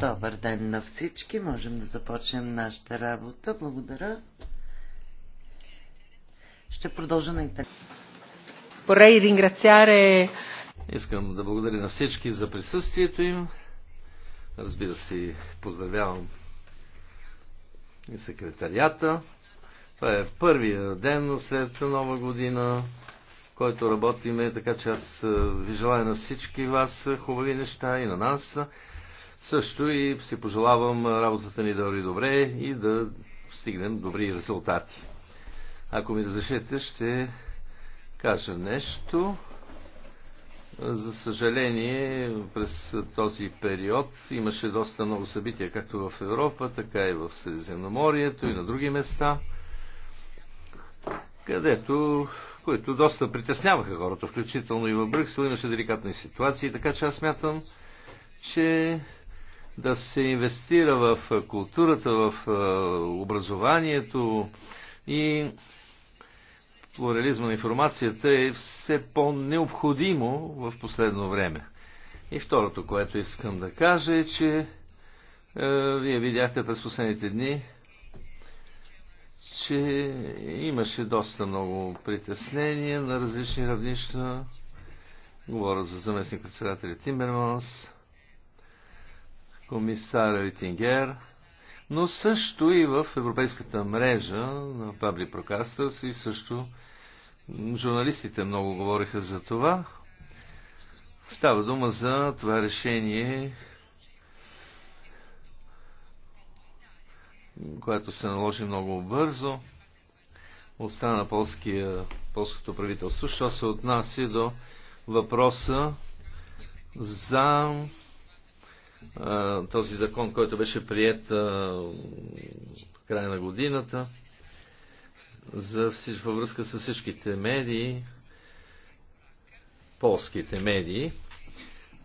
Добър ден на всички. Можем да започнем нашата работа. Благодаря. Ще продължа на интернет. Искам да благодаря на всички за присъствието им. Разбира се, поздравявам и секретарията. Това е първия ден след нова година който работиме, така че аз е, ви желая на всички вас е, хубави неща и на нас. Също и си пожелавам работата ни да върви добре и да стигнем добри резултати. Ако ми разрешете, ще кажа нещо. За съжаление, през този период имаше доста много събития, както в Европа, така и в Средиземноморието и на други места, където които доста притесняваха хората, включително и в Брюксел. Имаше деликатни ситуации, така че аз смятам, че да се инвестира в културата, в образованието и плурализма на информацията е все по-необходимо в последно време. И второто, което искам да кажа е, че е, вие видяхте през последните дни че имаше доста много притеснения на различни равнища. Говоря за заместник председателя Тимберманс, комисар Ритингер, но също и в европейската мрежа на Пабли Прокастърс и също журналистите много говориха за това. Става дума за това решение която се наложи много бързо от страна на полския, полското правителство, що се отнася до въпроса за а, този закон, който беше прият а, края на годината, за всич, във връзка с всичките медии, полските медии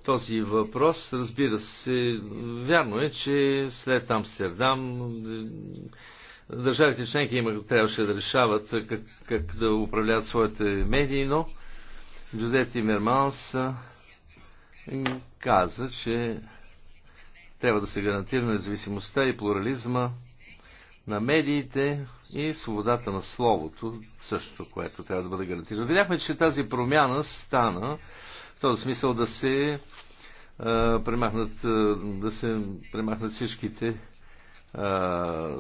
този въпрос, разбира се, вярно е, че след Амстердам е, държавите членки има, трябваше да решават е, как, как да управляват своите медии, но Джузети Тимерманс е, каза, че трябва да се гарантира независимостта и плурализма на медиите и свободата на словото, също, което трябва да бъде гарантирано. Видяхме, че тази промяна стана в този смисъл да се а, премахнат, а, да се премахнат всичките а,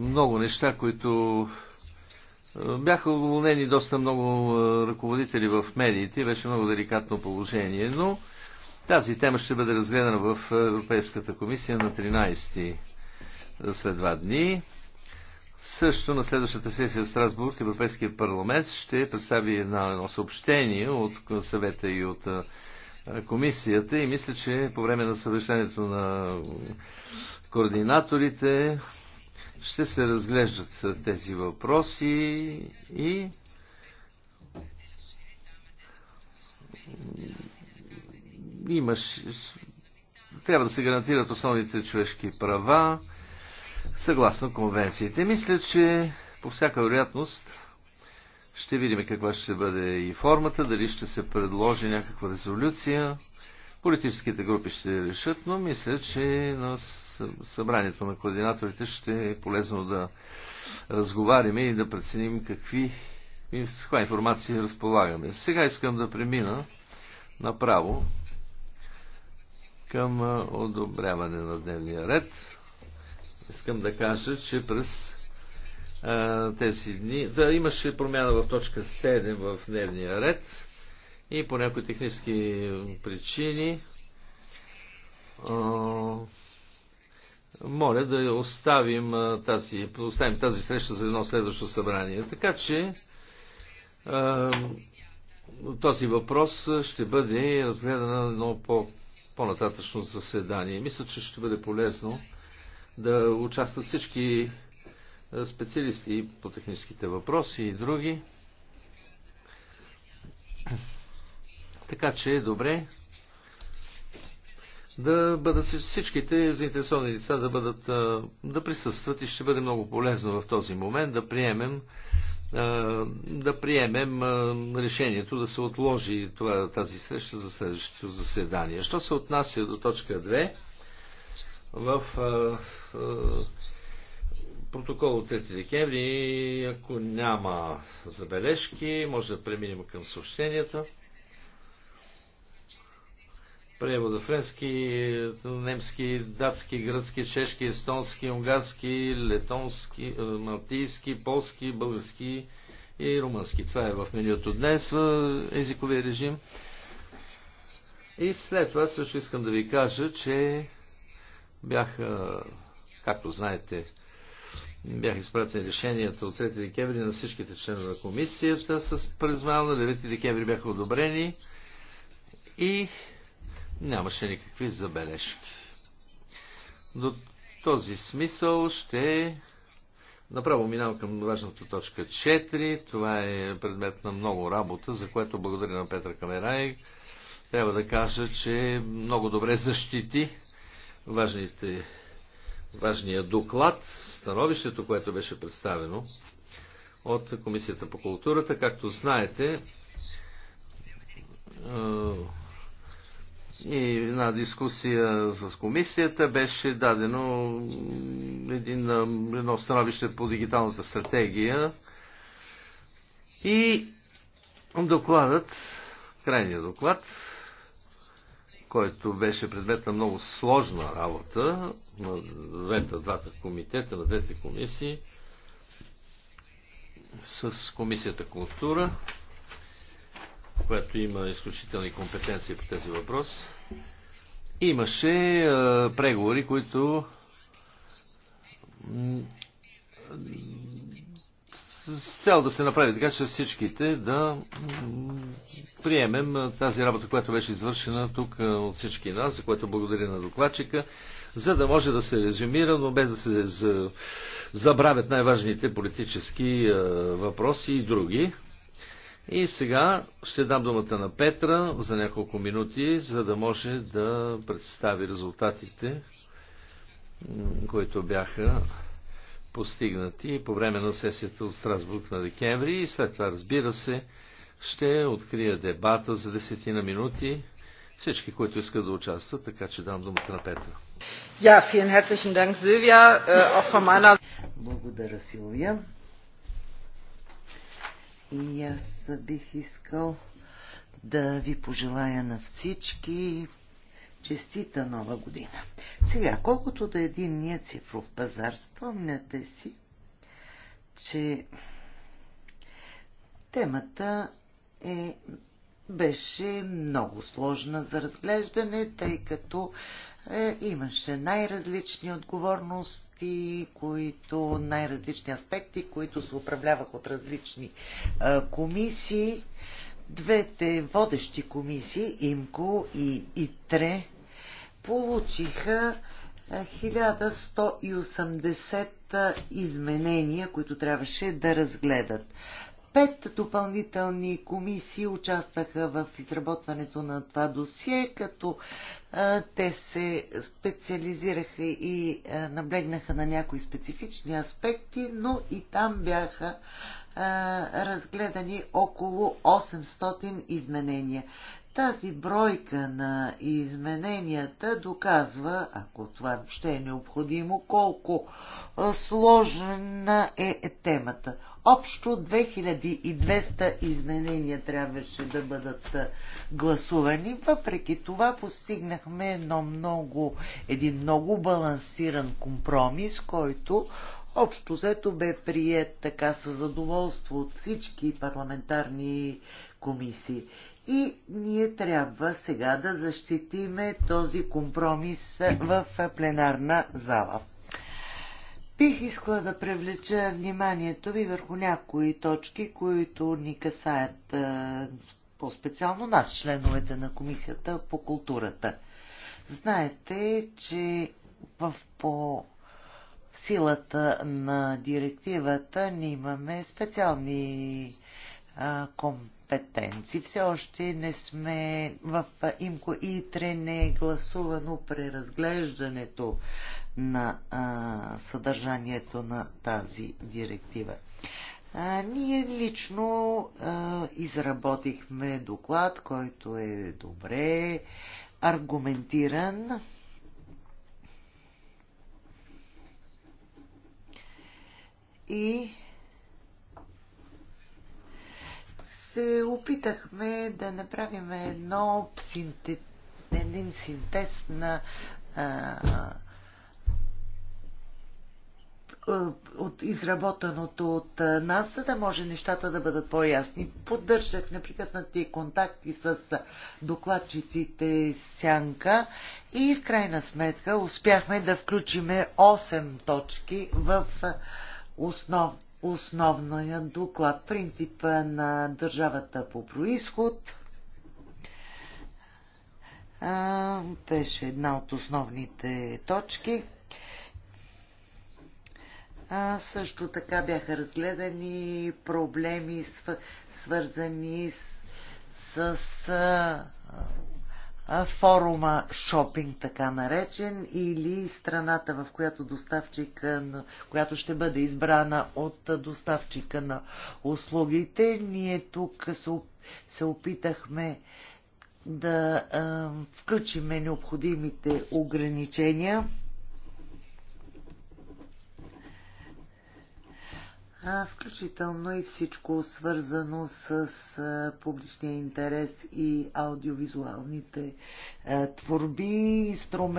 много неща, които бяха уволнени доста много ръководители в медиите. Беше много деликатно положение, но тази тема ще бъде разгледана в Европейската комисия на 13 след два дни. Също на следващата сесия в Страсбург Европейския парламент ще представи една, едно съобщение от съвета и от комисията и мисля, че по време на съвещанието на координаторите ще се разглеждат тези въпроси и имаш трябва да се гарантират основните човешки права, съгласно конвенциите. Мисля, че по всяка вероятност ще видим каква ще бъде и формата, дали ще се предложи някаква резолюция. Политическите групи ще решат, но мисля, че на събранието на координаторите ще е полезно да разговаряме и да преценим какви и с каква информация разполагаме. Сега искам да премина направо към одобряване на дневния ред искам да кажа, че през а, тези дни да имаше промяна в точка 7 в дневния ред и по някои технически причини а, моля да оставим а, тази, оставим тази среща за едно следващо събрание. Така че а, този въпрос ще бъде разгледан на едно по, по-нататъчно заседание. Мисля, че ще бъде полезно да участват всички специалисти по техническите въпроси и други. Така че е добре да бъдат всичките заинтересовани лица да, бъдат, да присъстват и ще бъде много полезно в този момент да приемем, да приемем решението да се отложи това, тази среща за следващото заседание. Що се отнася до точка 2, в а, а, протокол от 3 декември. Ако няма забележки, може да преминем към съобщенията. Превода френски, немски, датски, гръцки, чешки, естонски, унгарски, летонски, малтийски, полски, български и румънски. Това е в менюто днес в езиковия режим. И след това също искам да ви кажа, че Бях, както знаете, бях изпратени решенията от 3 декември на всичките членове на комисията с на 9 декември бяха одобрени и нямаше никакви забележки. До този смисъл ще направо минавам към важната точка 4. Това е предмет на много работа, за което благодаря на Петър Камерай. Трябва да кажа, че много добре защити важните, важния доклад, становището, което беше представено от Комисията по културата. Както знаете, и на дискусия с комисията беше дадено един, едно становище по дигиталната стратегия и докладът, крайният доклад, който беше предмет на много сложна работа на двете, двата комитета, на двете комисии, с Комисията култура, която има изключителни компетенции по тези въпроси. Имаше е, преговори, които с цел да се направи така, че всичките да приемем тази работа, която беше извършена тук от всички нас, за което благодаря на докладчика, за да може да се резюмира, но без да се забравят най-важните политически въпроси и други. И сега ще дам думата на Петра за няколко минути, за да може да представи резултатите, които бяха постигнати по време на сесията от Страсбург на декември и след това, разбира се, ще открия дебата за десетина минути. Всички, които искат да участват, така че дам думата на Петра. Ja, vielen herzlichen Dank, Silvia. Äh, auch von meiner... Благодаря, Силвия. И аз бих искал да ви пожелая на всички Честита нова година! Сега, колкото да е единния цифров пазар, спомняте си, че темата е, беше много сложна за разглеждане, тъй като е, имаше най-различни отговорности, които, най-различни аспекти, които се управлявах от различни е, комисии. Двете водещи комисии, ИМКО и ИТРЕ, получиха 1180 е, е, изменения, които трябваше да разгледат. Пет допълнителни комисии участваха в изработването на това досие, като а, е, те се специализираха и а, наблегнаха на някои специфични аспекти, но и там бяха а, разгледани около 800 изменения. Тази бройка на измененията доказва, ако това ще е необходимо, колко сложна е, е темата. Общо 2200 изменения трябваше да бъдат гласувани. Въпреки това постигнахме едно много, един много балансиран компромис, който общо взето бе прият така със задоволство от всички парламентарни комисии. И ние трябва сега да защитиме този компромис в пленарна зала. Бих искала да привлеча вниманието ви върху някои точки, които ни касаят по-специално нас, членовете на Комисията по културата. Знаете, че в по силата на директивата ние имаме специални компетенции. Все още не сме в Имко Итре, не е гласувано преразглеждането на а, съдържанието на тази директива. А, ние лично а, изработихме доклад, който е добре аргументиран. И се опитахме да направим едно синтет, един синтез на а, от изработеното от нас, за да може нещата да бъдат по-ясни. Поддържах непрекъснати контакти с докладчиците Сянка и в крайна сметка успяхме да включиме 8 точки в основ, основния доклад, принципа на държавата по происход. Беше една от основните точки. А, също така бяха разгледани проблеми, свързани с, с а, форума шопинг, така наречен, или страната, в която доставчика, която ще бъде избрана от доставчика на услугите. Ние тук се опитахме да а, включиме необходимите ограничения включително и всичко свързано с публичния интерес и аудиовизуалните творби,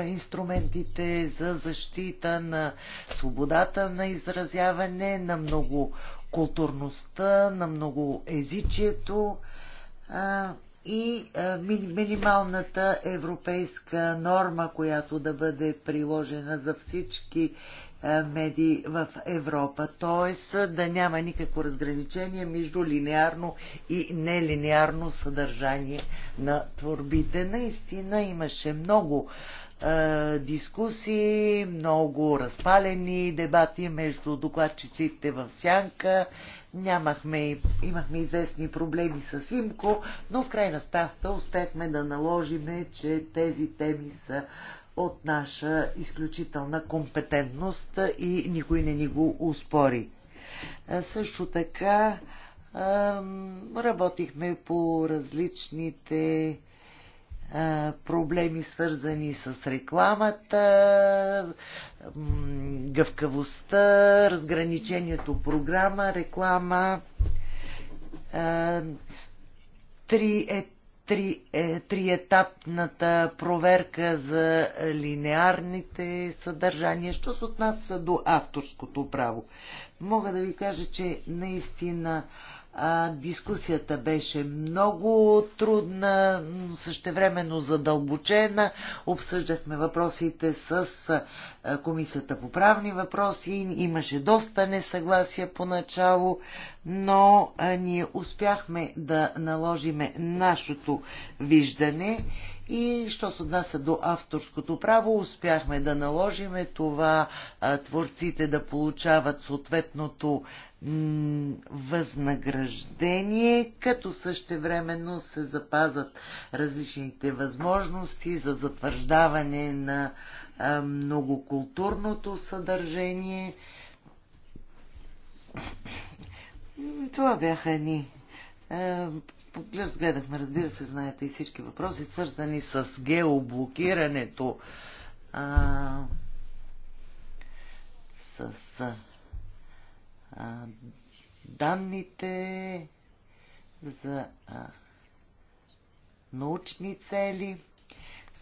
инструментите за защита на свободата на изразяване, на многокултурността, на много езичието, и минималната европейска норма, която да бъде приложена за всички медии в Европа. Т.е. да няма никакво разграничение между линеарно и нелинеарно съдържание на творбите. Наистина имаше много дискусии, много разпалени дебати между докладчиците в Сянка. Нямахме, имахме известни проблеми с Имко, но в крайна ставка успехме да наложиме, че тези теми са от наша изключителна компетентност и никой не ни го успори. Е, също така работихме по различните проблеми, свързани с рекламата, гъвкавостта, разграничението програма, реклама. Три е три, е, триетапната проверка за линеарните съдържания, що се отнася до авторското право. Мога да ви кажа, че наистина а, дискусията беше много трудна, същевременно задълбочена. Обсъждахме въпросите с а, Комисията по правни въпроси. Имаше доста несъгласия поначало, но а, ние успяхме да наложиме нашето виждане и що се отнася до авторското право, успяхме да наложиме това а, творците да получават съответното възнаграждение, като същевременно се запазат различните възможности за затвърждаване на а, многокултурното съдържание. Това бяха ни разгледахме, разбира се, знаете и всички въпроси, свързани с геоблокирането, а, с а, данните за а, научни цели.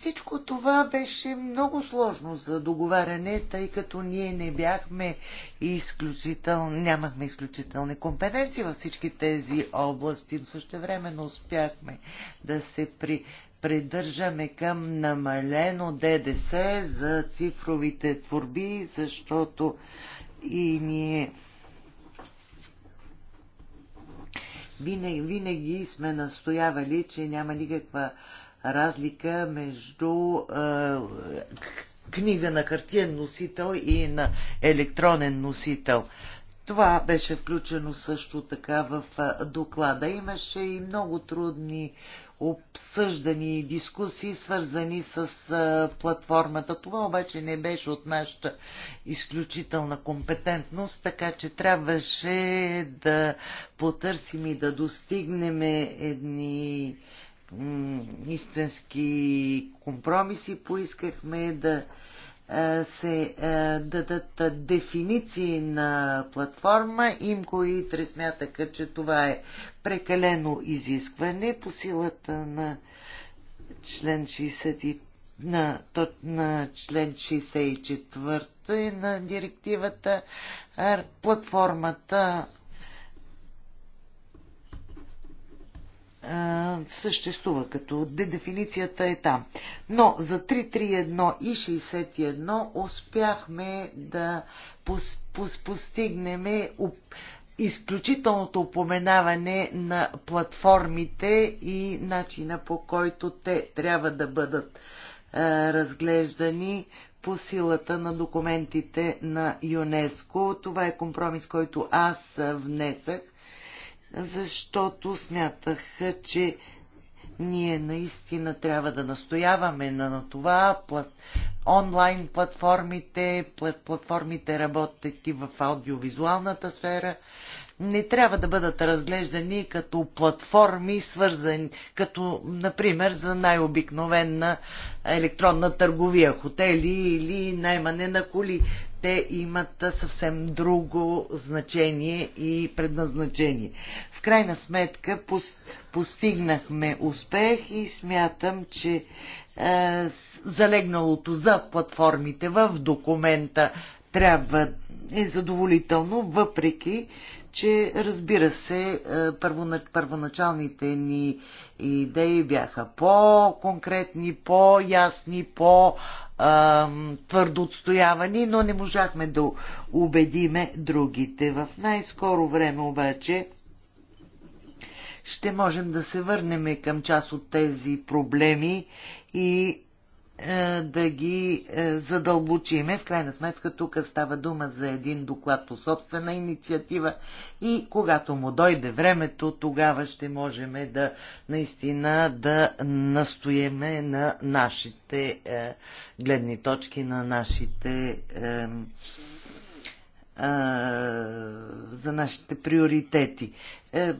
Всичко това беше много сложно за договаряне, тъй като ние не бяхме изключител, нямахме изключителни компетенции във всички тези области. но Също времено успяхме да се при, придържаме към намалено ДДС за цифровите творби, защото и ние винаги, винаги сме настоявали, че няма никаква разлика между е, книга на хартиен носител и на електронен носител. Това беше включено също така в е, доклада. Имаше и много трудни обсъждани дискусии, свързани с е, платформата. Това обаче не беше от нашата изключителна компетентност, така че трябваше да потърсим и да достигнем едни истински компромиси. Поискахме да се дадат дефиниции на платформа. Имко и Итре смятаха, че това е прекалено изискване по силата на член 60 на, на член 64 на директивата платформата съществува, като дефиницията е там. Но за 331 и 61 успяхме да пос, пос, постигнем изключителното упоменаване на платформите и начина по който те трябва да бъдат а, разглеждани по силата на документите на ЮНЕСКО. Това е компромис, който аз внесах защото смятах, че ние наистина трябва да настояваме на това онлайн платформите, платформите платформите и в аудиовизуалната сфера не трябва да бъдат разглеждани като платформи, свързани, като, например, за най-обикновена електронна търговия, хотели или наймане на коли. Те имат съвсем друго значение и предназначение. В крайна сметка пос, постигнахме успех и смятам, че е, залегналото за платформите в документа трябва е задоволително, въпреки че разбира се, е, първоначалните ни идеи бяха по-конкретни, по-ясни, по-твърдо отстоявани, но не можахме да убедиме другите. В най-скоро време обаче ще можем да се върнем към част от тези проблеми и е, да ги е, задълбочиме. В крайна сметка тук става дума за един доклад по собствена инициатива и когато му дойде времето, тогава ще можем да наистина да настоеме на нашите е, гледни точки, на нашите е, е, за нашите приоритети. Е,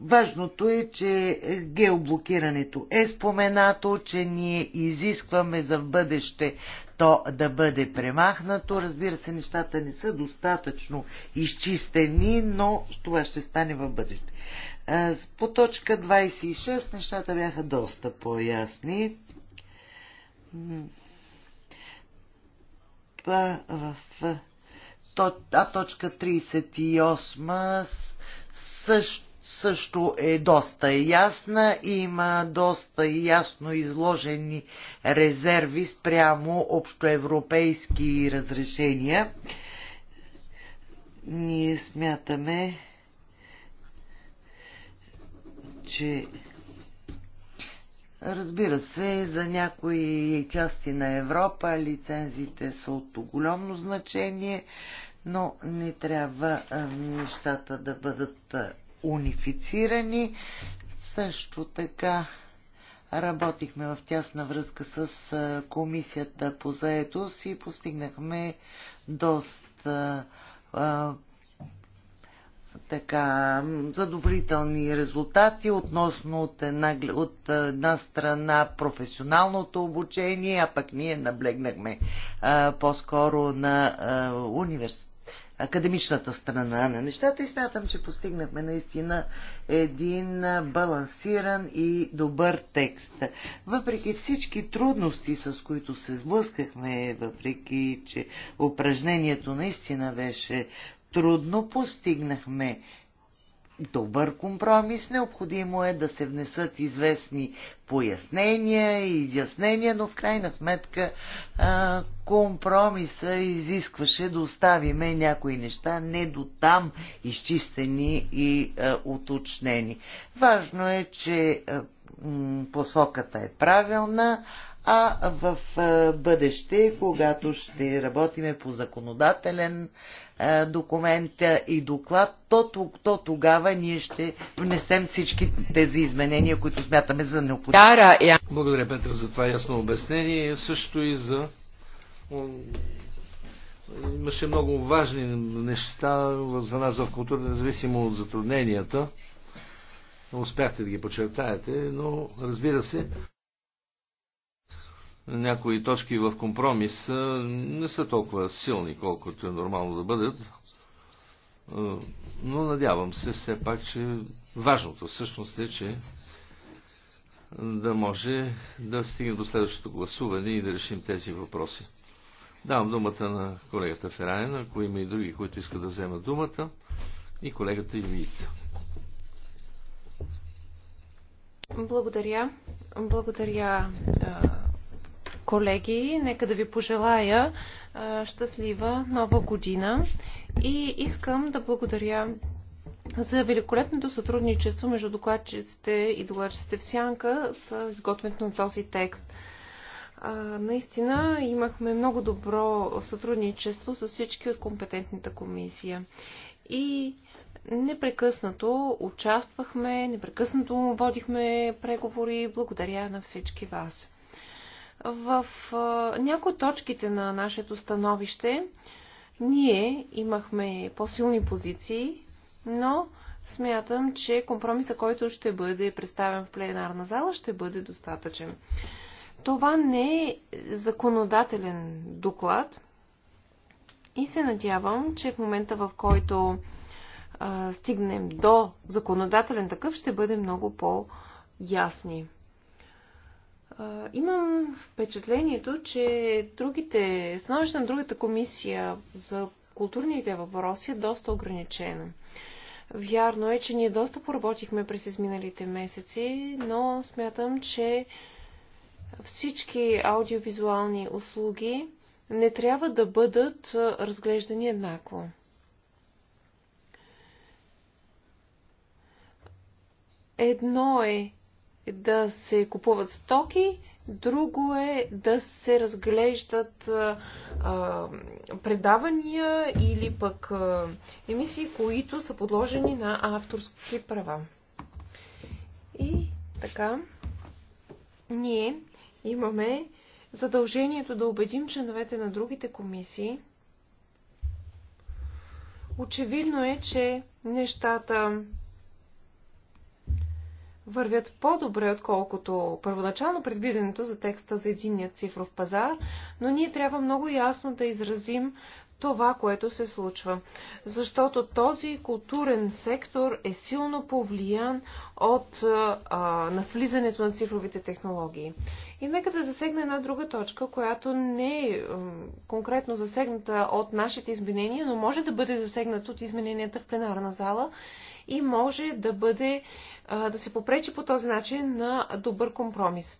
Важното е, че геоблокирането е споменато, че ние изискваме за бъдеще то да бъде премахнато. Разбира се, нещата не са достатъчно изчистени, но това ще стане в бъдеще. По точка 26 нещата бяха доста по-ясни. Това в а точка 38 също също е доста ясна и има доста ясно изложени резерви спрямо общоевропейски разрешения. Ние смятаме, че Разбира се, за някои части на Европа лицензите са от огромно значение, но не трябва нещата да бъдат унифицирани. Също така работихме в тясна връзка с комисията по заедост и постигнахме доста така задоволителни резултати относно от една, от една страна професионалното обучение, а пък ние наблегнахме по-скоро на а, академичната страна на нещата и смятам, че постигнахме наистина един балансиран и добър текст. Въпреки всички трудности, с които се сблъскахме, въпреки, че упражнението наистина беше трудно, постигнахме добър компромис. Необходимо е да се внесат известни пояснения и изяснения, но в крайна сметка а, компромиса изискваше да оставиме някои неща не до там изчистени и а, уточнени. Важно е, че а, посоката е правилна, а в бъдеще, когато ще работиме по законодателен документ и доклад, то, то тогава ние ще внесем всички тези изменения, които смятаме за необходими. Благодаря, Петър, за това ясно обяснение. Също и за имаше много важни неща за нас в култура, независимо от затрудненията. Успяхте да ги подчертаете, но разбира се, някои точки в компромис не са толкова силни, колкото е нормално да бъдат. Но надявам се все пак, че важното всъщност е, че да може да стигне до следващото гласуване и да решим тези въпроси. Давам думата на колегата Ферайен, ако има и други, които искат да вземат думата, и колегата Юит. Благодаря. Благодаря колеги, нека да ви пожелая щастлива нова година и искам да благодаря за великолепното сътрудничество между докладчиците и докладчиците в Сянка с изготвянето на този текст. А, наистина имахме много добро сътрудничество с всички от компетентната комисия. И непрекъснато участвахме, непрекъснато водихме преговори. Благодаря на всички вас. В някои точките на нашето становище ние имахме по-силни позиции, но смятам, че компромиса, който ще бъде представен в пленарна зала, ще бъде достатъчен. Това не е законодателен доклад и се надявам, че в момента, в който а, стигнем до законодателен такъв, ще бъде много по-ясни имам впечатлението, че другите, становище на другата комисия за културните въпроси е доста ограничено. Вярно е, че ние доста поработихме през изминалите месеци, но смятам, че всички аудиовизуални услуги не трябва да бъдат разглеждани еднакво. Едно е да се купуват стоки, друго е да се разглеждат а, предавания или пък а, емисии, които са подложени на авторски права. И така, ние имаме задължението да убедим членовете на другите комисии. Очевидно е, че нещата вървят по-добре, отколкото първоначално предвиденото за текста за единния цифров пазар, но ние трябва много ясно да изразим това, което се случва. Защото този културен сектор е силно повлиян от а, навлизането на цифровите технологии. И нека да засегна една друга точка, която не е конкретно засегната от нашите изменения, но може да бъде засегната от измененията в пленарна зала и може да бъде да се попречи по този начин на добър компромис.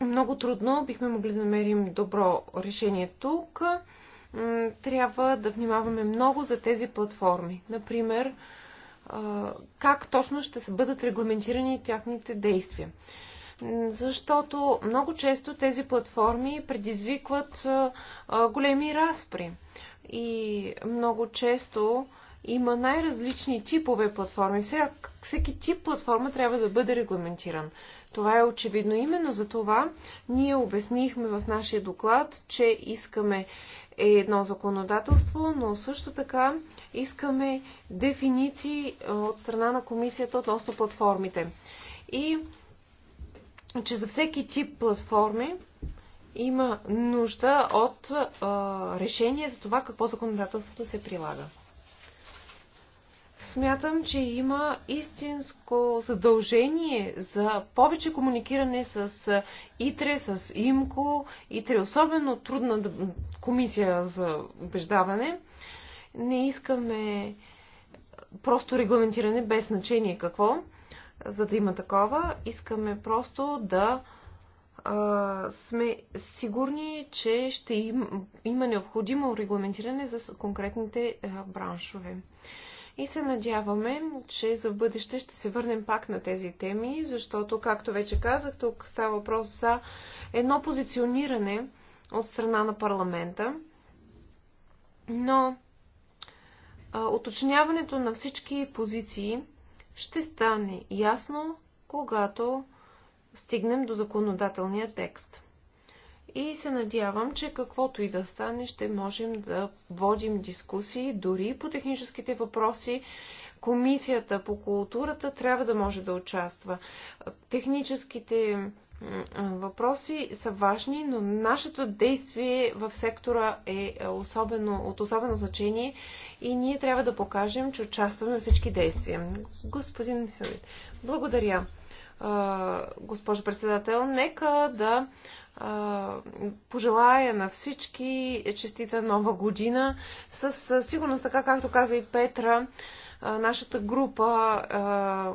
Много трудно бихме могли да намерим добро решение тук. Трябва да внимаваме много за тези платформи. Например, как точно ще бъдат регламентирани тяхните действия. Защото много често тези платформи предизвикват големи разпри. И много често има най-различни типове платформи. сега всеки тип платформа трябва да бъде регламентиран. Това е очевидно. Именно за това ние обяснихме в нашия доклад, че искаме едно законодателство, но също така искаме дефиниции от страна на комисията относно платформите. И че за всеки тип платформи има нужда от а, решение за това какво законодателството се прилага смятам, че има истинско задължение за повече комуникиране с ИТРЕ, с ИМКО. ИТРЕ е особено трудна комисия за убеждаване. Не искаме просто регламентиране без значение какво, за да има такова. Искаме просто да а, сме сигурни, че ще им, има необходимо регламентиране за конкретните а, браншове. И се надяваме, че за бъдеще ще се върнем пак на тези теми, защото, както вече казах, тук става въпрос за едно позициониране от страна на парламента. Но а, уточняването на всички позиции ще стане ясно, когато стигнем до законодателния текст и се надявам, че каквото и да стане, ще можем да водим дискусии дори по техническите въпроси. Комисията по културата трябва да може да участва. Техническите въпроси са важни, но нашето действие в сектора е, е особено, от особено значение и ние трябва да покажем, че участваме на всички действия. Господин Хелит, благодаря, госпожо председател. Нека да пожелая на всички честита нова година. С сигурност, така както каза и Петра, нашата група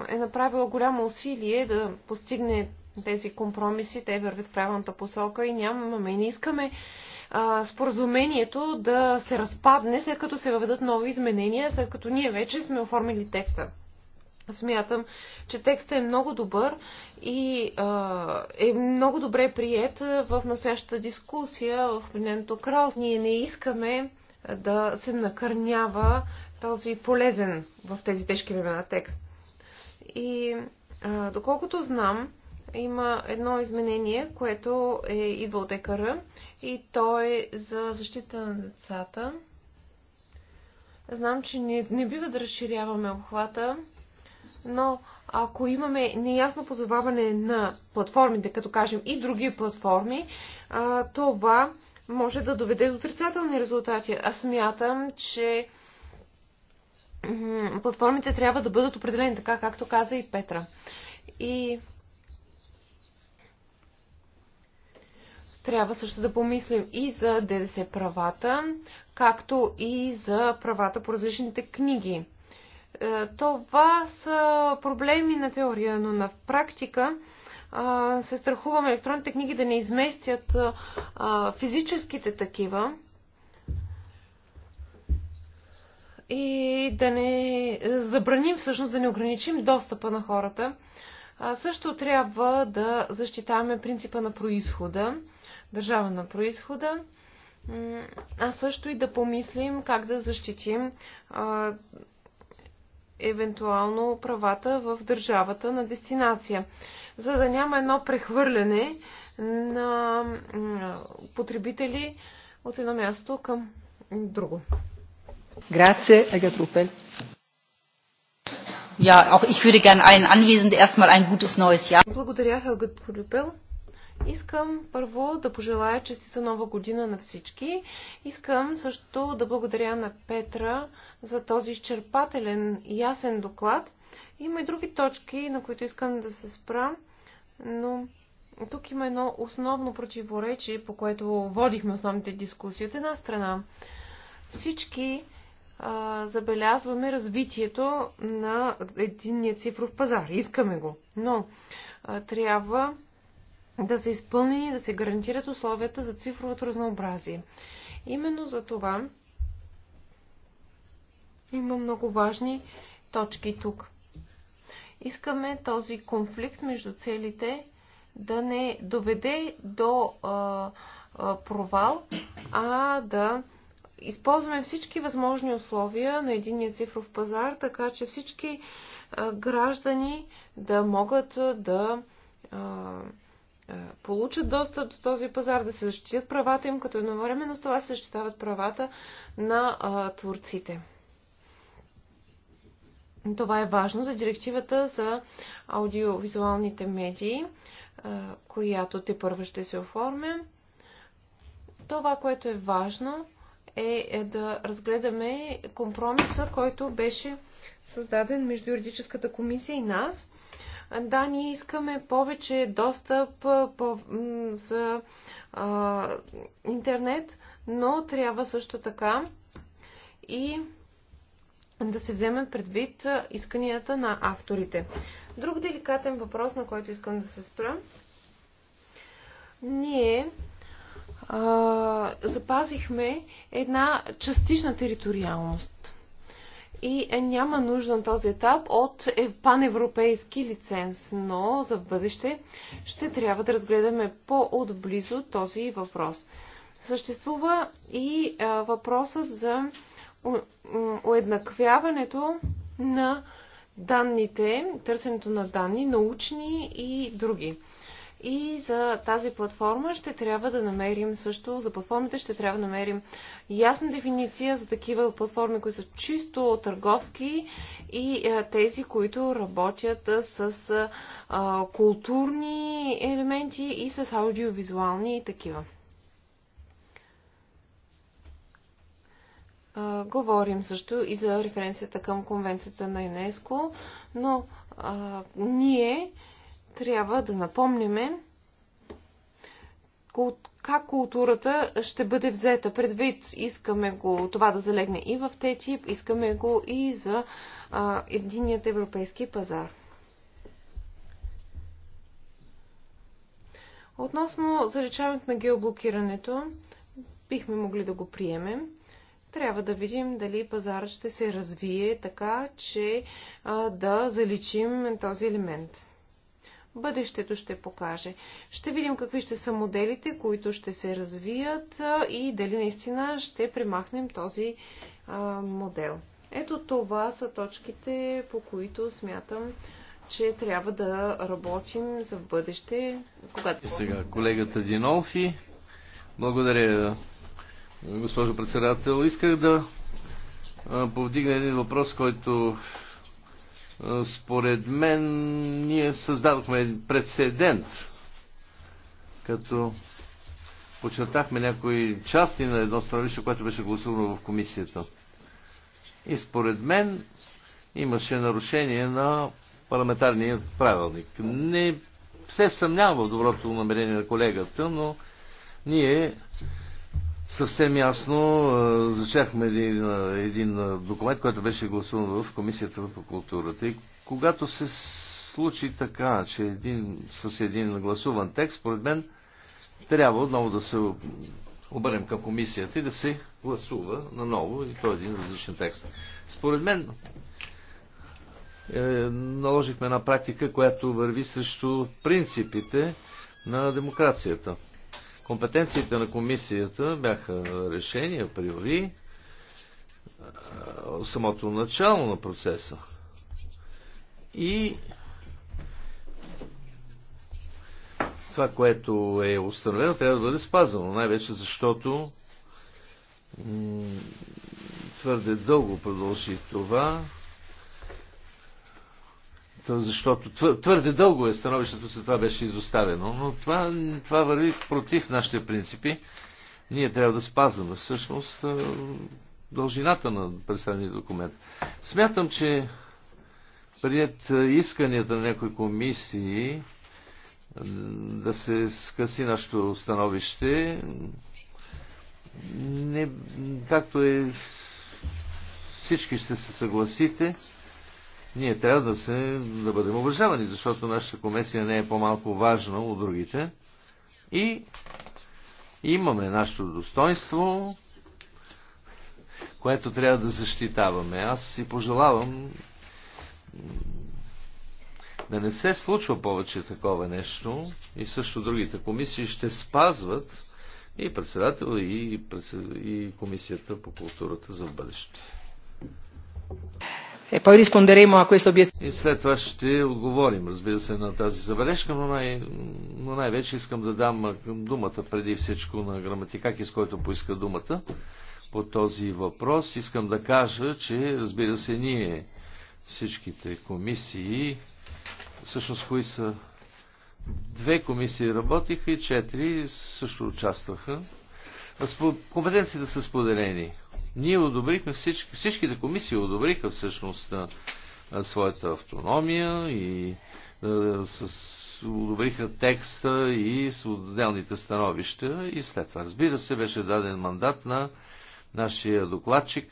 е направила голямо усилие да постигне тези компромиси. Те вървят в правилната посока и нямаме и не искаме споразумението да се разпадне, след като се въведат нови изменения, след като ние вече сме оформили текста. Смятам, че текстът е много добър и а, е много добре прият в настоящата дискусия в Обединеното кралство. Ние не искаме да се накърнява този полезен в тези тежки времена текст. И а, доколкото знам, има едно изменение, което е идва от ЕКР и то е за защита на децата. Знам, че не, не бива да разширяваме обхвата, но ако имаме неясно позоваване на платформите, като кажем и други платформи, това може да доведе до отрицателни резултати. Аз смятам, че платформите трябва да бъдат определени така, както каза и Петра. И трябва също да помислим и за ДДС правата, както и за правата по различните книги. Е, това са проблеми на теория, но на практика се страхувам електронните книги да не изместят физическите такива и да не забраним, всъщност да не ограничим достъпа на хората. Също трябва да защитаваме принципа на происхода, държава на происхода, а също и да помислим как да защитим евентуално правата в държавата на дестинация, за да няма едно прехвърляне на потребители от едно място към друго. Grazie, Helga Truppel. Ja, auch ich würde allen Anwesenden erstmal ein gutes neues Jahr. Благодаря, Helga Truppel. Искам първо да пожелая честита нова година на всички. Искам също да благодаря на Петра за този изчерпателен и ясен доклад. Има и други точки, на които искам да се спра, но тук има едно основно противоречие, по което водихме основните дискусии. От една страна, всички а, забелязваме развитието на единния цифров пазар. Искаме го. Но а, трябва да са изпълнени и да се гарантират условията за цифровото разнообразие. Именно за това има много важни точки тук. Искаме този конфликт между целите да не доведе до а, а, провал, а да използваме всички възможни условия на единния цифров пазар, така че всички а, граждани да могат да. А, е, получат достъп до този пазар, да се защитят правата им, като едновременно с това се защитават правата на а, творците. Това е важно за директивата за аудиовизуалните медии, а, е, която те първо ще се оформя. Това, което е важно, е, е да разгледаме компромиса, който беше създаден между юридическата комисия и нас – да, ние искаме повече достъп по, за а, интернет, но трябва също така и да се вземат предвид исканията на авторите. Друг деликатен въпрос, на който искам да се спра. Ние а, запазихме една частична териториалност и няма нужда на този етап от е, паневропейски лиценз, но за бъдеще ще трябва да разгледаме по-отблизо този въпрос. Съществува и въпросът за уеднаквяването на данните, търсенето на данни, научни и други. И за тази платформа ще трябва да намерим също, за платформите ще трябва да намерим ясна дефиниция за такива платформи, които са чисто търговски и е, тези, които работят е, с е, културни елементи и с аудиовизуални и такива. говорим също и за референцията към конвенцията на ЮНЕСКО, но а, ние трябва да напомниме как културата ще бъде взета предвид. Искаме го това да залегне и в ТТИП, искаме го и за а, единият европейски пазар. Относно заличаването на геоблокирането, бихме могли да го приемем. Трябва да видим дали пазарът ще се развие така, че а, да заличим този елемент бъдещето ще покаже. Ще видим какви ще са моделите, които ще се развият и дали наистина ще премахнем този а, модел. Ето това са точките, по които смятам, че трябва да работим за бъдеще. Когато... И сега колегата Динолфи. Благодаря, госпожо председател. Исках да повдигна един въпрос, който според мен ние създадохме прецедент, като почертахме някои части на едно становище, което беше гласувано в комисията. И според мен имаше нарушение на парламентарния правилник. Не се съмнява в доброто намерение на колегата, но ние Съвсем ясно зачахме един, един документ, който беше гласуван в Комисията по културата. И когато се случи така, че един, с един гласуван текст, според мен, трябва отново да се обърнем към комисията и да се гласува наново и то е един различен текст. Според мен е, наложихме една практика, която върви срещу принципите на демокрацията. Компетенциите на комисията бяха решени априори самото начало на процеса. И това, което е установено, трябва да бъде спазвано, Най-вече защото твърде дълго продължи това защото твърде дълго е становището, че това беше изоставено. Но това, това върви против нашите принципи. Ние трябва да спазваме всъщност дължината на представения документ. Смятам, че пред исканията на някои комисии да се скъси нашето становище, не, както е всички ще се съгласите, ние трябва да, се, да бъдем уважавани, защото нашата комисия не е по-малко важна от другите. И имаме нашето достоинство, което трябва да защитаваме. Аз си пожелавам да не се случва повече такова нещо и също другите комисии ще спазват и председател, и, и комисията по културата за бъдеще. E poi risponderemo a questo obiettivo. И след това ще отговорим, разбира се, на тази забележка, но, най- но най-вече искам да дам думата преди всичко на граматикаки, с който поиска думата по този въпрос. Искам да кажа, че, разбира се, ние всичките комисии, всъщност кои са две комисии работиха и четири също участваха. Компетенциите са споделени. Ние одобрихме всички, всичките комисии одобриха всъщност своята автономия и с одобриха текста и с отделните становища и след това. Разбира се, беше даден мандат на нашия докладчик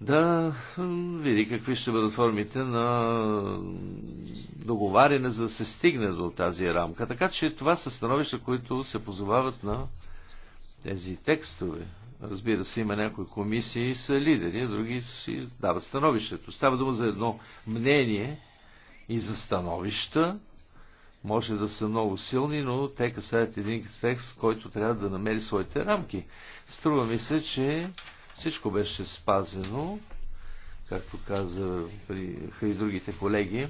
да види какви ще бъдат формите на договаряне, за да се стигне до тази рамка. Така че това са становища, които се позовават на тези текстове. Разбира се, има някои комисии са лидери, други си дават становището. Става дума за едно мнение и за становища. Може да са много силни, но те касаят един текст, който трябва да намери своите рамки. Струва ми се, че всичко беше спазено, както каза при, при другите колеги.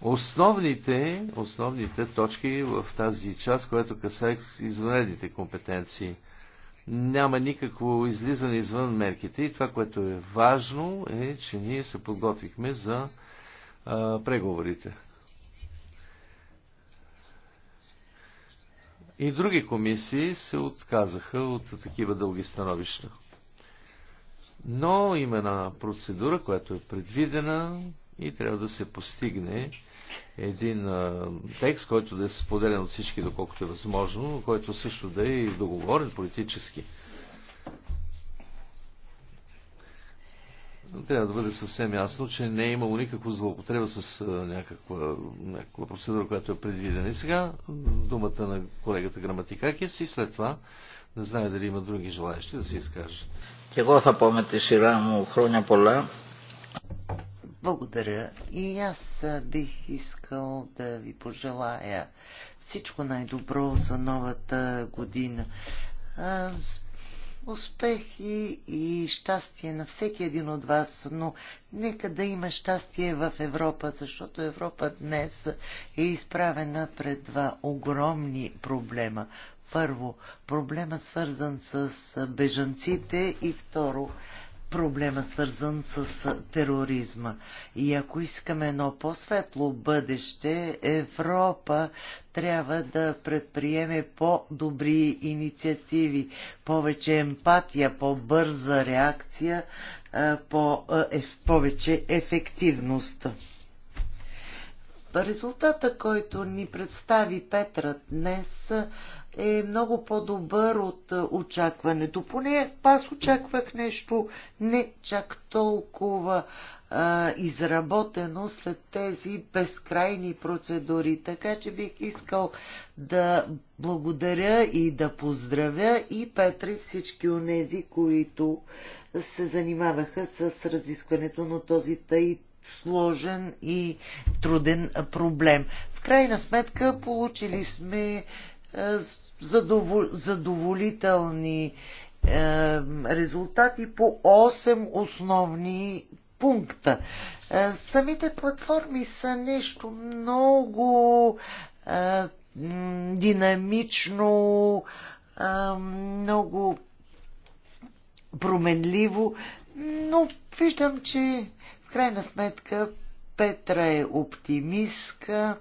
Основните, основните точки в тази част, която касае извънредните компетенции – няма никакво излизане извън мерките и това, което е важно е, че ние се подготвихме за а, преговорите. И други комисии се отказаха от такива дълги становища. Но има една процедура, която е предвидена и трябва да се постигне един а, текст, който да е споделен от всички, доколкото е възможно, но който също да е и договорен политически. Трябва да бъде съвсем ясно, че не е имало никаква злоупотреба с а, някаква, някаква процедура, която е предвидена. И сега думата на колегата Граматикакис и след това не знае дали има други желаящи да се изкажат. Και εγώ θα πω με τη σειρά μου χρόνια πολλά благодаря. И аз бих искал да ви пожелая всичко най-добро за новата година. Успехи и щастие на всеки един от вас, но нека да има щастие в Европа, защото Европа днес е изправена пред два огромни проблема. Първо, проблема свързан с бежанците и второ, проблема свързан с тероризма. И ако искаме едно по-светло бъдеще, Европа трябва да предприеме по-добри инициативи, повече емпатия, по-бърза реакция, по повече ефективност. Резултата, който ни представи Петра днес, е много по-добър от е, очакването. Поне аз очаквах нещо не чак толкова а, е, изработено след тези безкрайни процедури. Така че бих искал да благодаря и да поздравя и Петри всички онези, които се занимаваха с разискването на този тъй сложен и труден проблем. В крайна сметка получили сме е, задоволителни е, резултати по 8 основни пункта. Е, самите платформи са нещо много динамично, много променливо, но виждам, че в крайна сметка Петра е оптимистка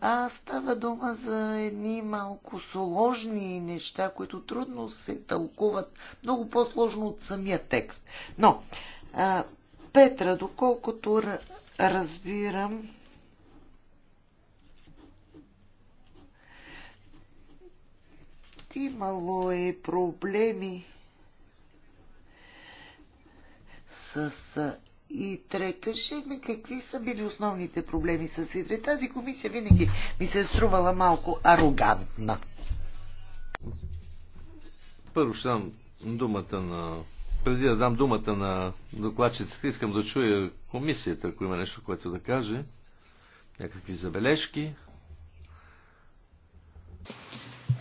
а става дума за едни малко сложни неща, които трудно се тълкуват, много по-сложно от самия текст. Но, а, Петра, доколкото разбирам, имало е проблеми с и трета, ще ми какви са били основните проблеми с Идре. Тази комисия винаги ми се е струвала малко арогантна. Първо ще дам думата на... Преди да дам думата на докладчицата, искам да чуя комисията, ако има нещо, което да каже. Някакви забележки.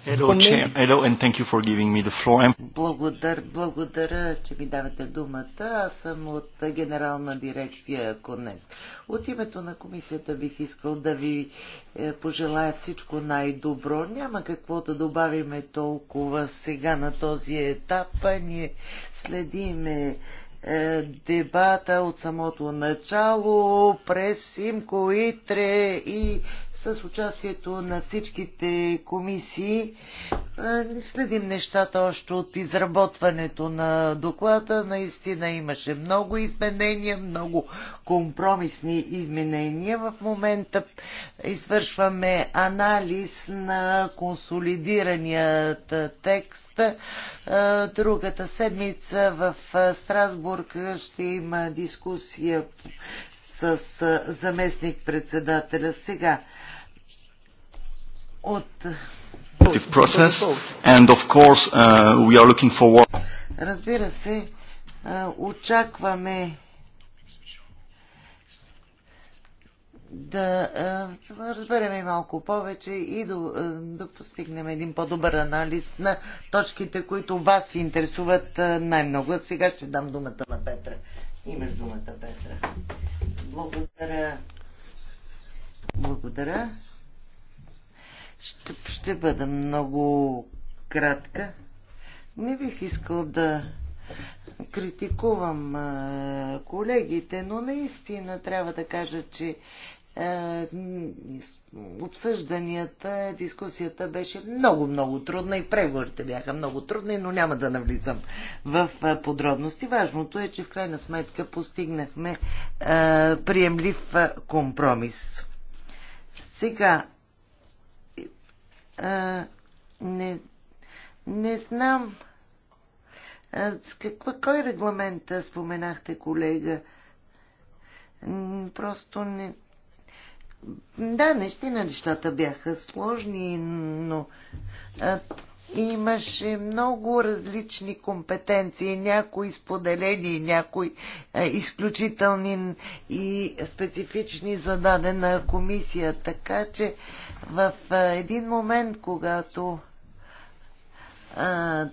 Hello, Chair. Hello, and thank you for giving me the floor. Благодар, благодаря, че ми давате думата. Аз съм от Генерална дирекция Конект. От името на комисията бих искал да ви е, пожелая всичко най-добро. Няма какво да добавиме толкова сега на този етап. Ние следиме е, дебата от самото начало през Симко Итре и с участието на всичките комисии. Е, следим нещата още от изработването на доклада. Наистина имаше много изменения, много компромисни изменения. В момента извършваме анализ на консолидираният текст. Е, другата седмица в Страсбург ще има дискусия с е, заместник председателя. Сега от process and of course uh, we are looking forward. Разбира се, очакваме да разбереме малко повече и да, да постигнем един по-добър анализ на точките, които вас ви интересуват най-много. Сега ще дам думата на Петра. Имаш думата, Петра. Благодаря. Благодаря. Ще, ще бъда много кратка. Не бих искал да критикувам колегите, но наистина трябва да кажа, че обсъжданията, дискусията беше много-много трудна и преговорите бяха много трудни, но няма да навлизам в подробности. Важното е, че в крайна сметка постигнахме приемлив компромис. Сега не, не знам. А, с каква, кой регламент споменахте, колега? Просто не. Да, наистина нещата бяха сложни, но а, имаше много различни компетенции, някои споделени, някои а, изключителни и специфични за дадена комисия. Така че а, в един момент, когато а,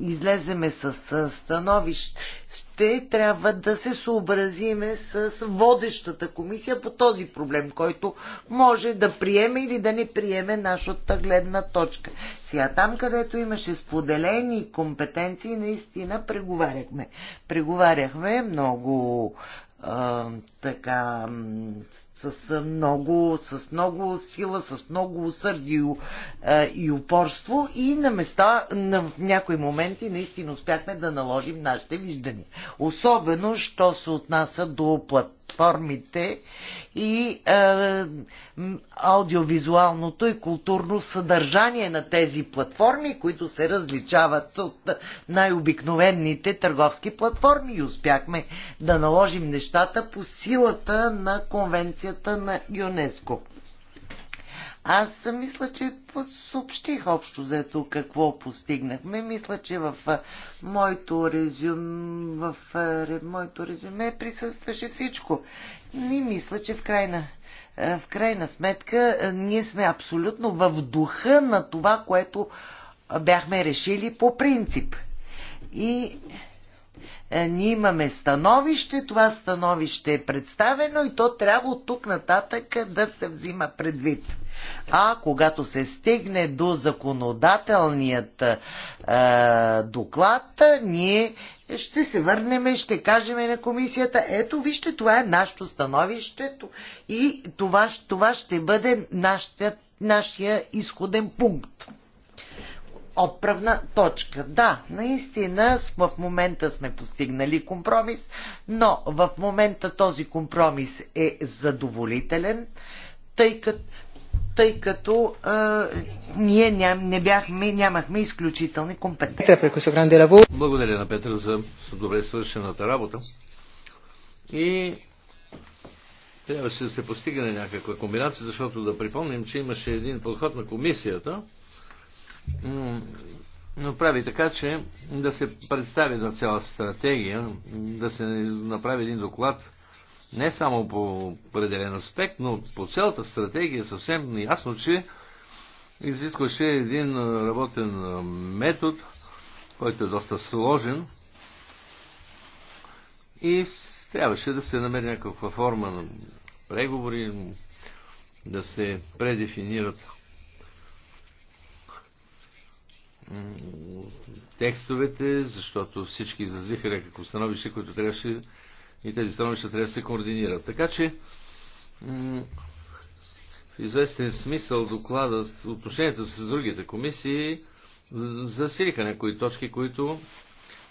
излеземе с, с становище, ще трябва да се съобразиме с водещата комисия по този проблем, който може да приеме или да не приеме нашата гледна точка. Сега там, където имаше споделени компетенции, наистина преговаряхме. Преговаряхме много а, така с, с, много, с много сила, с много усърдие и упорство и на места, на, в някои моменти наистина успяхме да наложим нашите виждания. Особено, що се отнася до плат платформите и а, е, аудиовизуалното и културно съдържание на тези платформи, които се различават от най-обикновените търговски платформи. И успяхме да наложим нещата по силата на конвенцията на ЮНЕСКО. Аз мисля, че съобщих общо ето какво постигнахме. Мисля, че в моето резюм, в моето резюме присъстваше всичко. И мисля, че в крайна, в крайна сметка ние сме абсолютно в духа на това, което бяхме решили по принцип. И ние имаме становище, това становище е представено и то трябва от тук нататък да се взима предвид а когато се стигне до законодателният а, е, доклад, ние ще се върнем и ще кажем на комисията, ето вижте, това е нашето становище и това, това ще бъде нашия, нашия изходен пункт отправна точка. Да, наистина в момента сме постигнали компромис, но в момента този компромис е задоволителен, тъй като, тъй като а, ние ням, не бяхме, нямахме изключителни компетенции. Благодаря на Петър за добре свършената работа. И трябваше да се постигне някаква комбинация, защото да припомним, че имаше един подход на комисията, но прави така, че да се представи една цяла стратегия, да се направи един доклад, не само по определен аспект, но по цялата стратегия е съвсем ясно, че изискваше един работен метод, който е доста сложен и трябваше да се намери някаква форма на преговори, да се предефинират текстовете, защото всички изразиха някакво становище, което трябваше и тези становища трябва да се координират. Така че в известен смисъл докладът, отношенията с другите комисии засилиха някои точки, които,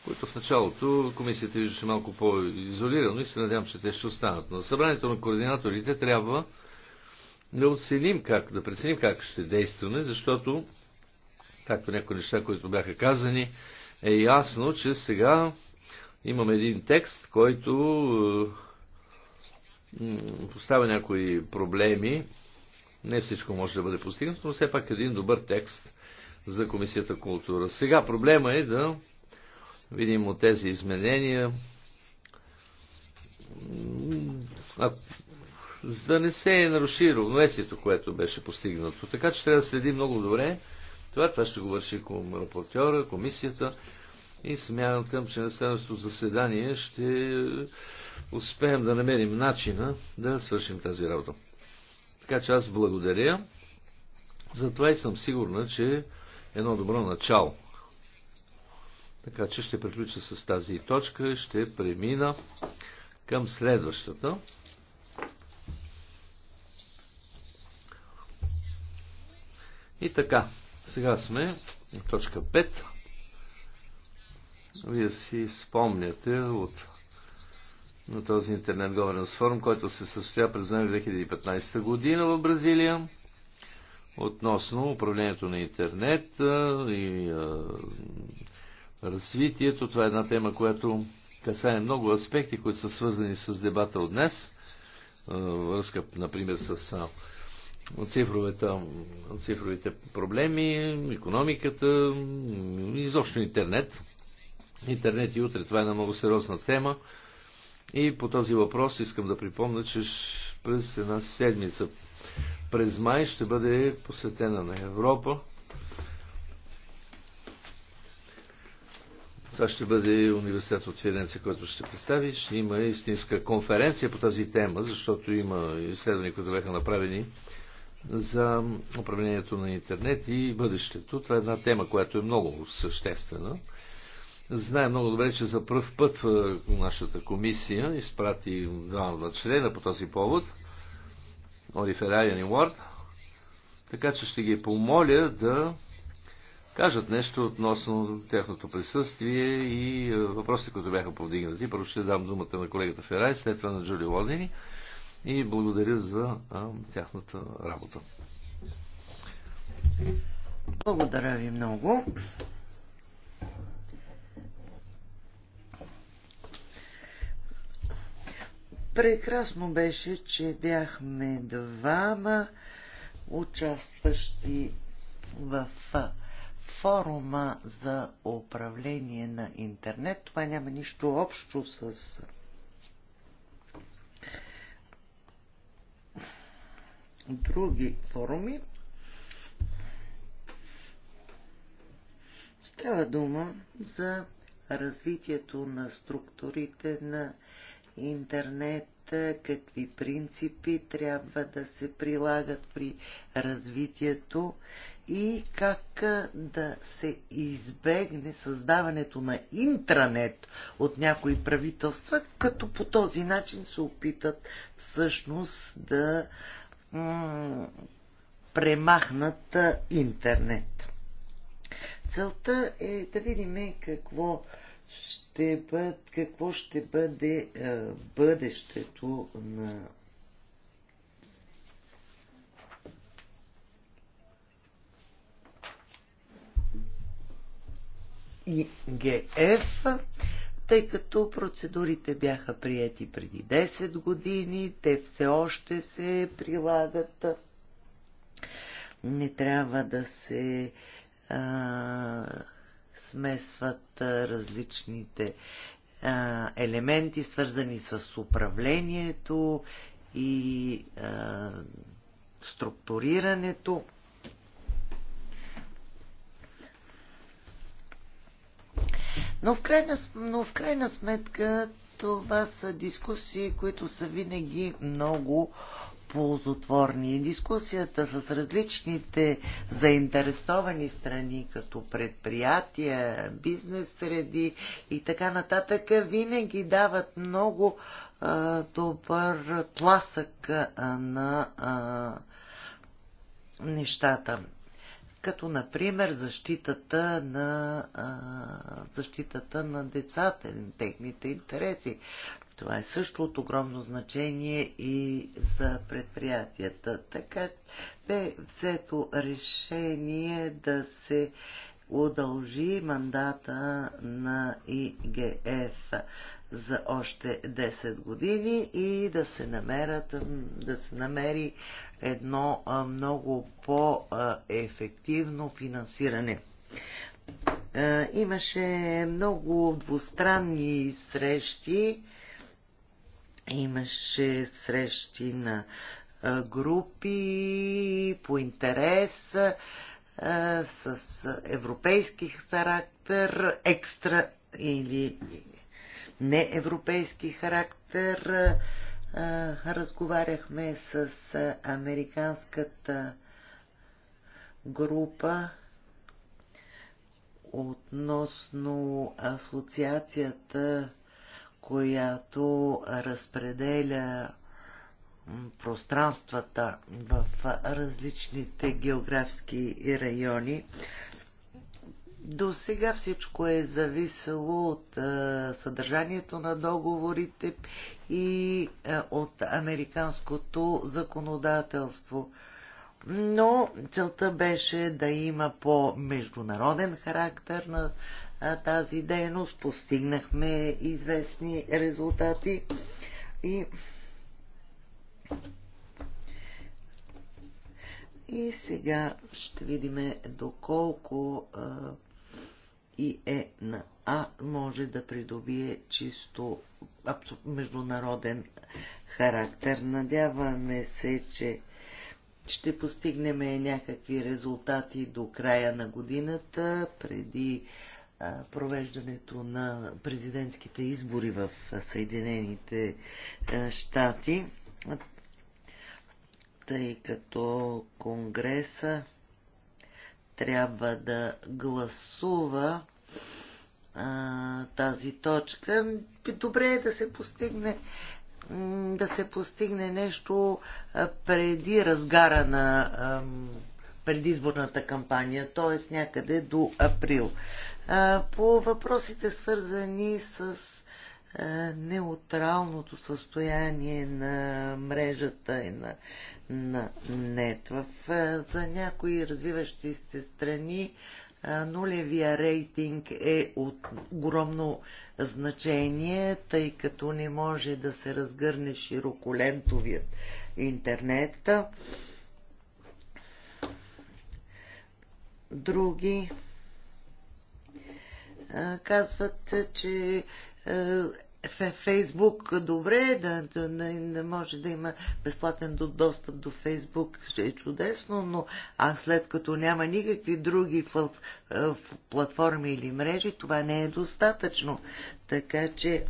които в началото комисията виждаше малко по-изолирано и се надявам, че те ще останат. Но събранието на координаторите трябва да оценим как, да преценим как ще действаме, защото, както някои неща, които бяха казани, е ясно, че сега Имам един текст, който е, поставя някои проблеми. Не всичко може да бъде постигнато, но все пак един добър текст за Комисията култура. Сега проблема е да видим от тези изменения а, да не се наруши равновесието, което беше постигнато. Така че трябва да следи много добре. Това, това ще го върши рапортьора, комисията и смятам, че на следващото заседание ще успеем да намерим начина да свършим тази работа. Така че аз благодаря. Затова и съм сигурна, че е едно добро начало. Така че ще приключа с тази точка и ще премина към следващата. И така, сега сме на точка 5. Вие си спомняте от на този интернет governance форум, който се състоя през ноември 2015 година в Бразилия относно управлението на интернет и а, развитието. Това е една тема, която касае много аспекти, които са свързани с дебата от днес. връзка, например, с цифровете, цифровите проблеми, економиката, изобщо интернет интернет и утре. Това е една много сериозна тема. И по този въпрос искам да припомня, че през една седмица през май ще бъде посветена на Европа. Това ще бъде университет от Фиденция, който ще представи. Ще има истинска конференция по тази тема, защото има изследвания, които бяха направени за управлението на интернет и бъдещето. Това е една тема, която е много съществена. Знае много добре, че за първ път нашата комисия изпрати двама члена по този повод, Оли Ферайен и Уорд, така че ще ги помоля да кажат нещо относно тяхното присъствие и въпросите, които бяха повдигнати. Първо ще дам думата на колегата Ферай, след това на Джули Лознини и благодаря за а, тяхната работа. Благодаря ви много. Прекрасно беше, че бяхме двама участващи в форума за управление на интернет. Това няма нищо общо с други форуми. Става дума за развитието на структурите на интернет, какви принципи трябва да се прилагат при развитието и как да се избегне създаването на интранет от някои правителства, като по този начин се опитат всъщност да премахнат интернет. Целта е да видим какво ще бъд, какво ще бъде а, е, бъдещето на ИГФ, тъй като процедурите бяха приети преди 10 години, те все още се прилагат. Не трябва да се а, смесват различните елементи, свързани с управлението и структурирането. Но в, крайна, но в крайна сметка това са дискусии, които са винаги много ползотворни. Дискусията с различните заинтересовани страни, като предприятия, бизнес среди и така нататък, винаги дават много а, добър тласък а, на а, нещата като например защитата на, а, защитата на децата, техните интереси. Това е също от огромно значение и за предприятията. Така бе взето решение да се удължи мандата на ИГФ за още 10 години и да се, намерят, да се намери едно много по-ефективно финансиране. Имаше много двустранни срещи Имаше срещи на групи по интерес с европейски характер, екстра или не европейски характер. Разговаряхме с американската група относно асоциацията която разпределя пространствата в различните географски райони. До сега всичко е зависело от съдържанието на договорите и от американското законодателство. Но целта беше да има по-международен характер на тази дейност, постигнахме известни резултати и и сега ще видим доколко а, и е на А може да придобие чисто международен характер. Надяваме се, че ще постигнем някакви резултати до края на годината, преди провеждането на президентските избори в Съединените щати, тъй като Конгреса трябва да гласува а, тази точка. Добре е да се постигне да се постигне нещо преди разгара на предизборната кампания, т.е. някъде до април. По въпросите свързани с неутралното състояние на мрежата и на, на нет. В, за някои развиващи се страни нулевия рейтинг е от огромно значение, тъй като не може да се разгърне широколентовият интернет. Други казват, че в Фейсбук добре, да, да, да може да има безплатен достъп до Фейсбук, ще е чудесно, но а след като няма никакви други платформи или мрежи, това не е достатъчно. Така че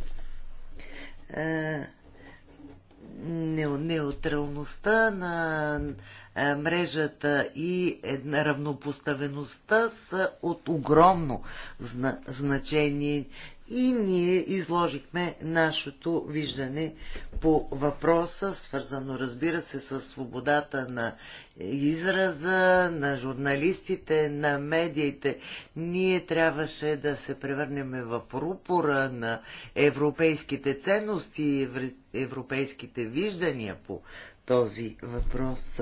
неутралността на е, мрежата и равнопоставеността са от огромно значение и ние изложихме нашето виждане по въпроса, свързано разбира се с свободата на израза, на журналистите, на медиите. Ние трябваше да се превърнем в рупора на европейските ценности и европейските виждания по този въпрос.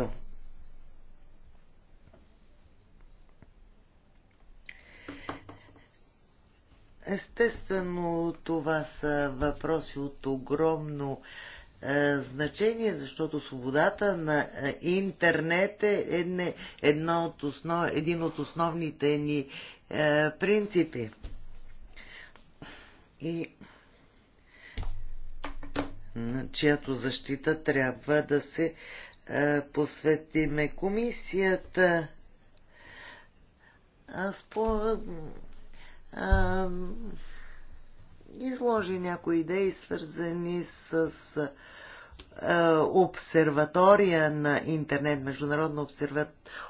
Естествено, това са въпроси от огромно е, значение, защото свободата на е, интернет е едне, едно от основ, един от основните ни е, принципи. И на чиято защита трябва да се е, посветиме комисията. Аз по изложи някои идеи, свързани с а, обсерватория на интернет, международна обсерва...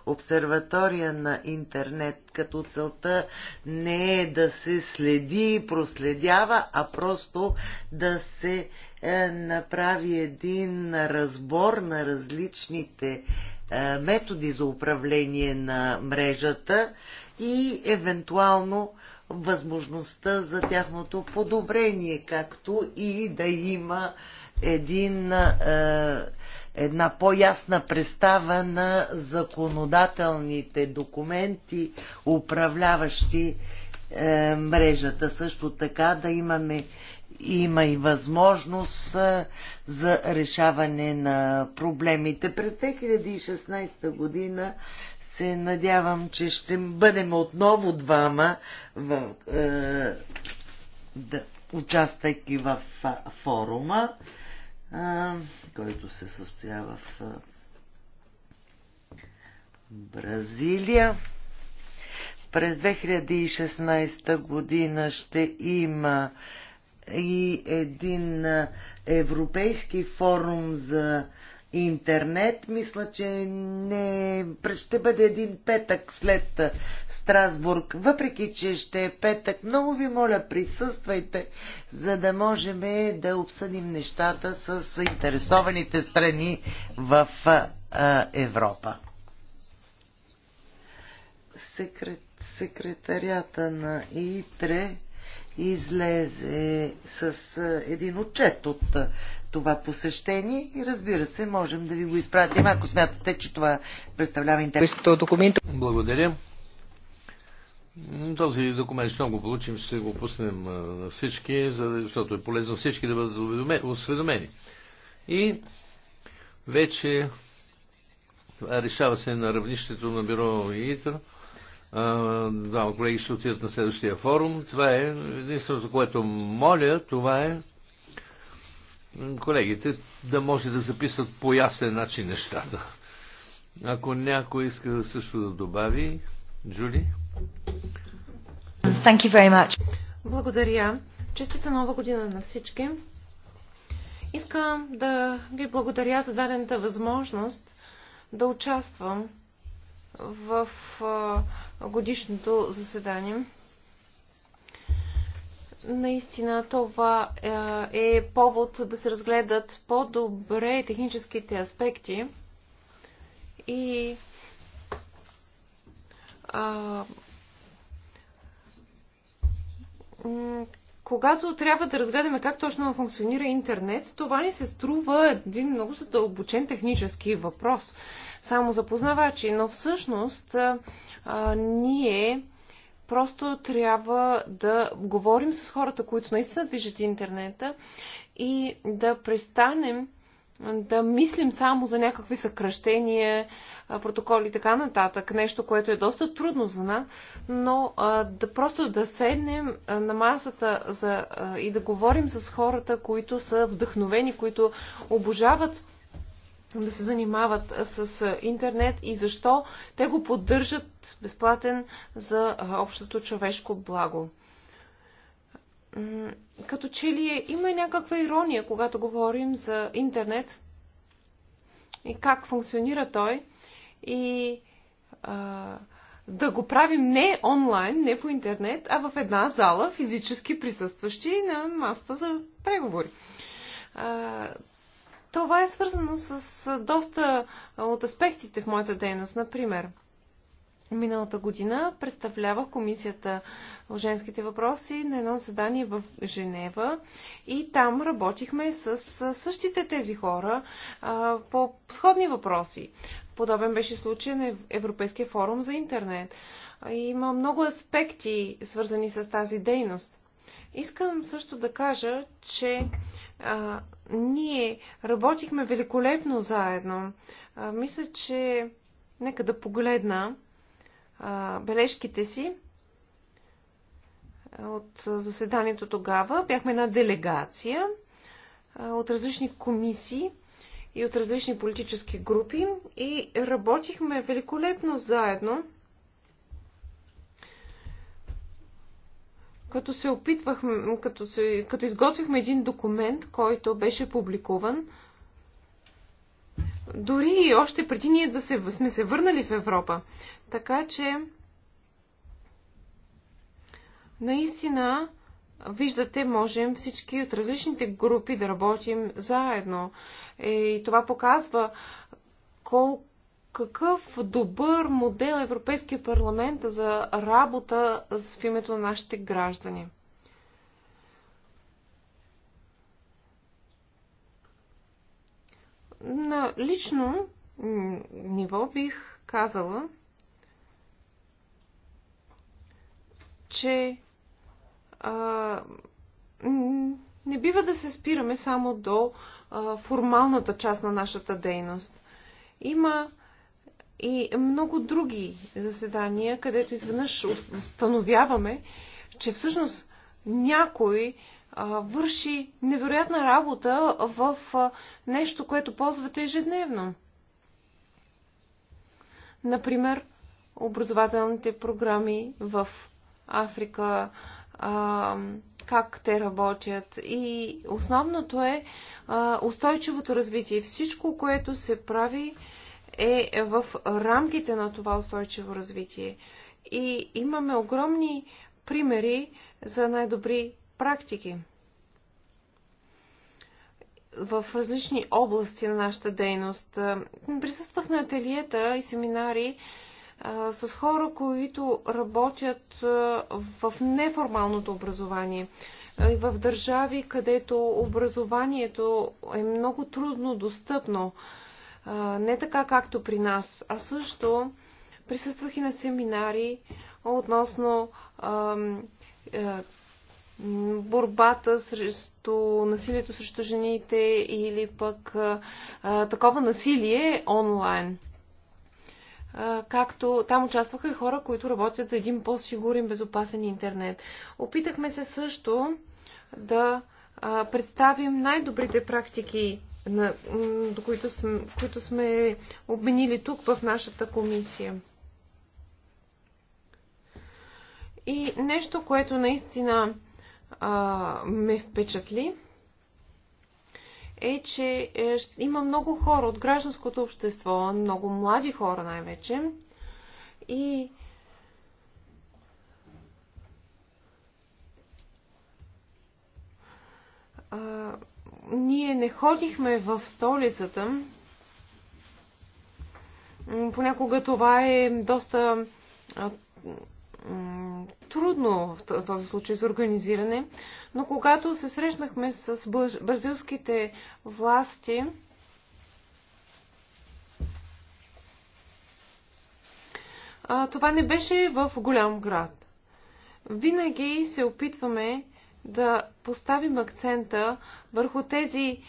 обсерватория на интернет, като целта не е да се следи и проследява, а просто да се а, е, направи един разбор на различните а, е, методи за управление на мрежата и евентуално възможността за тяхното подобрение, както и да има един, е, една по-ясна представа на законодателните документи, управляващи е, мрежата. Също така да имаме има и възможност е, за решаване на проблемите. През 2016 година се надявам, че ще бъдем отново двама в, е, да, участвайки в форума, е, който се състоя в е, Бразилия. През 2016 година ще има и един е, европейски форум за интернет. Мисля, че не... ще бъде един петък след Страсбург. Въпреки, че ще е петък, много ви моля, присъствайте, за да можем да обсъдим нещата с интересованите страни в а, Европа. Секрет, секретарята на ИТРЕ излезе с един отчет от това посещение и разбира се, можем да ви го изпратим, ако смятате, че това представлява интерес. Благодаря. Този документ, ще го получим, ще го пуснем на всички, защото е полезно всички да бъдат осведомени. И вече решава се на равнището на бюро и ИТР. Да, колеги ще отидат на следващия форум. Това е единственото, което моля, това е колегите да може да записват по ясен начин нещата. Ако някой иска също да добави, Джули? Thank you very much. Благодаря. Честита нова година на всички. Искам да ви благодаря за дадената възможност да участвам в годишното заседание наистина това е, е повод да се разгледат по-добре техническите аспекти и а, когато трябва да разгледаме как точно функционира интернет, това ни се струва един много задълбочен технически въпрос, само запознавачи, но всъщност а, ние Просто трябва да говорим с хората, които наистина движат интернета и да престанем да мислим само за някакви съкръщения, протоколи и така нататък, нещо, което е доста трудно за нас, но да просто да седнем на масата за, и да говорим с хората, които са вдъхновени, които обожават да се занимават с интернет и защо те го поддържат безплатен за общото човешко благо. Като че ли е, има някаква ирония, когато говорим за интернет и как функционира той и а, да го правим не онлайн, не по интернет, а в една зала, физически присъстващи на маста за преговори. А, това е свързано с доста от аспектите в моята дейност. Например, миналата година представлявах комисията в женските въпроси на едно задание в Женева и там работихме с същите тези хора по сходни въпроси. Подобен беше случай на Европейския форум за интернет. Има много аспекти, свързани с тази дейност. Искам също да кажа, че а, ние работихме великолепно заедно. А, мисля, че нека да погледна а, бележките си от заседанието тогава. Бяхме една делегация а, от различни комисии и от различни политически групи и работихме великолепно заедно. като се опитвахме, като, се, като изготвихме един документ, който беше публикуван, дори и още преди ние да се, сме се върнали в Европа. Така че, наистина, виждате, можем всички от различните групи да работим заедно. Е, и това показва колко какъв добър модел е Европейския парламент за работа в името на нашите граждани. На лично ниво бих казала, че а, не бива да се спираме само до а, формалната част на нашата дейност. Има и много други заседания, където изведнъж установяваме, че всъщност някой а, върши невероятна работа в а, нещо, което ползвате ежедневно. Например, образователните програми в Африка, а, как те работят. И основното е а, устойчивото развитие. Всичко, което се прави, е в рамките на това устойчиво развитие. И имаме огромни примери за най-добри практики в различни области на нашата дейност. Присъствах на ателиета и семинари а, с хора, които работят а, в неформалното образование а, в държави, където образованието е много трудно достъпно. А, не така както при нас, а също присъствах и на семинари относно е, борбата срещу насилието срещу жените или пък такова насилие онлайн. както там участваха и хора, които работят за един по-сигурен, безопасен интернет. Опитахме се също да представим най-добрите практики на, до които сме, които сме обменили тук в нашата комисия. И нещо, което наистина а, ме впечатли, е, че е, има много хора от гражданското общество, много млади хора най-вече. И а, ние не ходихме в столицата. Понякога това е доста трудно в този случай за организиране, но когато се срещнахме с бразилските власти, това не беше в голям град. Винаги се опитваме да поставим акцента върху тези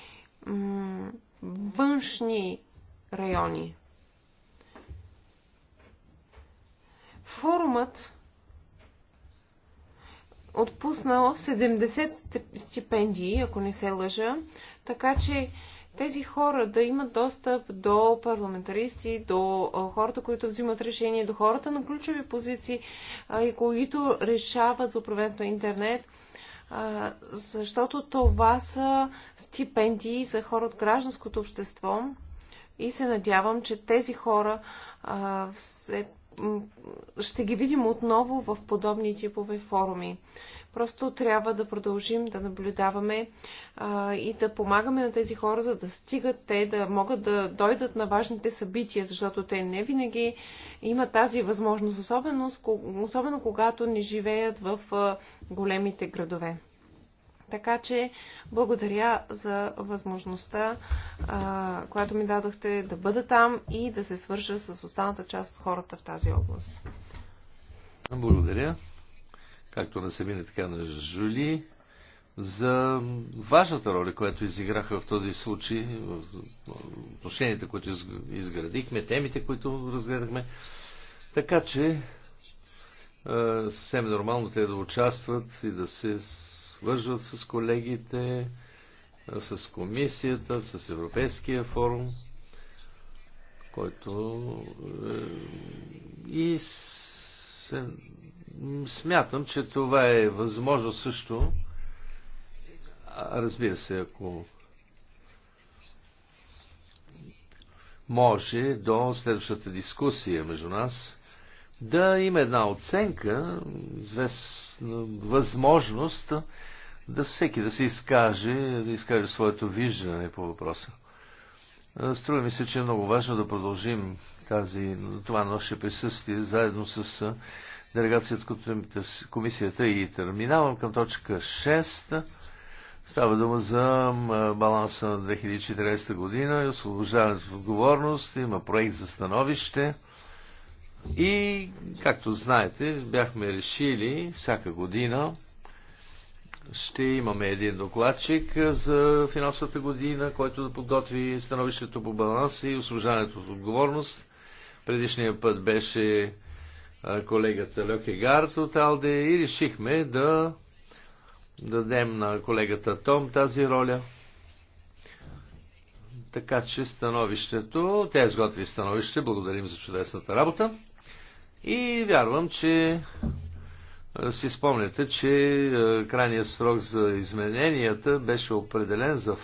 външни райони. Форумът отпуснал 70 стипендии, ако не се лъжа, така че тези хора да имат достъп до парламентаристи, до хората, които взимат решения, до хората на ключови позиции и които решават за управлението на интернет – защото това са стипендии за хора от гражданското общество и се надявам, че тези хора ще ги видим отново в подобни типове форуми. Просто трябва да продължим да наблюдаваме а, и да помагаме на тези хора, за да стигат те, да могат да дойдат на важните събития, защото те не винаги имат тази възможност, особено, особено когато не живеят в а, големите градове. Така че благодаря за възможността, а, която ми дадохте да бъда там и да се свържа с останата част от хората в тази област. Благодаря както на Сабина, така на Жули, за важната роля, която изиграха в този случай, в отношенията, които изградихме, темите, които разгледахме. Така че е, съвсем нормално те да участват и да се свържат с колегите, е, с комисията, с Европейския форум, който е, и се Смятам, че това е възможно също. Разбира се, ако може до следващата дискусия между нас да има една оценка, известна възможност да всеки да се изкаже, да изкаже своето виждане по въпроса. Струва ми се, че е много важно да продължим тази, това наше присъствие заедно с делегацията от комисията и терминавам към точка 6. Става дума за баланса на 2014 година и освобождаването от отговорност. Има проект за становище. И, както знаете, бяхме решили всяка година ще имаме един докладчик за финансовата година, който да подготви становището по баланса и освобождаването от отговорност. Предишния път беше колегата Льокегард от Алде и решихме да дадем на колегата Том тази роля. Така че становището, тя изготви становище, благодарим за чудесната работа. И вярвам, че си спомняте, че крайният срок за измененията беше определен за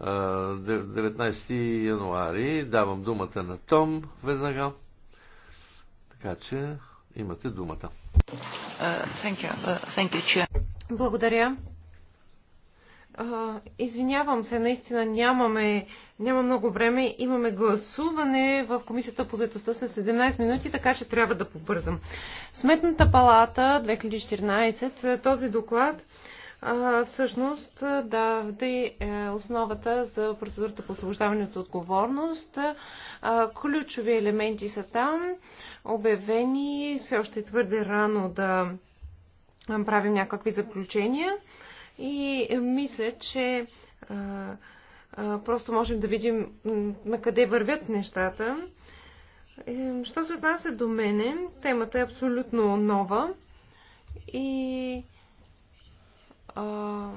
19 януари. Давам думата на Том веднага. Така че имате думата. Uh, uh, Благодаря. Извинявам се, наистина нямаме, няма много време. Имаме гласуване в Комисията по заедостта с 17 минути, така че трябва да побързам. Сметната палата 2014, този доклад всъщност да е основата за процедурата по освобождаване от отговорност. Ключови елементи са там, обявени, все още е твърде рано да правим някакви заключения и е, мисля, че просто можем да видим на къде вървят нещата. Е, що се отнася до мене, темата е абсолютно нова и а,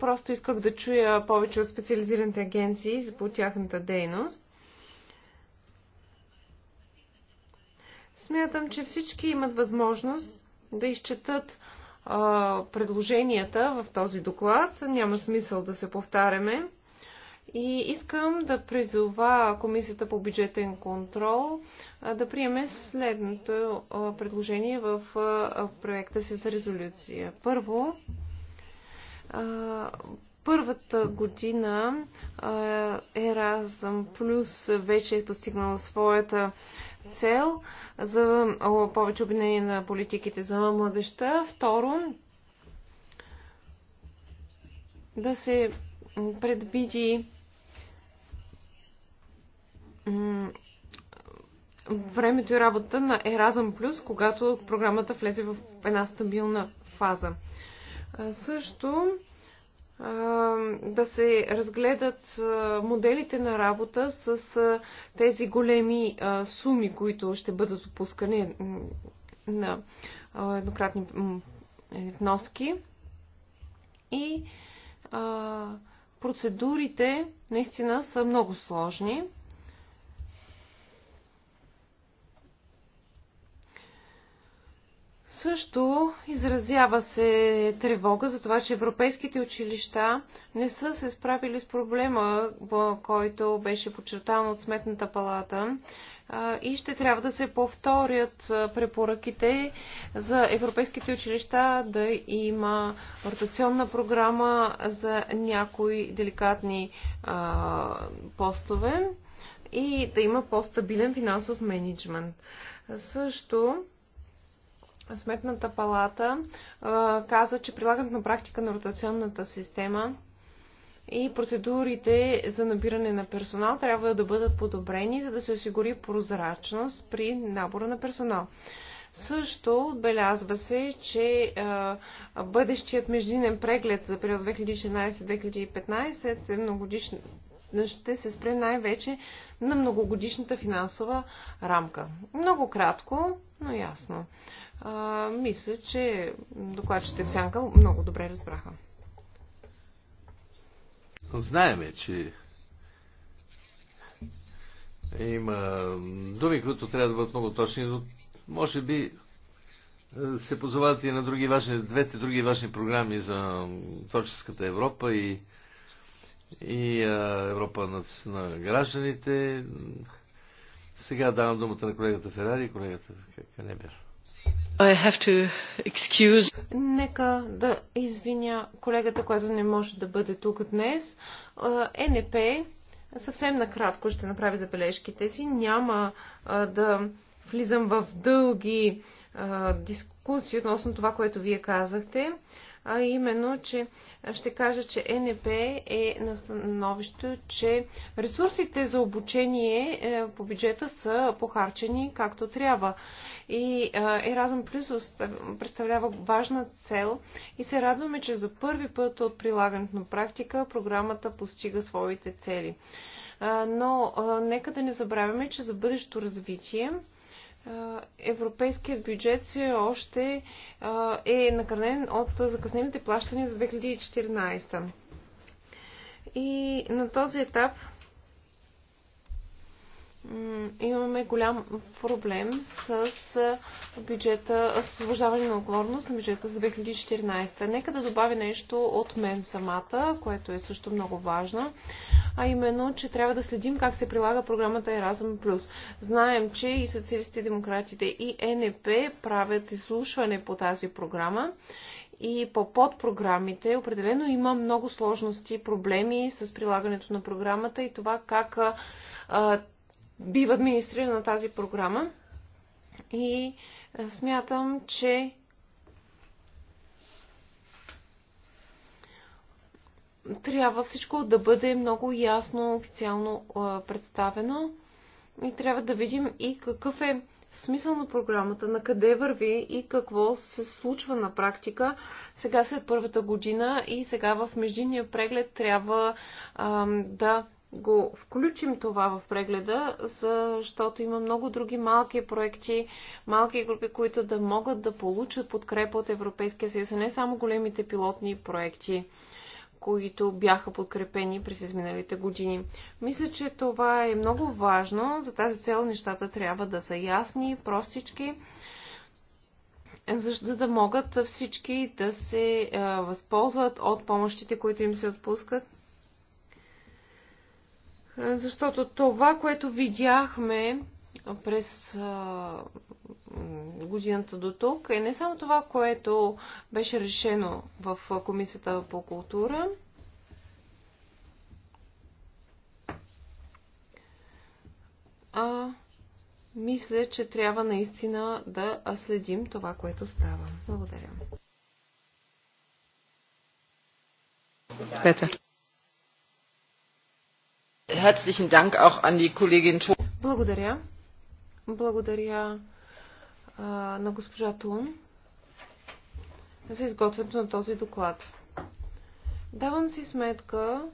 просто исках да чуя повече от специализираните агенции по тяхната дейност. Смятам, че всички имат възможност да изчетат а, предложенията в този доклад. Няма смисъл да се повтаряме. И искам да призова Комисията по бюджетен контрол да приеме следното предложение в проекта си за резолюция. Първо, първата година Еразъм Плюс вече е постигнала своята цел за повече обвинение на политиките за младеща. Второ, да се предвиди времето и работата на Еразъм Плюс, когато програмата влезе в една стабилна фаза. Също да се разгледат моделите на работа с тези големи суми, които ще бъдат опускани на еднократни е, вноски и процедурите наистина са много сложни. Също изразява се тревога за това, че европейските училища не са се справили с проблема, който беше подчертан от Сметната палата и ще трябва да се повторят препоръките за европейските училища да има ротационна програма за някои деликатни постове и да има по-стабилен финансов менеджмент. Също Сметната палата каза, че прилагането на практика на ротационната система и процедурите за набиране на персонал трябва да бъдат подобрени, за да се осигури прозрачност при набора на персонал. Също отбелязва се, че а, бъдещият междинен преглед за период 2016 2015 многогодишно ще се спре най-вече на многогодишната финансова рамка. Много кратко, но ясно а, мисля, че докладчите в Сянка много добре разбраха. Знаеме, че има думи, които трябва да бъдат много точни, но може би е, се позовават и на други важни, двете други важни програми за творческата Европа и, и е, Европа на, на гражданите. Сега давам думата на колегата Ферари и колегата Канебер. I have to excuse. Нека да извиня колегата, която не може да бъде тук днес. Е НП съвсем накратко ще направи забележките си. Няма да влизам в дълги дискусии относно това, което вие казахте а именно, че ще кажа, че НП е на становище, че ресурсите за обучение е, по бюджета са похарчени както трябва. И е, Еразъм Плюс представлява важна цел и се радваме, че за първи път от прилагането на практика програмата постига своите цели. Е, но нека да не забравяме, че за бъдещето развитие европейският бюджет все още е накърнен от закъснените плащания за 2014. И на този етап имаме голям проблем с бюджета, с освобождаване на отговорност на бюджета за 2014. Нека да добавя нещо от мен самата, което е също много важно, а именно, че трябва да следим как се прилага програмата Erasm+. Знаем, че и социалистите, демократите и НП правят изслушване по тази програма и по подпрограмите. Определено има много сложности, проблеми с прилагането на програмата и това как бива администрирана тази програма. И е, смятам, че трябва всичко да бъде много ясно, официално е, представено и трябва да видим и какъв е смисъл на програмата, на къде върви и какво се случва на практика сега след първата година и сега в междинния преглед трябва да го включим това в прегледа, защото има много други малки проекти, малки групи, които да могат да получат подкрепа от Европейския съюз, а не само големите пилотни проекти които бяха подкрепени през изминалите години. Мисля, че това е много важно. За тази цел нещата трябва да са ясни, простички, за да могат всички да се възползват от помощите, които им се отпускат защото това, което видяхме през годината до тук е не само това, което беше решено в Комисията по култура, а мисля, че трябва наистина да следим това, което става. Благодаря. Петър. Herzlichen Dank auch an die Kollegin Благодаря. Благодаря а, на госпожа Тун за изготвянето на този доклад. Давам си сметка,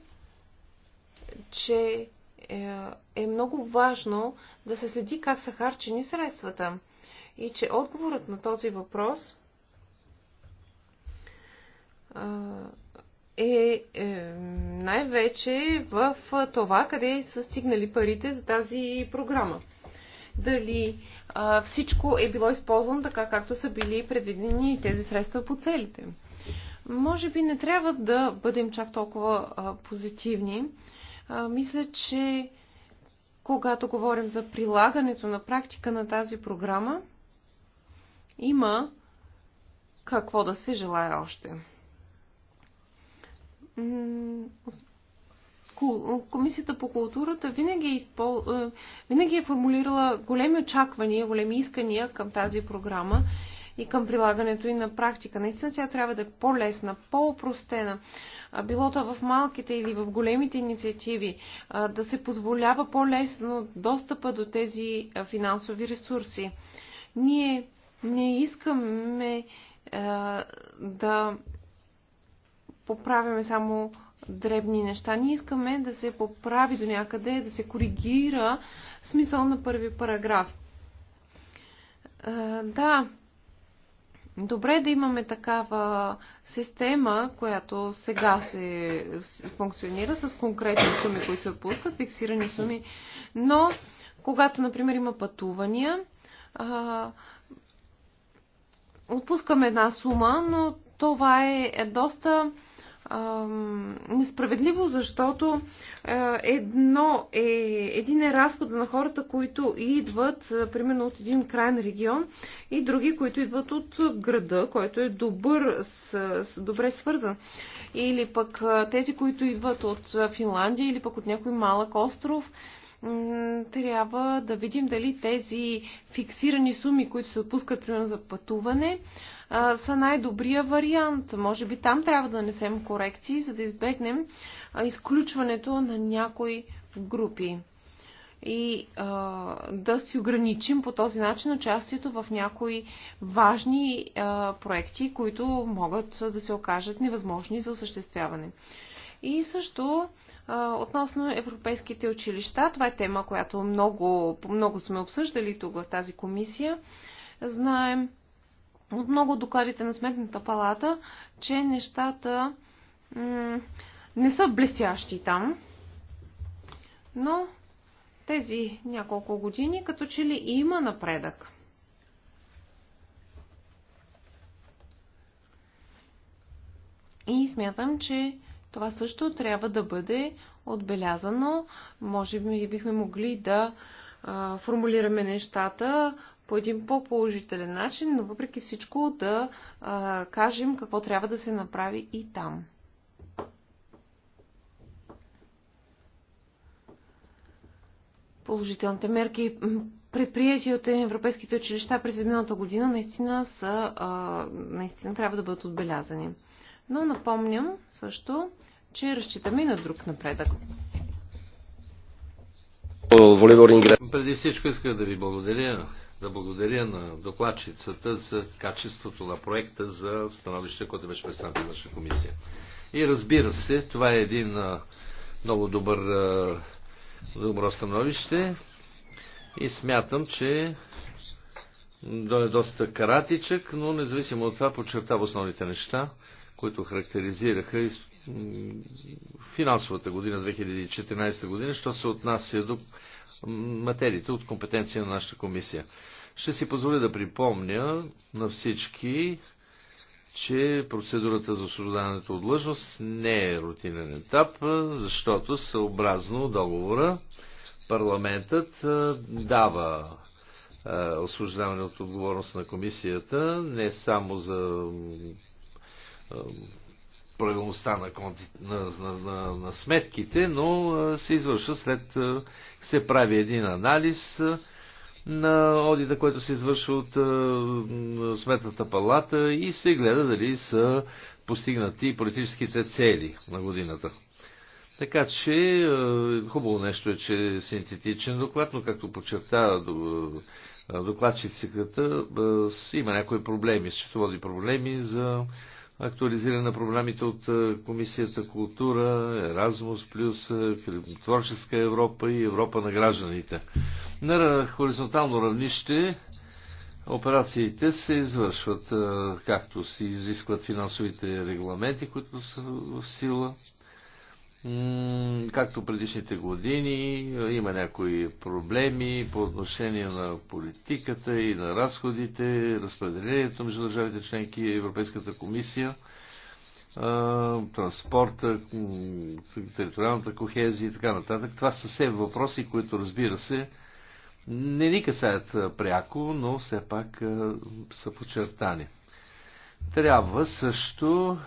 че е, е много важно да се следи как са харчени средствата и че отговорът на този въпрос а, е, е най-вече в това, къде са стигнали парите за тази програма. Дали а, всичко е било използвано така, както са били предвидени тези средства по целите. Може би не трябва да бъдем чак толкова а, позитивни. А, мисля, че когато говорим за прилагането на практика на тази програма, има какво да се желая още. Комисията по културата винаги е, изпол... Е, винаги е формулирала големи очаквания, големи искания към тази програма и към прилагането и на практика. Наистина тя трябва да е по-лесна, по-опростена. Било то в малките или в големите инициативи, да се позволява по-лесно достъпа до тези финансови ресурси. Ние не искаме да поправяме само дребни неща. Ние искаме да се поправи до някъде, да се коригира смисъл на първи параграф. А, да, добре да имаме такава система, която сега се функционира с конкретни суми, които се отпускат, фиксирани суми, но когато, например, има пътувания, а, отпускаме една сума, но това е, е доста несправедливо, защото е, едно е, един е разход на хората, които идват е, примерно от един крайен регион и други, които идват от града, който е добър, с, с, добре свързан. Или пък е, тези, които идват от Финландия или пък от някой малък остров, трябва да видим дали тези фиксирани суми, които се отпускат примерно за пътуване, а, са най-добрия вариант. Може би там трябва да несем корекции, за да избегнем а, изключването на някои групи и а, да си ограничим по този начин участието в някои важни а, проекти, които могат да се окажат невъзможни за осъществяване. И също а, относно европейските училища, това е тема, която много, много сме обсъждали тук в тази комисия. Знаем, от много докладите на Сметната палата, че нещата не са блестящи там. Но тези няколко години като че ли има напредък. И смятам, че това също трябва да бъде отбелязано. Може би бихме могли да а, формулираме нещата по един по-положителен начин, но въпреки всичко да а, кажем какво трябва да се направи и там. Положителните мерки, предприяти от европейските училища през едната година, наистина, са, а, наистина трябва да бъдат отбелязани. Но напомням също, че разчитаме и на друг напредък. Преди всичко исках да ви благодаря да благодаря на докладчицата за качеството на проекта за становище, което беше представено на нашата комисия. И разбира се, това е един много добър, добро становище и смятам, че до е доста каратичък, но независимо от това подчертава основните неща, които характеризираха и финансовата година 2014 година, що се отнася до материите от компетенция на нашата комисия. Ще си позволя да припомня на всички, че процедурата за освобождаването от длъжност не е рутинен етап, защото съобразно договора парламентът дава освобождаване от отговорност на комисията не само за правилността на, конти, на, на, на, на сметките, но се извършва след се прави един анализ на одита, който се извършва от Сметната палата и се гледа дали са постигнати политическите цели на годината. Така че хубаво нещо е, че е синтетичен доклад, но както подчертава докладчицата, има някои проблеми, счетоводи проблеми за актуализиране на програмите от е, Комисията култура, Еразмус плюс, е, Творческа Европа и Европа на гражданите. На хоризонтално равнище операциите се извършват е, както се изискват финансовите регламенти, които са в сила както предишните години, има някои проблеми по отношение на политиката и на разходите, разпределението между държавите членки и Европейската комисия, транспорта, териториалната кохезия и така нататък. Това са все въпроси, които разбира се не ни касаят пряко, но все пак са подчертани. Трябва също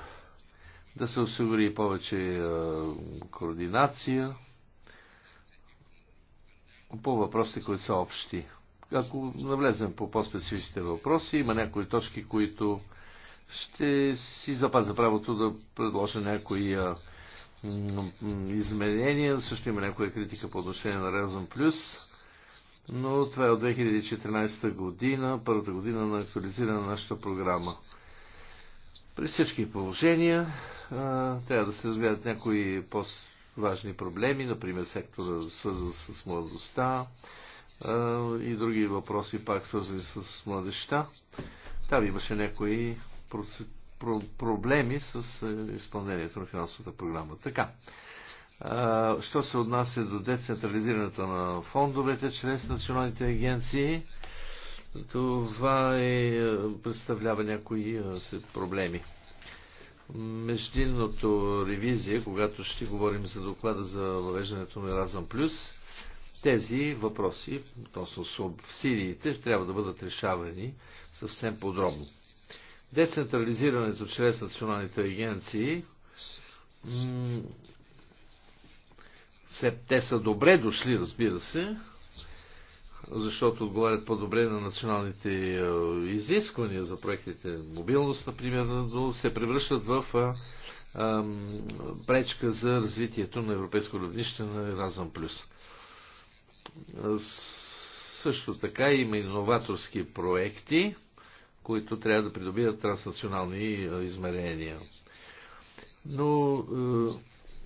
да се осигури повече е, координация по въпросите, които са общи. Ако навлезем по по-специфичните въпроси, има някои точки, които ще си запазя правото да предложа някои е, изменения. Също има някоя критика по отношение на Резон Плюс. Но това е от 2014 година, първата година на актуализиране на нашата програма. При всички положения трябва да се разгледат някои по-важни проблеми, например сектора свързан с младостта и други въпроси пак свързани с младеща. Там имаше някои проблеми с изпълнението на финансовата програма. Така. Що се отнася до децентрализирането на фондовете чрез националните агенции, това е, представлява някои проблеми междинното ревизия, когато ще говорим за доклада за въвеждането на Еразъм Плюс, тези въпроси относно субсидиите трябва да бъдат решавани съвсем подробно. Децентрализирането чрез националните агенции те са добре дошли, разбира се, защото отговарят по-добре на националните е, изисквания за проектите мобилност, например, но се превръщат в е, е, пречка за развитието на европейско равнище на Еразъм Плюс. Също така има иноваторски проекти, които трябва да придобият транснационални измерения. Но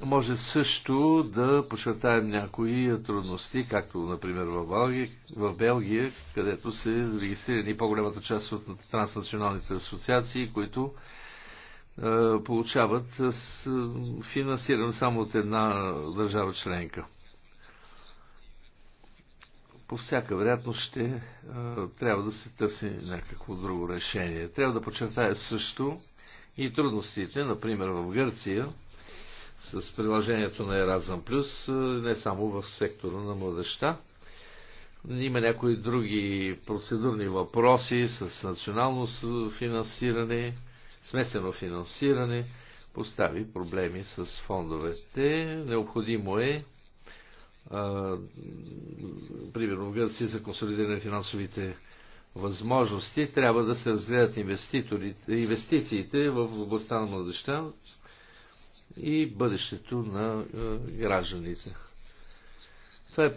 може също да подчертаем някои трудности, както например в Белгия, в Белгия където се регистрирани по-голямата част от транснационалните асоциации, които е, получават е, финансиране само от една държава членка. По всяка вероятност ще е, трябва да се търси някакво друго решение. Трябва да подчертая също и трудностите, например в Гърция, с приложението на Еразъм Плюс, е, не само в сектора на младеща. Има някои други процедурни въпроси с национално финансиране, смесено финансиране, постави проблеми с фондовете. Необходимо е а, е, примерно в Гърция за консолидиране на финансовите възможности трябва да се разгледат инвеститорите, инвестициите в областта на младеща и бъдещето на е, гражданите. Това е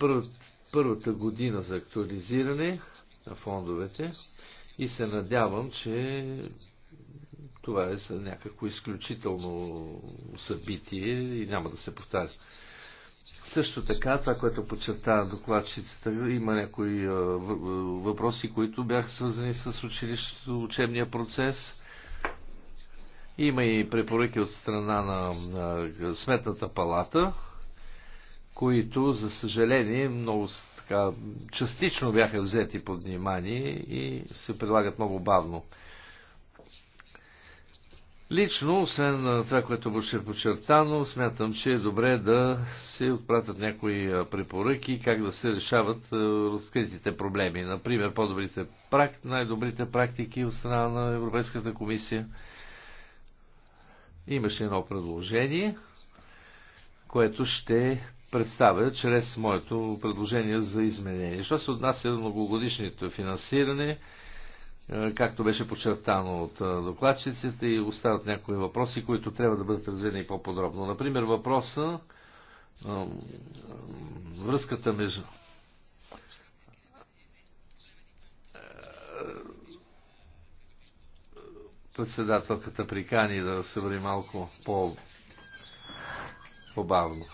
първата година за актуализиране на фондовете и се надявам, че това е някакво изключително събитие и няма да се повтаря. Също така, това, което подчертава докладчицата, има някои е, въпроси, които бяха свързани с училището, учебния процес има и препоръки от страна на, Сметната палата, които, за съжаление, много така, частично бяха взети под внимание и се прилагат много бавно. Лично, освен на това, което беше подчертано, смятам, че е добре да се отпратят някои препоръки как да се решават откритите проблеми. Например, по-добрите най-добрите практики от страна на Европейската комисия Имаше едно предложение, което ще представя чрез моето предложение за изменение. Що се отнася до многогодишното финансиране, е, както беше подчертано от е, докладчиците и остават някои въпроси, които трябва да бъдат разгледани по-подробно. Например, въпроса е, връзката между Председателката прикани да се бъде малко по, по-бавно.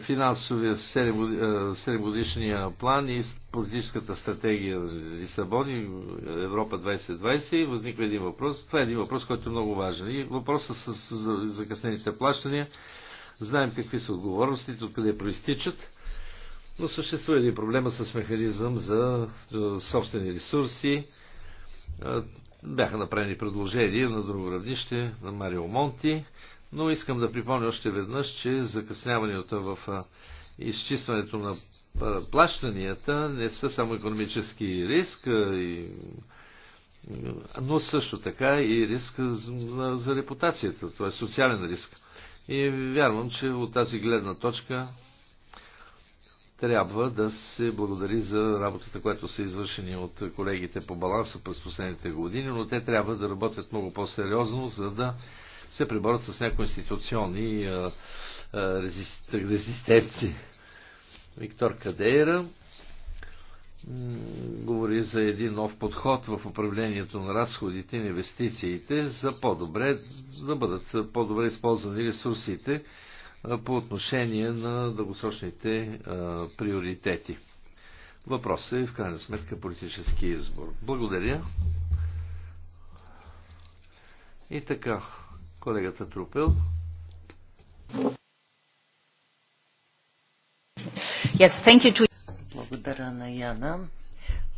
финансовия 7 е, годишния план и политическата стратегия за Лисабон и Европа 2020 и възниква един въпрос. Това е един въпрос, който е много важен. И въпросът с закъснените плащания. Знаем какви са отговорностите, откъде проистичат. Но съществува един проблема с механизъм за е, собствени ресурси. Е, бяха направени предложения на друго равнище на Марио Монти, но искам да припомня още веднъж, че закъсняванията в е, изчистването на плащанията не са само економически риск, но също така и риск за репутацията. Това е социален риск. И вярвам, че от тази гледна точка трябва да се благодари за работата, която са извършени от колегите по баланса през последните години, но те трябва да работят много по-сериозно, за да се приборят с някои институционни а, а, резист, резистенции. Виктор Кадейра говори за един нов подход в управлението на разходите и инвестициите за по-добре да бъдат по-добре използвани ресурсите по отношение на дългосрочните приоритети. Въпросът е в крайна сметка политически избор. Благодаря. И така, колегата Трупел. Yes, thank you to... Благодаря на Яна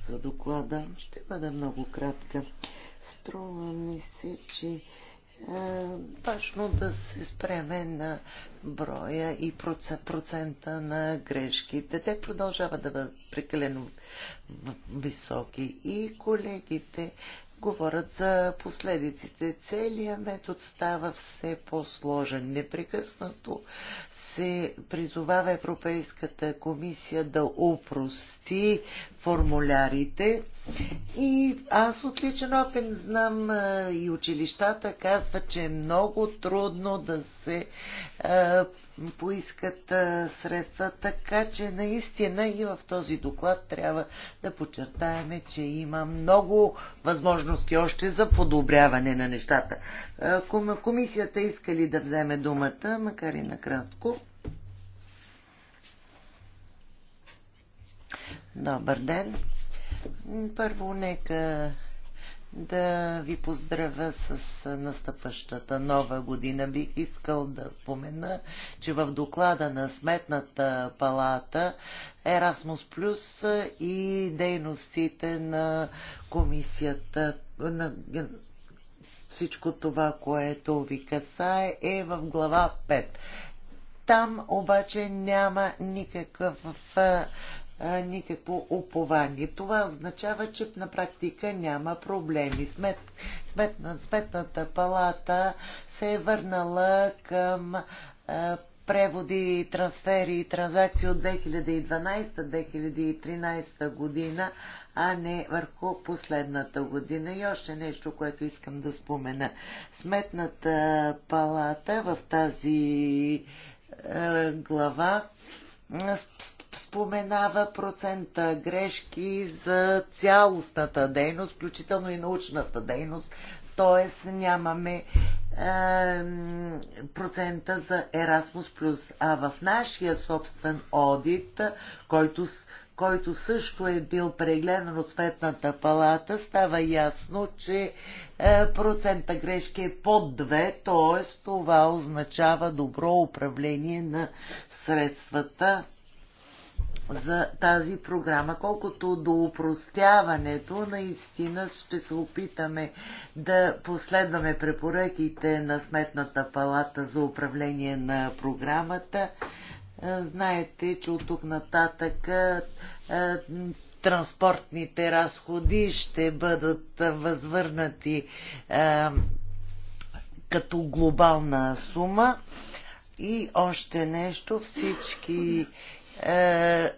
за доклада. Ще бъда много кратка. Струва ми се, че е, важно да се спреме на броя и процента на грешките. Те продължават да бъдат прекалено високи и колегите говорят за последиците. Целият метод става все по-сложен. Непрекъснато се призовава Европейската комисия да упрости формулярите и аз от личен знам и училищата казват, че е много трудно да се е, поискат е, средства, така че наистина и в този доклад трябва да подчертаеме, че има много възможности още за подобряване на нещата. комисията иска ли да вземе думата, макар и накратко? Добър ден. Първо, нека да ви поздравя с настъпащата нова година. Бих искал да спомена, че в доклада на Сметната палата Erasmus Plus и дейностите на комисията на всичко това, което ви касае, е в глава 5. Там обаче няма никакъв никакво упование. Това означава, че на практика няма проблеми. Смет, сметна, сметната палата се е върнала към а, преводи, трансфери и транзакции от 2012-2013 година, а не върху последната година. И още нещо, което искам да спомена. Сметната палата в тази е, глава споменава процента грешки за цялостната дейност, включително и научната дейност, т.е. нямаме е, процента за Erasmus+. А в нашия собствен одит, който, който също е бил прегледан от Светната палата, става ясно, че е, процента грешки е под 2, т.е. това означава добро управление на средствата за тази програма. Колкото до упростяването, наистина ще се опитаме да последваме препоръките на Сметната палата за управление на програмата. Е, знаете, че от тук нататък е, транспортните разходи ще бъдат възвърнати е, като глобална сума. И още нещо, всички е,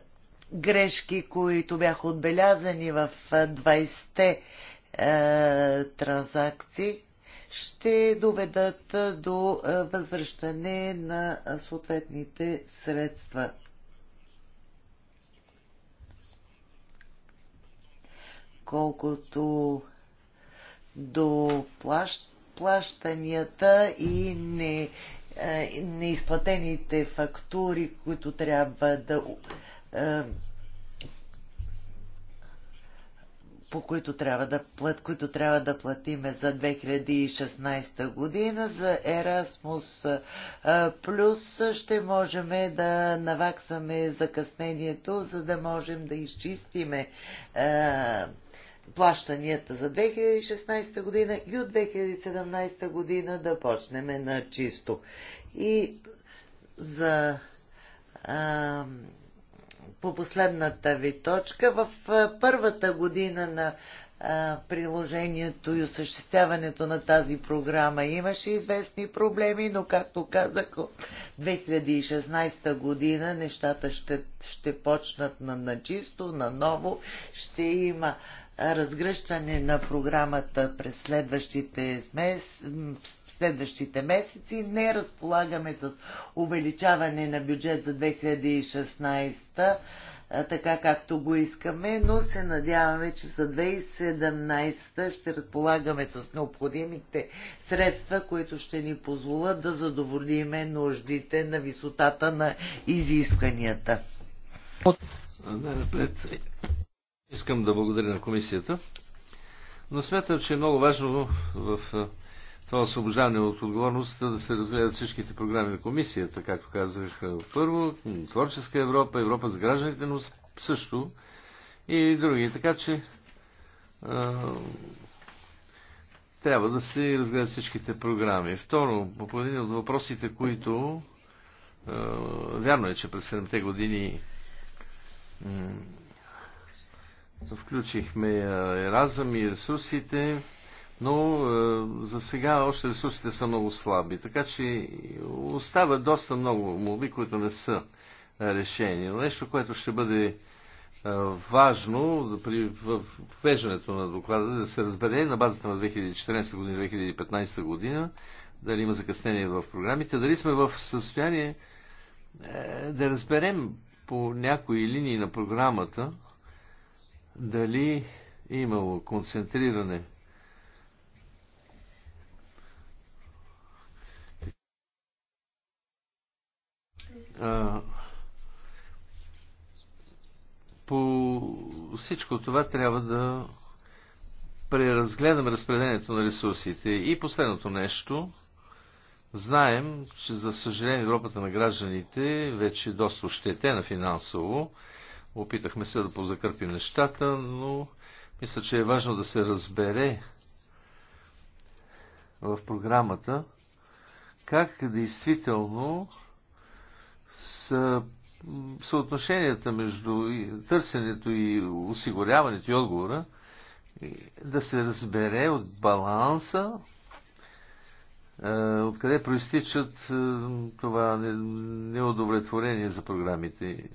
грешки, които бяха отбелязани в 20-те е, е, транзакции, ще доведат е, до е, възвръщане на съответните средства. Колкото до плащ, плащанията и не е, неизплатените фактури, които трябва да е, по които трябва да, плат, които трябва да платиме за 2016 година, за Erasmus е, Плюс ще можем да наваксаме закъснението, за да можем да изчистиме плащанията за 2016 година и от 2017 година да почнем на чисто. И за а, по последната ви точка, в първата година на а, приложението и осъществяването на тази програма имаше известни проблеми, но както казах, 2016 година нещата ще, ще почнат на, на чисто, на ново, ще има разгръщане на програмата през следващите, смес, следващите месеци. Не разполагаме с увеличаване на бюджет за 2016 така както го искаме, но се надяваме, че за 2017 ще разполагаме с необходимите средства, които ще ни позволят да задоволиме нуждите на висотата на изискванията. Най-напред Искам да благодаря на комисията, но смятам, че е много важно в това освобождаване от отговорността да се разгледат всичките програми на комисията, както казах първо, Творческа Европа, Европа за гражданите, но също и други. Така че а, трябва да се разгледат всичките програми. Второ, по един от въпросите, които а, вярно е, че през 7-те години Включихме е, разъм и ресурсите, но е, за сега още ресурсите са много слаби. Така че остава доста много молби, които не са решени. Но нещо, което ще бъде е, важно при ввеждането на доклада да се разбере на базата на 2014 година, 2015 година, дали има закъснение в програмите, дали сме в състояние да разберем по някои линии на програмата дали имало концентриране а, по всичко това трябва да преразгледам разпределението на ресурсите. И последното нещо, знаем, че за съжаление Европата на гражданите вече е доста ощетена финансово Опитахме се да позакърпим нещата, но мисля, че е важно да се разбере в програмата как действително са съотношенията между търсенето и осигуряването и отговора, да се разбере от баланса, е, откъде проистичат е, това неудовлетворение за програмите.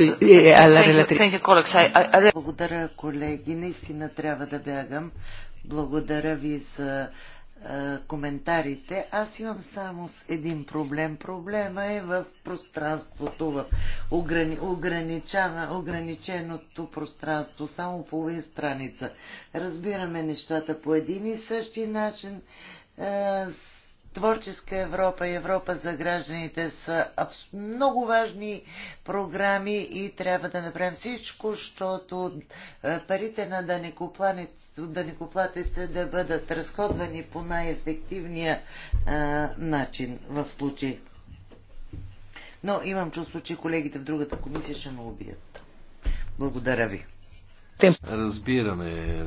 Е Благодаря, колеги. Наистина трябва да бягам. Благодаря ви за коментарите. Аз имам само с един проблем. Проблема е в пространството, в ограни, ограниченото пространство, само половин страница. Разбираме нещата по един и същи начин. Е, Творческа Европа и Европа за гражданите са много важни програми и трябва да направим всичко, защото е, парите на данекоплатеца да бъдат разходвани по най-ефективния е, начин в случай. Но имам чувство, че колегите в другата комисия ще ме убият. Благодаря ви. Разбираме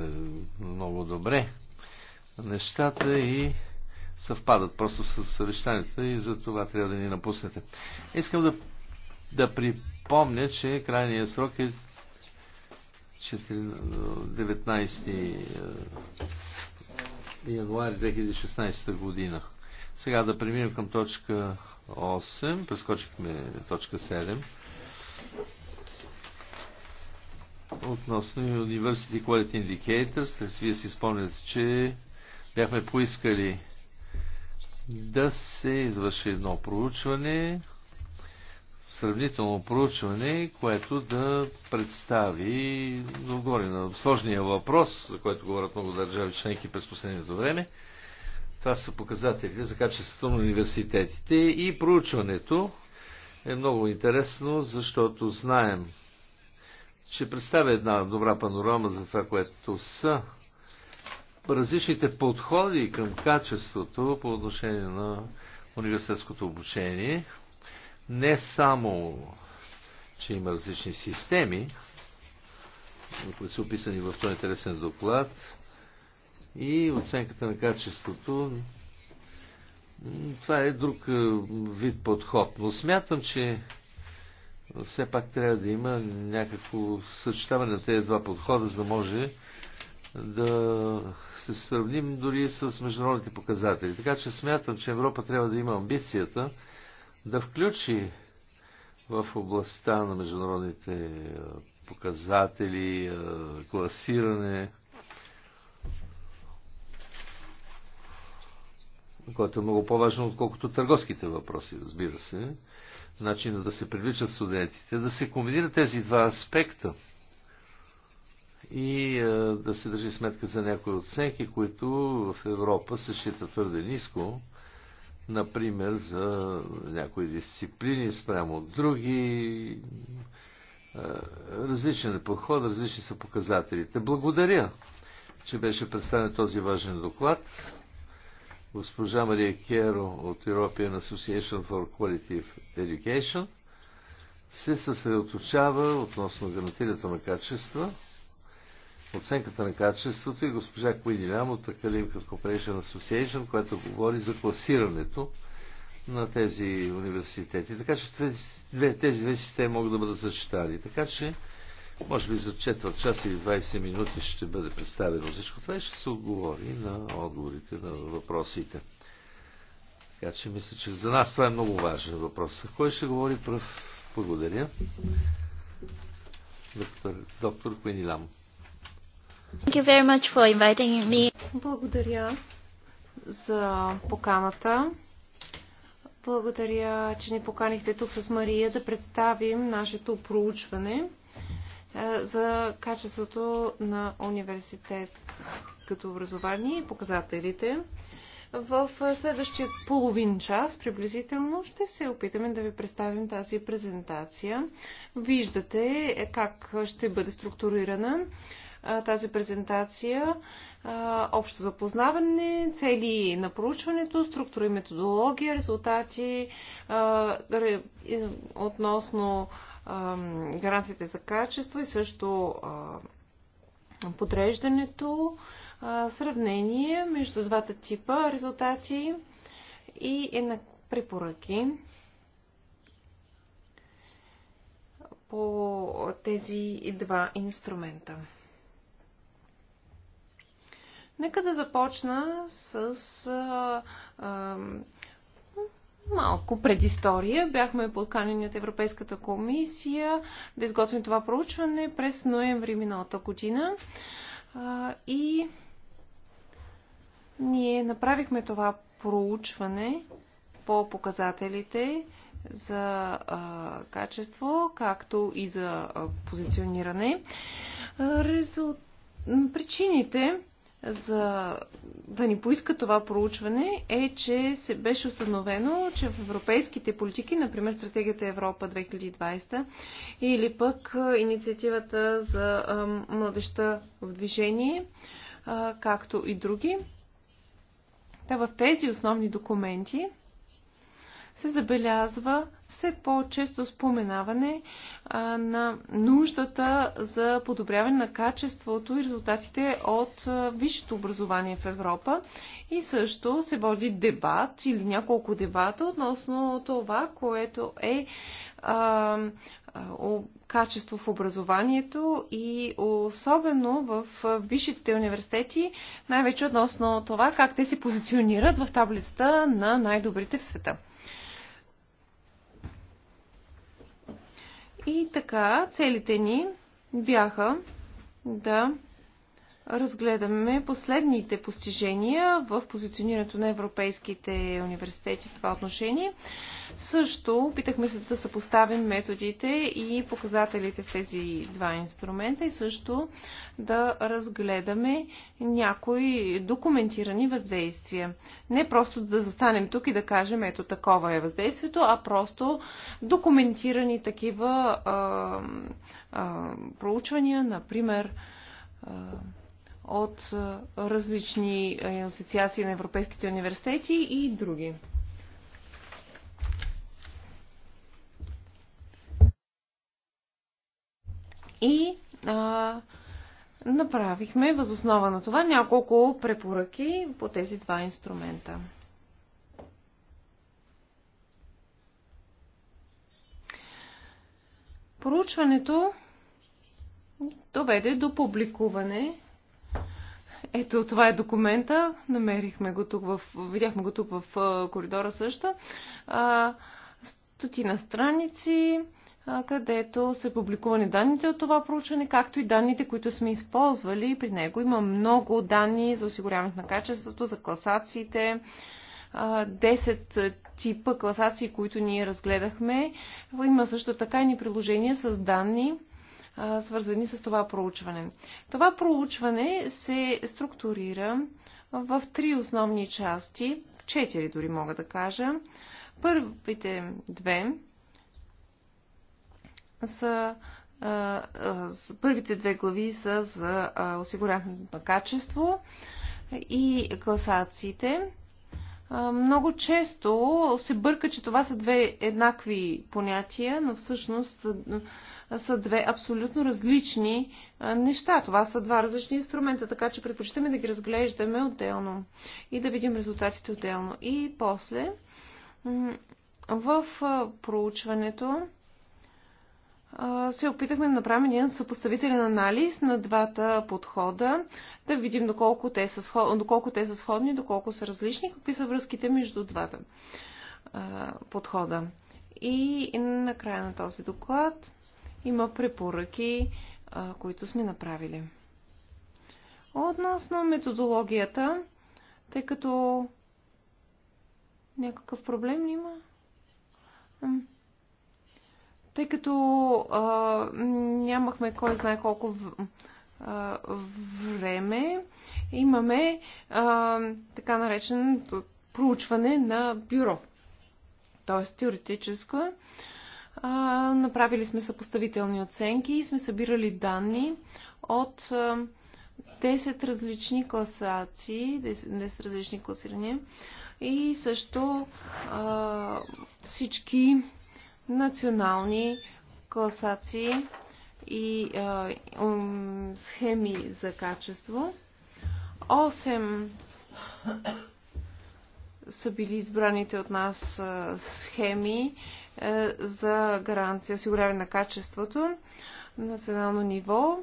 много добре нещата и съвпадат просто с съвещанията и за това трябва да ни напуснете. Искам да, да припомня, че крайният срок е 19 е, януари 2016 година. Сега да преминем към точка 8. Прескочихме точка 7. Относно University Quality Indicators, вие си спомняте, че бяхме поискали да се извърши едно проучване, сравнително проучване, което да представи, да на сложния въпрос, за който говорят много държави членки през последното време. Това са показателите за качеството на университетите и проучването е много интересно, защото знаем, че представя една добра панорама за това, което са различните подходи към качеството по отношение на университетското обучение. Не само, че има различни системи, които са описани в този интересен доклад, и оценката на качеството. Това е друг е, вид подход. Но смятам, че все пак трябва да има някакво съчетаване на тези два подхода, за да може да се сравним дори с международните показатели. Така че смятам, че Европа трябва да има амбицията да включи в областта на международните показатели, класиране, което е много по-важно, отколкото търговските въпроси, разбира се, начина да се привличат студентите, да се комбинират тези два аспекта – и е, да се държи сметка за някои оценки, които в Европа се считат твърде ниско, например за някои дисциплини спрямо от други. Е, различен е подход, различни са показателите. Благодаря, че беше представен този важен доклад. Госпожа Мария Керо от European Association for Quality Education се съсредоточава относно гарантирането на качества оценката на качеството и госпожа Куидилям от Академика Corporation Association, която говори за класирането на тези университети. Така че тези, две системи могат да бъдат съчетани. Така че, може би за четвърт час или 20 минути ще бъде представено всичко това и ще се отговори на отговорите на въпросите. Така че мисля, че за нас това е много важен въпрос. Кой ще говори пръв? Благодаря. Доктор, доктор Куинилам. Благодаря за поканата. Благодаря, че ни поканихте тук с Мария да представим нашето проучване е, за качеството на университет като образование и показателите. В следващия половин час приблизително ще се опитаме да ви представим тази презентация. Виждате е, как ще бъде структурирана тази презентация. Общо запознаване, цели на проучването, структура и методология, резултати относно гаранциите за качество и също подреждането, сравнение между двата типа резултати и една препоръки по тези два инструмента. Нека да започна с а, а, малко предистория. Бяхме подканени от Европейската комисия да изготвим това проучване през ноември миналата година. А, и ние направихме това проучване по показателите за а, качество, както и за а, позициониране. Резул... Причините за да ни поиска това проучване е, че се беше установено, че в европейските политики, например стратегията Европа 2020 или пък инициативата за младеща в движение, както и други, Та в тези основни документи се забелязва все по-често споменаване а, на нуждата за подобряване на качеството и резултатите от висшето образование в Европа. И също се води дебат или няколко дебата относно това, което е а, качество в образованието и особено в висшите университети, най-вече относно това как те се позиционират в таблицата на най-добрите в света. И така, целите ни бяха да разгледаме последните постижения в позиционирането на европейските университети в това отношение. Също опитахме се да съпоставим методите и показателите в тези два инструмента и също да разгледаме някои документирани въздействия. Не просто да застанем тук и да кажем ето такова е въздействието, а просто документирани такива а, а, проучвания, например, а, от различни асоциации на европейските университети и други. И а, направихме възоснова на това няколко препоръки по тези два инструмента. Проучването доведе до публикуване ето, това е документа. Намерихме го тук в... Видяхме го тук в коридора също. А, стотина страници, а, където са публикувани данните от това проучване, както и данните, които сме използвали. При него има много данни за осигуряването на качеството, за класациите, 10 типа класации, които ние разгледахме. Има също така и ни приложения с данни, свързани с това проучване. Това проучване се структурира в три основни части, четири дори мога да кажа. Първите две са първите две глави са за осигуряването на качество и класациите. Много често се бърка, че това са две еднакви понятия, но всъщност са две абсолютно различни неща. Това са два различни инструмента, така че предпочитаме да ги разглеждаме отделно и да видим резултатите отделно. И после в проучването се опитахме да направим един съпоставителен анализ на двата подхода, да видим доколко те са, доколко те са сходни, доколко са различни, какви са връзките между двата подхода. И накрая на този доклад има препоръки, които сме направили. Относно методологията, тъй като някакъв проблем ли има? Тъй като а, нямахме кой знае колко в, а, време, имаме а, така нареченото проучване на бюро. Тоест теоретическо. А, а, направили сме съпоставителни оценки и сме събирали данни от а, 10 различни класации, 10, 10 различни класирания и също а, всички национални класации и а, ум, схеми за качество. 8 са били избраните от нас схеми е, за гаранция, осигуряване на качеството на национално ниво.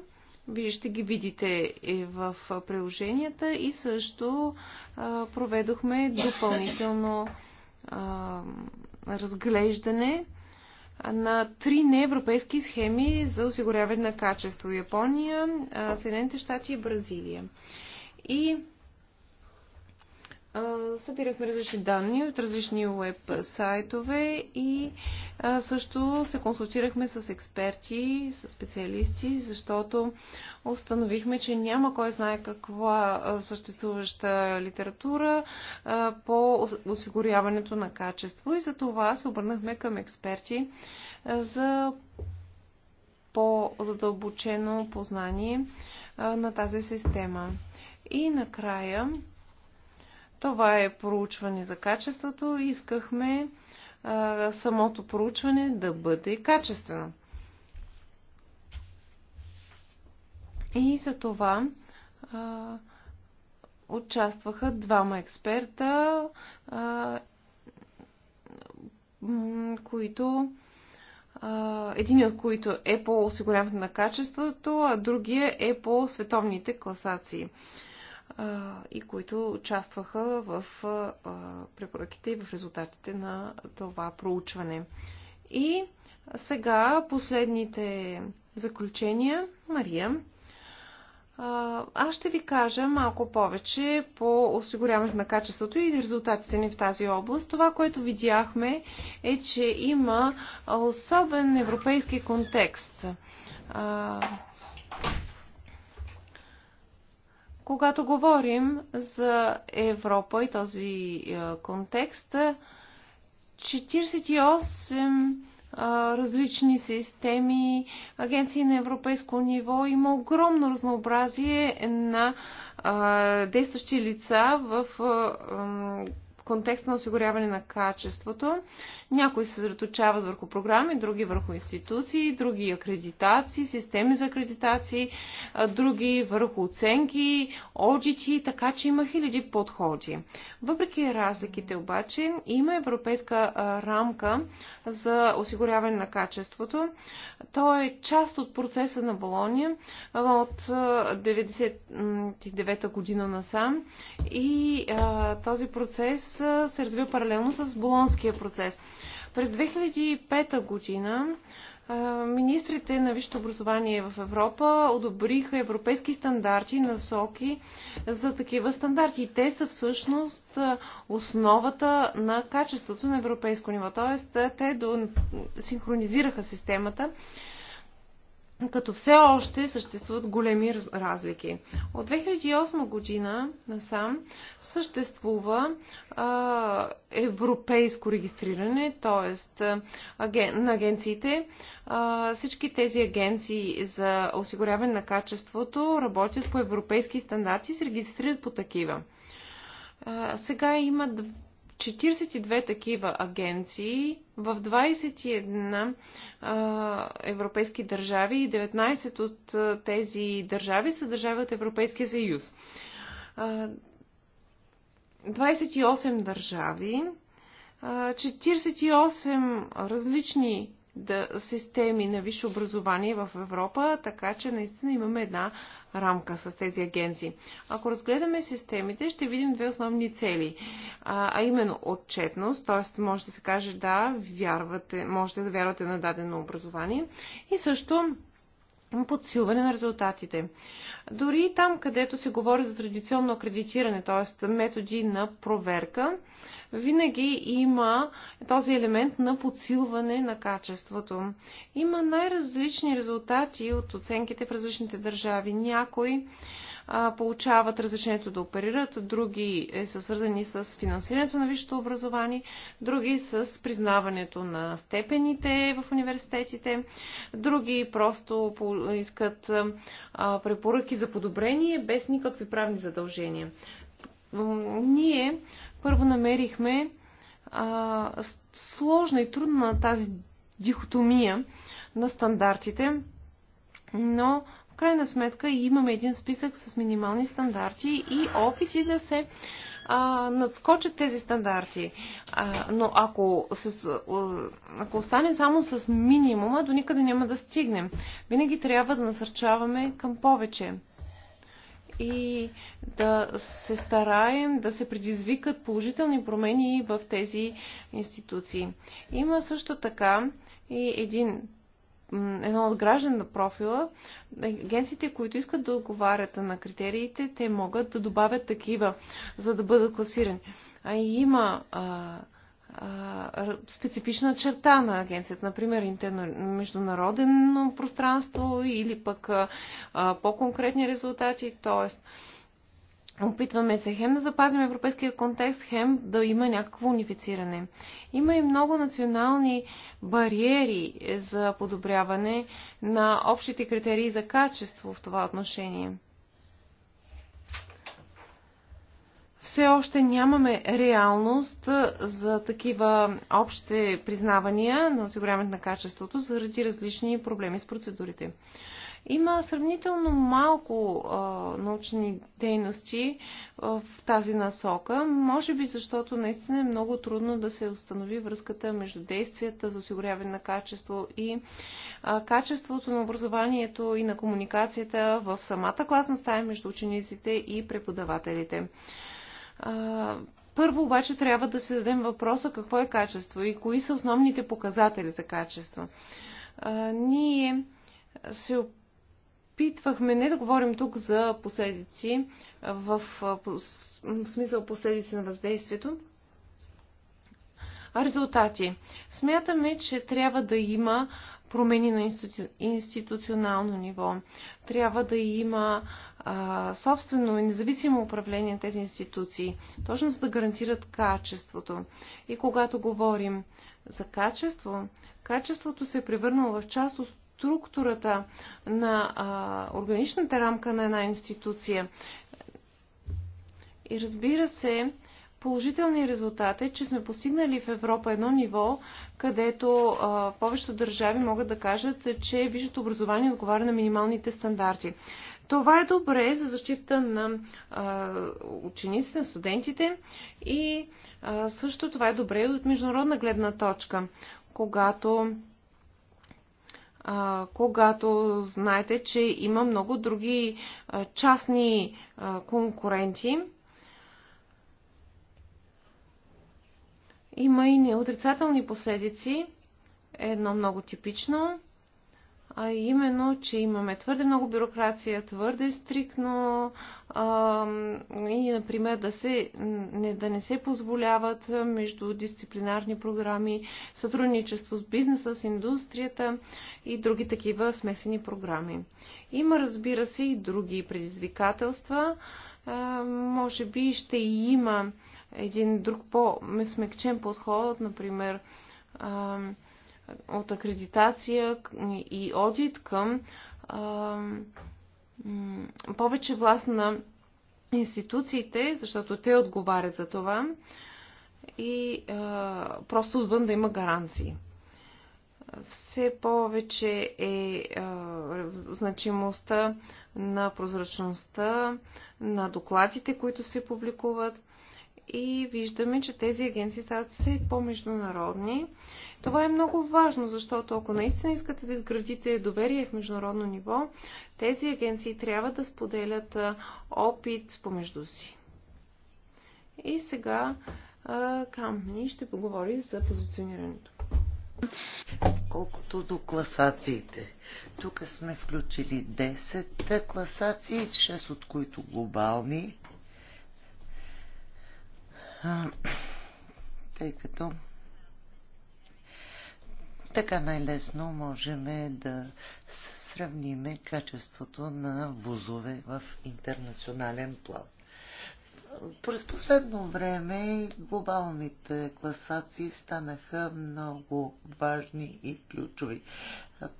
Вие ще ги видите и в приложенията и също е, проведохме допълнително е, разглеждане на три неевропейски схеми за осигуряване на качество Япония, Съединените щати и Бразилия. И събирахме различни данни от различни веб сайтове и също се консултирахме с експерти, с специалисти, защото установихме, че няма кой знае каква съществуваща литература по осигуряването на качество и за това се обърнахме към експерти за по-задълбочено познание на тази система. И накрая това е проучване за качеството. Искахме а, самото проучване да бъде качествено. И за това а, участваха двама експерта, а, които един от които е по осигуряването на качеството, а другия е по световните класации и които участваха в препоръките и в резултатите на това проучване. И сега последните заключения. Мария, аз ще ви кажа малко повече по осигуряването на качеството и резултатите ни в тази област. Това, което видяхме е, че има особен европейски контекст Когато говорим за Европа и този е, контекст, 48 е, е, различни системи, агенции на европейско ниво. Има огромно разнообразие на действащи лица в контекста на осигуряване на качеството. Някои се съсредоточават върху програми, други върху институции, други акредитации, системи за акредитации, други върху оценки, одити, така че има хиляди подходи. Въпреки разликите обаче, има европейска рамка за осигуряване на качеството. То е част от процеса на Болония от 99-та година насам и този процес процес се развива паралелно с Болонския процес. През 2005 година министрите на висшето образование в Европа одобриха европейски стандарти, насоки за такива стандарти. те са всъщност основата на качеството на европейско ниво. Тоест, те синхронизираха системата като все още съществуват големи разлики. От 2008 година насам съществува а, европейско регистриране, т.е. на агенциите. А, всички тези агенции за осигуряване на качеството работят по европейски стандарти и се регистрират по такива. А, сега има 42 такива агенции в 21 а, европейски държави и 19 от а, тези държави са държави от Европейския съюз. А, 28 държави, 48 различни да, системи на висше образование в Европа, така че наистина имаме една рамка с тези агенции. Ако разгледаме системите, ще видим две основни цели, а, а именно отчетност, т.е. може да се каже да, вярвате, можете да вярвате на дадено образование и също подсилване на резултатите. Дори там, където се говори за традиционно акредитиране, т.е. методи на проверка, винаги има този елемент на подсилване на качеството. Има най-различни резултати от оценките в различните държави. Някои получават разрешението да оперират, други е, са свързани с финансирането на висшето образование, други с признаването на степените в университетите, други просто искат препоръки за подобрение без никакви правни задължения. Ние първо намерихме а, сложна и трудна тази дихотомия на стандартите, но в крайна сметка имаме един списък с минимални стандарти и опити да се а, надскочат тези стандарти. А, но ако, с, а, ако остане само с минимума, до никъде няма да стигнем. Винаги трябва да насърчаваме към повече и да се стараем да се предизвикат положителни промени в тези институции. Има също така и един едно от граждан на профила, агенциите, които искат да отговарят на критериите, те могат да добавят такива, за да бъдат класирани. А има а, специфична черта на агенцията, например международно международен пространство или пък по-конкретни резултати, т.е. Опитваме се хем да запазим европейския контекст, хем да има някакво унифициране. Има и много национални бариери за подобряване на общите критерии за качество в това отношение – все още нямаме реалност за такива общи признавания на осигуряването на качеството заради различни проблеми с процедурите. Има сравнително малко а, научни дейности а, в тази насока, може би защото наистина е много трудно да се установи връзката между действията за осигуряване на качество и а, качеството на образованието и на комуникацията в самата класна стая между учениците и преподавателите. А, първо обаче трябва да се дадем въпроса какво е качество и кои са основните показатели за качество. А, ние се опитвахме не да говорим тук за последици, в, в смисъл последици на въздействието, а резултати. Смятаме, че трябва да има промени на институционално ниво. Трябва да има собствено и независимо управление на тези институции, точно за да гарантират качеството. И когато говорим за качество, качеството се е превърнало в част от структурата на а, органичната рамка на една институция. И разбира се, положителният резултат е, че сме постигнали в Европа едно ниво, където а, повечето държави могат да кажат, че висшето образование отговаря на минималните стандарти. Това е добре за защита на а, учениците, на студентите и а, също това е добре и от международна гледна точка, когато а, когато знаете, че има много други а, частни а, конкуренти. Има и неотрицателни последици. Едно много типично а именно, че имаме твърде много бюрокрация, твърде стрикно а, и, например, да, се, не, да не се позволяват между дисциплинарни програми, сътрудничество с бизнеса, с индустрията и други такива смесени програми. Има, разбира се, и други предизвикателства. А, може би ще и има един друг по-смекчен подход, например, а, от акредитация и одит към а, повече власт на институциите, защото те отговарят за това и а, просто отвън да има гаранции. Все повече е а, значимостта на прозрачността, на докладите, които се публикуват и виждаме, че тези агенции стават все по-международни това е много важно, защото ако наистина искате да изградите доверие в международно ниво, тези агенции трябва да споделят опит помежду си. И сега Камни ще поговори за позиционирането. Колкото до класациите. Тук сме включили 10 класации, 6 от които глобални. Тъй като така най-лесно можем да сравним качеството на вузове в интернационален план. През последно време глобалните класации станаха много важни и ключови.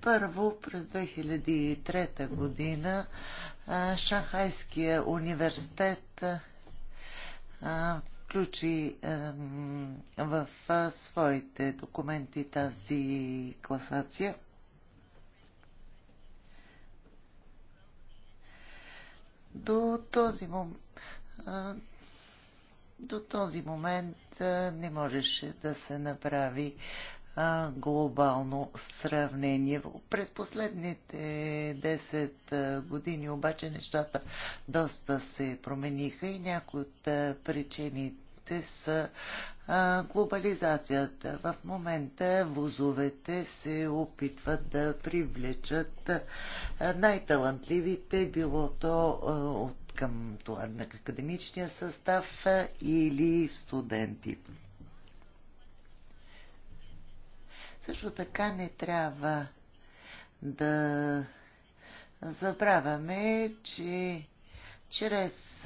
Първо, през 2003 година Шанхайския университет включи в своите документи тази класация. До този момент до този момент не можеше да се направи а, глобално сравнение. През последните 10 години обаче нещата доста се промениха и някои от причините са а, глобализацията. В момента вузовете се опитват да привлечат най-талантливите, било то а, от към това, академичния състав а, или студенти. Също така не трябва да забравяме, че чрез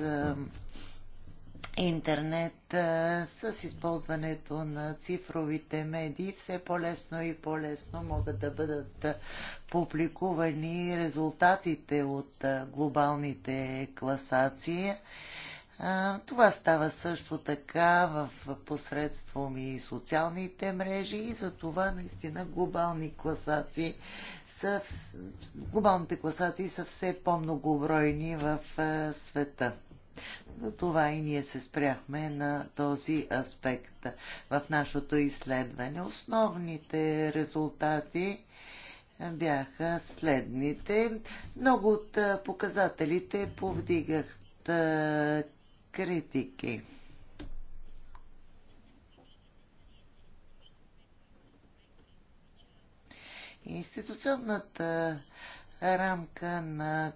интернет с използването на цифровите медии все по-лесно и по-лесно могат да бъдат публикувани резултатите от глобалните класации а, това става също така в посредством и социалните мрежи и за това наистина глобални класации са, глобалните класации са все по-многобройни в света. За това и ние се спряхме на този аспект в нашето изследване. Основните резултати бяха следните. Много от показателите повдигах критики. Институционната рамка на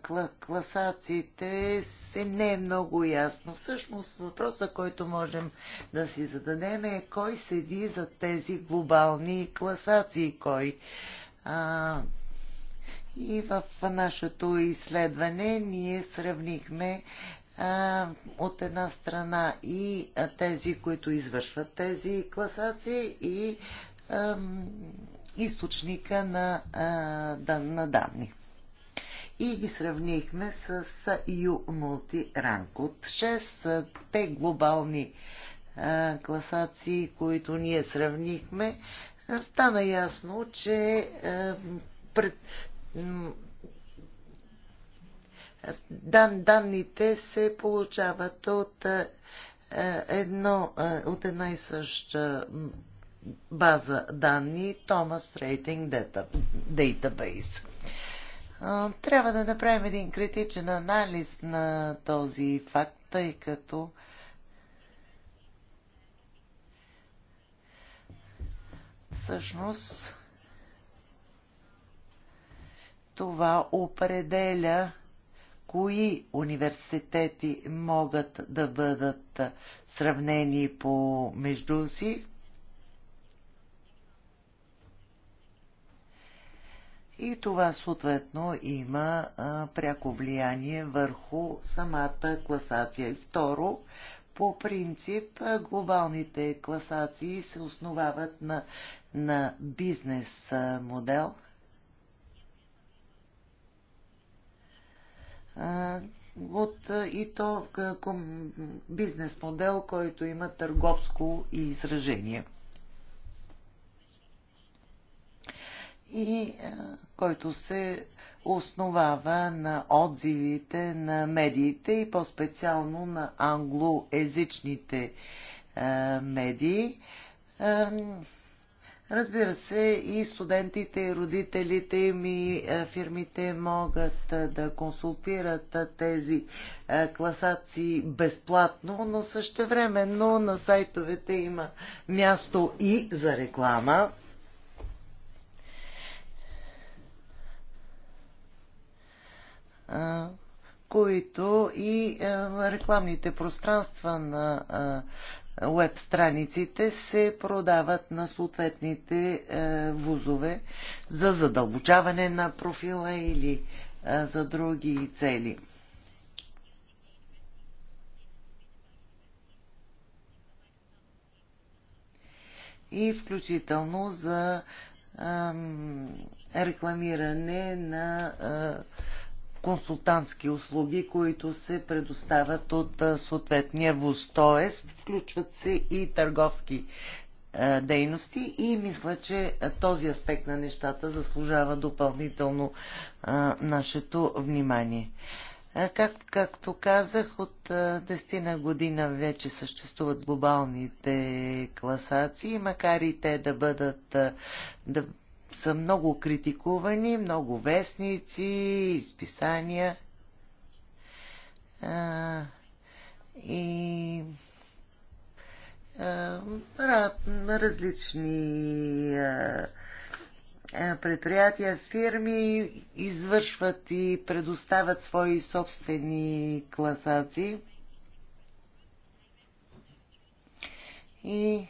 класациите се не е много ясно. Всъщност въпроса, който можем да си зададем е кой седи за тези глобални класации, кой. А, и в нашето изследване ние сравнихме от една страна и тези, които извършват тези класации и източника на, на данни. И ги сравнихме с U Rank От 6 те глобални класации, които ние сравнихме, стана ясно, че пред, дан, данните се получават от е, е, едно, е, от една и съща база данни Thomas Rating Database. Трябва да направим един критичен анализ на този факт, тъй като всъщност това определя кои университети могат да бъдат сравнени по между си. И това съответно има а, пряко влияние върху самата класация. И второ, по принцип глобалните класации се основават на, на бизнес модел – от и то бизнес модел, който има търговско изражение. И който се основава на отзивите на медиите и по-специално на англоязичните медии Разбира се, и студентите, и родителите им, и е, фирмите могат е, да консултират е, тези класации безплатно, но също но на сайтовете има място и за реклама. които и рекламните пространства на веб страниците се продават на съответните е, вузове за задълбочаване на профила или е, за други цели. И включително за рекламиране на е, консултантски услуги, които се предоставят от съответния ВУЗ. Тоест, включват се и търговски дейности и мисля, че този аспект на нещата заслужава допълнително нашето внимание. как, както казах, от 10 на година вече съществуват глобалните класации, макар и те да бъдат, да са много критикувани, много вестници, изписания. А, и а, различни а, предприятия, фирми извършват и предоставят свои собствени класации. И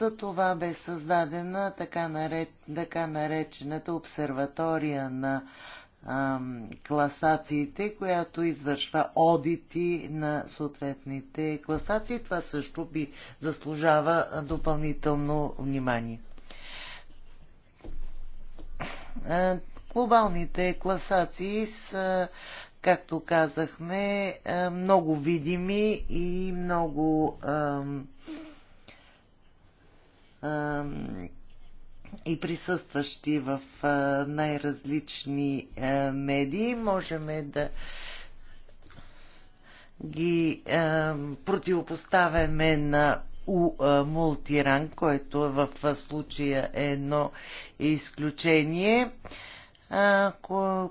за това бе създадена така, наред, така наречената обсерватория на ам, класациите, която извършва одити на съответните класации. Това също би заслужава допълнително внимание. Глобалните класации са, както казахме, много видими и много ам, и присъстващи в най-различни медии. Можем да ги противопоставяме на у мултиранг, който в случая е едно изключение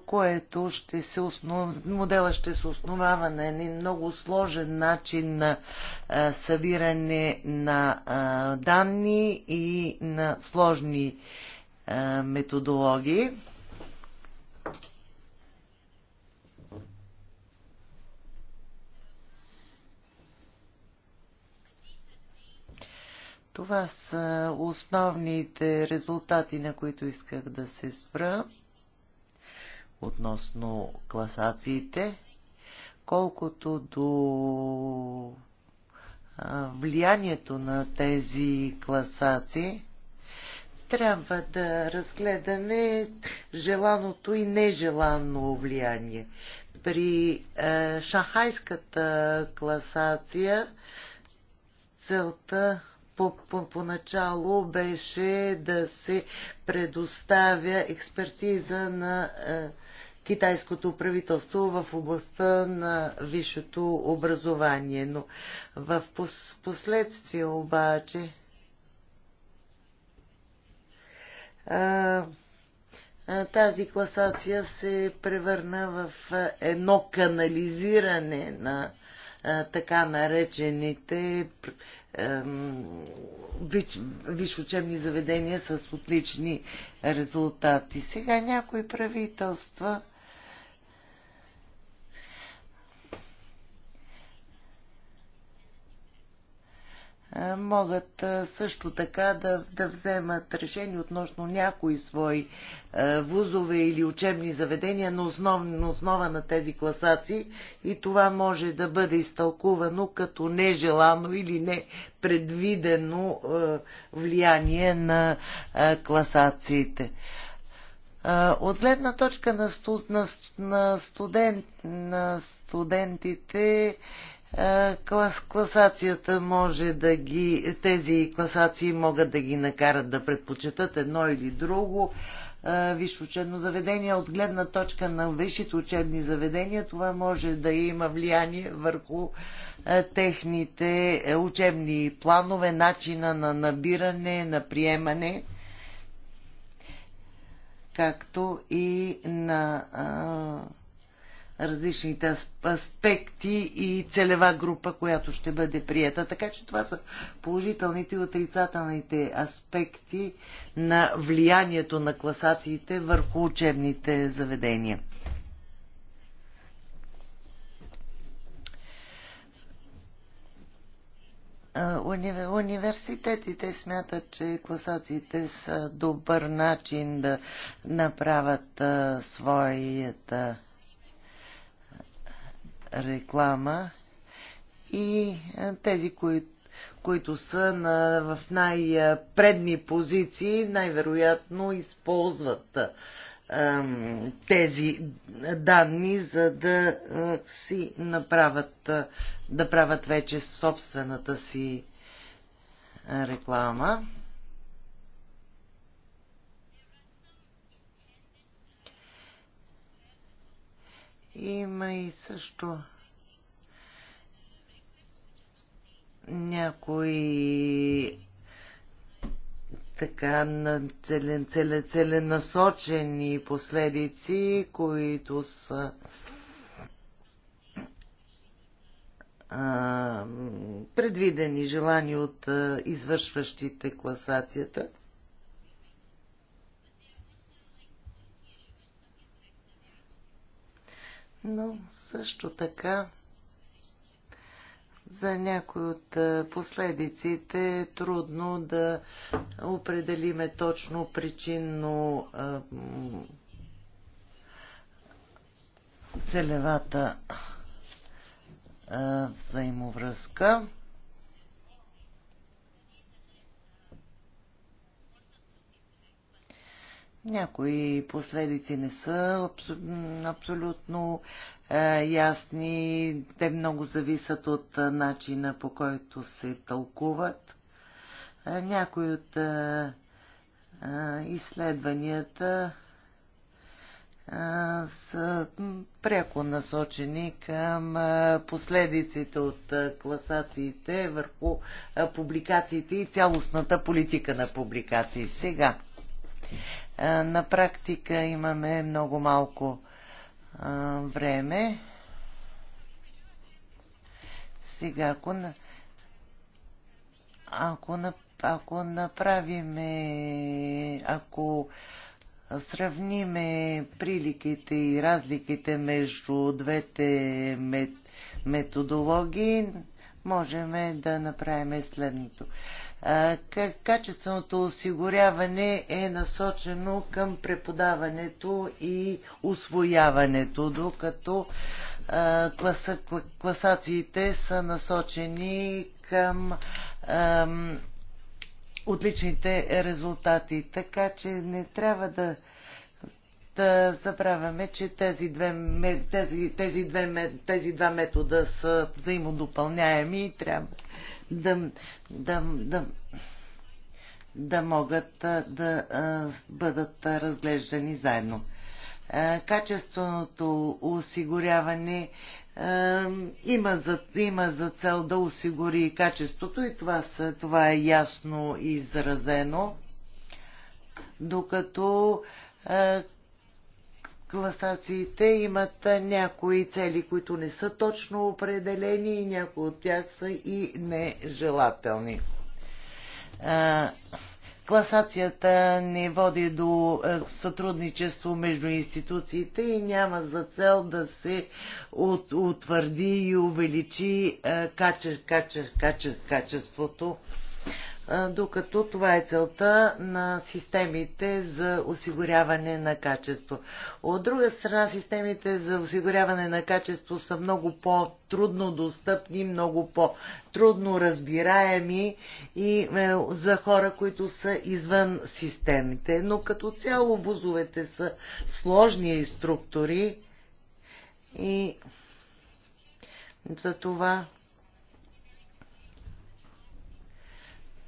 което ще се основ... модела ще се основава на един много сложен начин на събиране на данни и на сложни методологии. Това са основните резултати, на които исках да се спра относно класациите, колкото до влиянието на тези класации, трябва да разгледаме желаното и нежелано влияние. При е, шанхайската класация целта по, по, поначало беше да се предоставя експертиза на е, китайското правителство в областта на висшето образование. Но в последствие обаче тази класация се превърна в едно канализиране на така наречените виш, вишучебни заведения с отлични резултати. Сега някои правителства Е, могат е, също така да, да вземат решение относно някои свои е, вузове или учебни заведения на, основ, на основа на тези класации и това може да бъде изтълкувано като нежелано или не предвидено влияние на класациите. От гледна точка на, на, на, студент, на студентите е, клас, класацията може да ги, тези класации могат да ги накарат да предпочитат едно или друго е, висше учебно заведение. От гледна точка на висшите учебни заведения това може да има влияние върху е, техните учебни планове, начина на набиране, на приемане, както и на различните аспекти и целева група, която ще бъде прията. Така че това са положителните и отрицателните аспекти на влиянието на класациите върху учебните заведения. Университетите смятат, че класациите са добър начин да направят своята реклама и е, тези, които които са на, в най-предни позиции, най-вероятно използват а, е, тези данни, за да а, е, си направят, а, да правят вече собствената си реклама. Има и също някои така целен, целен, целенасочени последици, които са а, предвидени, желани от а, извършващите класацията. но също така за някои от последиците е трудно да определиме точно причинно целевата взаимовръзка. Някои последици не са абсолютно е, ясни. Те много зависят от е, начина по който се тълкуват. Е, някои от изследванията са пряко насочени към последиците от класациите върху публикациите и цялостната политика на публикации. Сега е, на практика имаме много малко време. Сега, ако, ако, ако направиме, ако сравниме приликите и разликите между двете методологии, можем да направим следното качественото осигуряване е насочено към преподаването и освояването, докато класациите са насочени към отличните резултати. Така че не трябва да, да забравяме, че тези, две, тези, тези, две, тези два метода са взаимодопълняеми и трябва да, да, да, да могат да бъдат разглеждани заедно. Качественото осигуряване има за, има за цел да осигури качеството и това, са, това е ясно изразено, докато класациите имат някои цели, които не са точно определени и някои от тях са и нежелателни. Класацията не води до сътрудничество между институциите и няма за цел да се утвърди и увеличи каче, каче, каче, качеството докато това е целта на системите за осигуряване на качество. От друга страна, системите за осигуряване на качество са много по-трудно достъпни, много по-трудно разбираеми и е, за хора, които са извън системите. Но като цяло вузовете са сложни структури и за това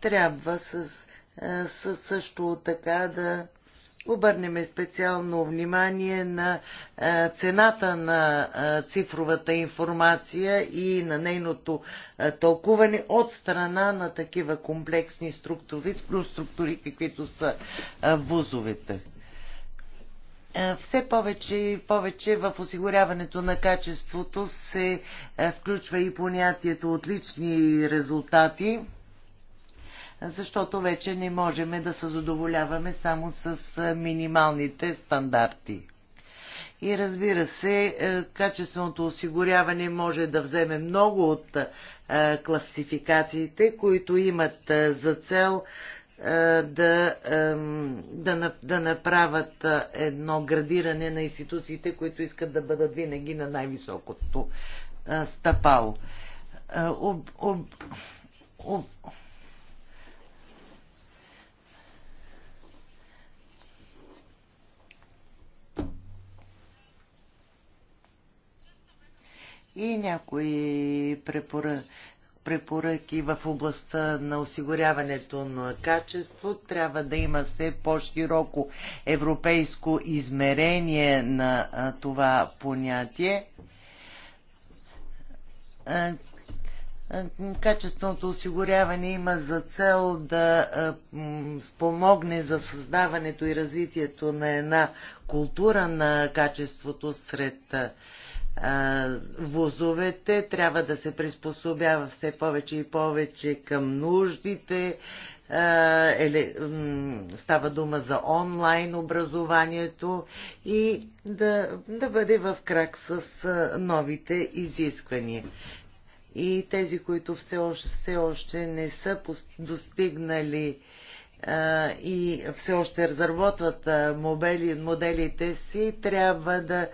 трябва с, с, също така да обърнем специално внимание на цената на цифровата информация и на нейното тълкуване от страна на такива комплексни структури, структури каквито са вузовете. Все повече и повече в осигуряването на качеството се включва и понятието отлични резултати – защото вече не можем да се задоволяваме само с минималните стандарти. И разбира се, е, качественото осигуряване може да вземе много от е, класификациите, които имат е, за цел да, да, да направят едно градиране на институциите, които искат да бъдат винаги на най-високото стъпало. Об, об, об, и някои препоръки препоръки в областта на осигуряването на качество. Трябва да има все по-широко европейско измерение на това понятие. Качественото осигуряване има за цел да спомогне за създаването и развитието на една култура на качеството сред вузовете, трябва да се приспособява все повече и повече към нуждите. става дума за онлайн образованието и да, да бъде в крак с новите изисквания. И тези, които все още, все още не са достигнали и все още разработват модели, моделите си, трябва да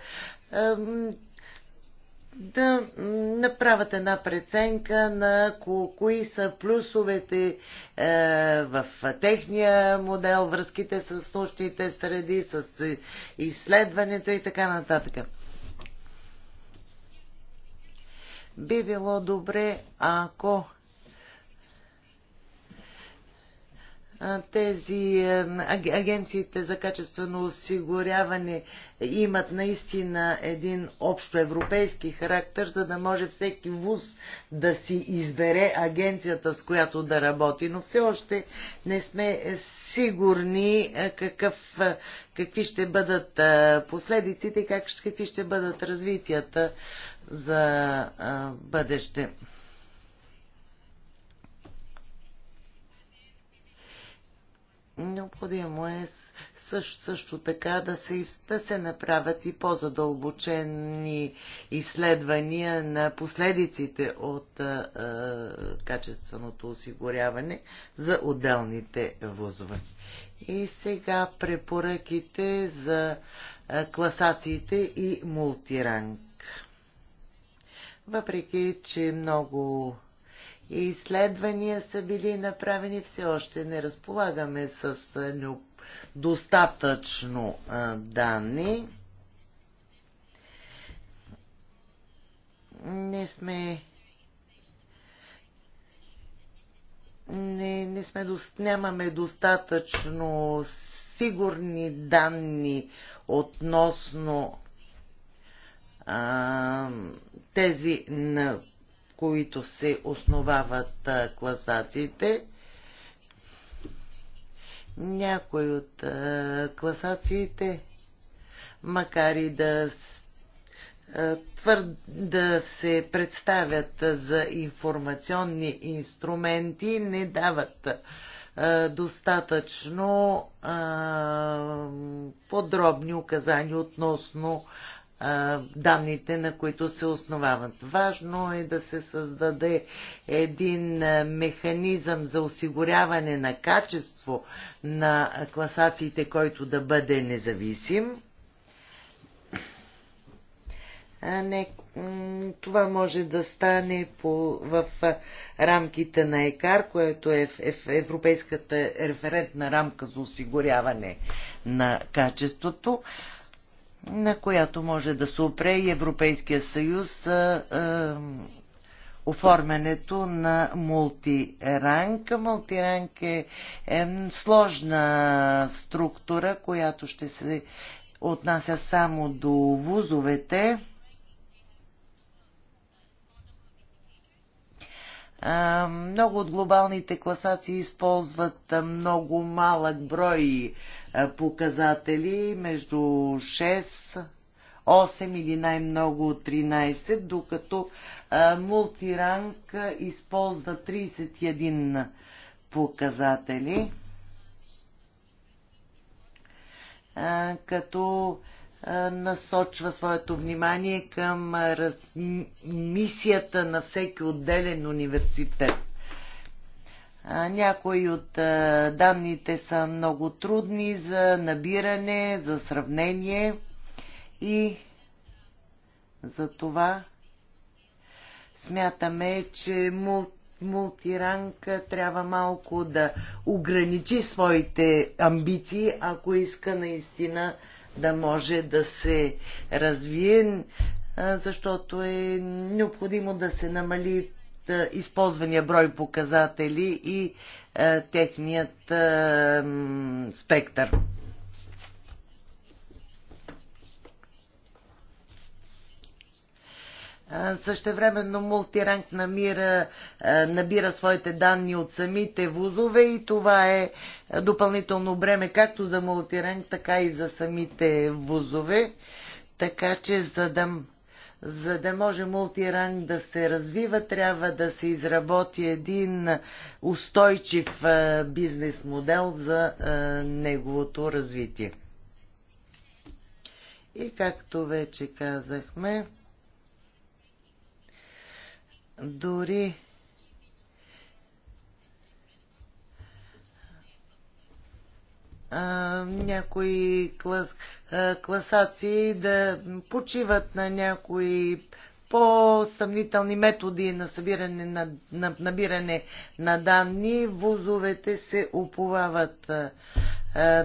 да направят една преценка на кои са плюсовете е, в техния модел, връзките с научните среди, с изследването и така нататък. Би било добре, ако тези агенциите за качествено осигуряване имат наистина един общо европейски характер, за да може всеки вуз да си избере агенцията, с която да работи. Но все още не сме сигурни какъв, какви ще бъдат последиците и какви ще бъдат развитията за бъдеще. Необходимо е също, също така да се, да се направят и по-задълбочени изследвания на последиците от а, а, качественото осигуряване за отделните вузове. И сега препоръките за а, класациите и мултиранг. Въпреки, че много изследвания са били направени, все още не разполагаме с достатъчно данни. Не сме не, не сме, нямаме достатъчно сигурни данни относно а, тези на които се основават класациите. Някои от класациите, макар и да твърд да се представят за информационни инструменти, не дават достатъчно подробни указания относно данните, на които се основават. Важно е да се създаде един механизъм за осигуряване на качество на класациите, който да бъде независим. А не, това може да стане по, в рамките на ЕКАР, което е, е в Европейската референтна рамка за осигуряване на качеството на която може да се опре и Европейския съюз а, а, оформянето на мултиранг. Мултиранг е, е сложна структура, която ще се отнася само до вузовете. Много от глобалните класации използват много малък брой е, показатели между 6 8 или най-много 13, докато е, мултиранг използва 31 показатели, е, като насочва своето внимание към мисията на всеки отделен университет. Някои от данните са много трудни за набиране, за сравнение и за това смятаме, че мултиранг трябва малко да ограничи своите амбиции, ако иска наистина да може да се развие, защото е необходимо да се намали е, използвания брой показатели и е, техният е, спектър. Е, същевременно мултиранг намира, е, набира своите данни от самите вузове и това е допълнително бреме както за мултиранг, така и за самите вузове. Така че за да за да може мултиранг да се развива, трябва да се изработи един устойчив бизнес модел за неговото развитие. И както вече казахме, дори някои клас, класации да почиват на някои по-съмнителни методи на събиране на, на набиране на данни. Вузовете се уповават а,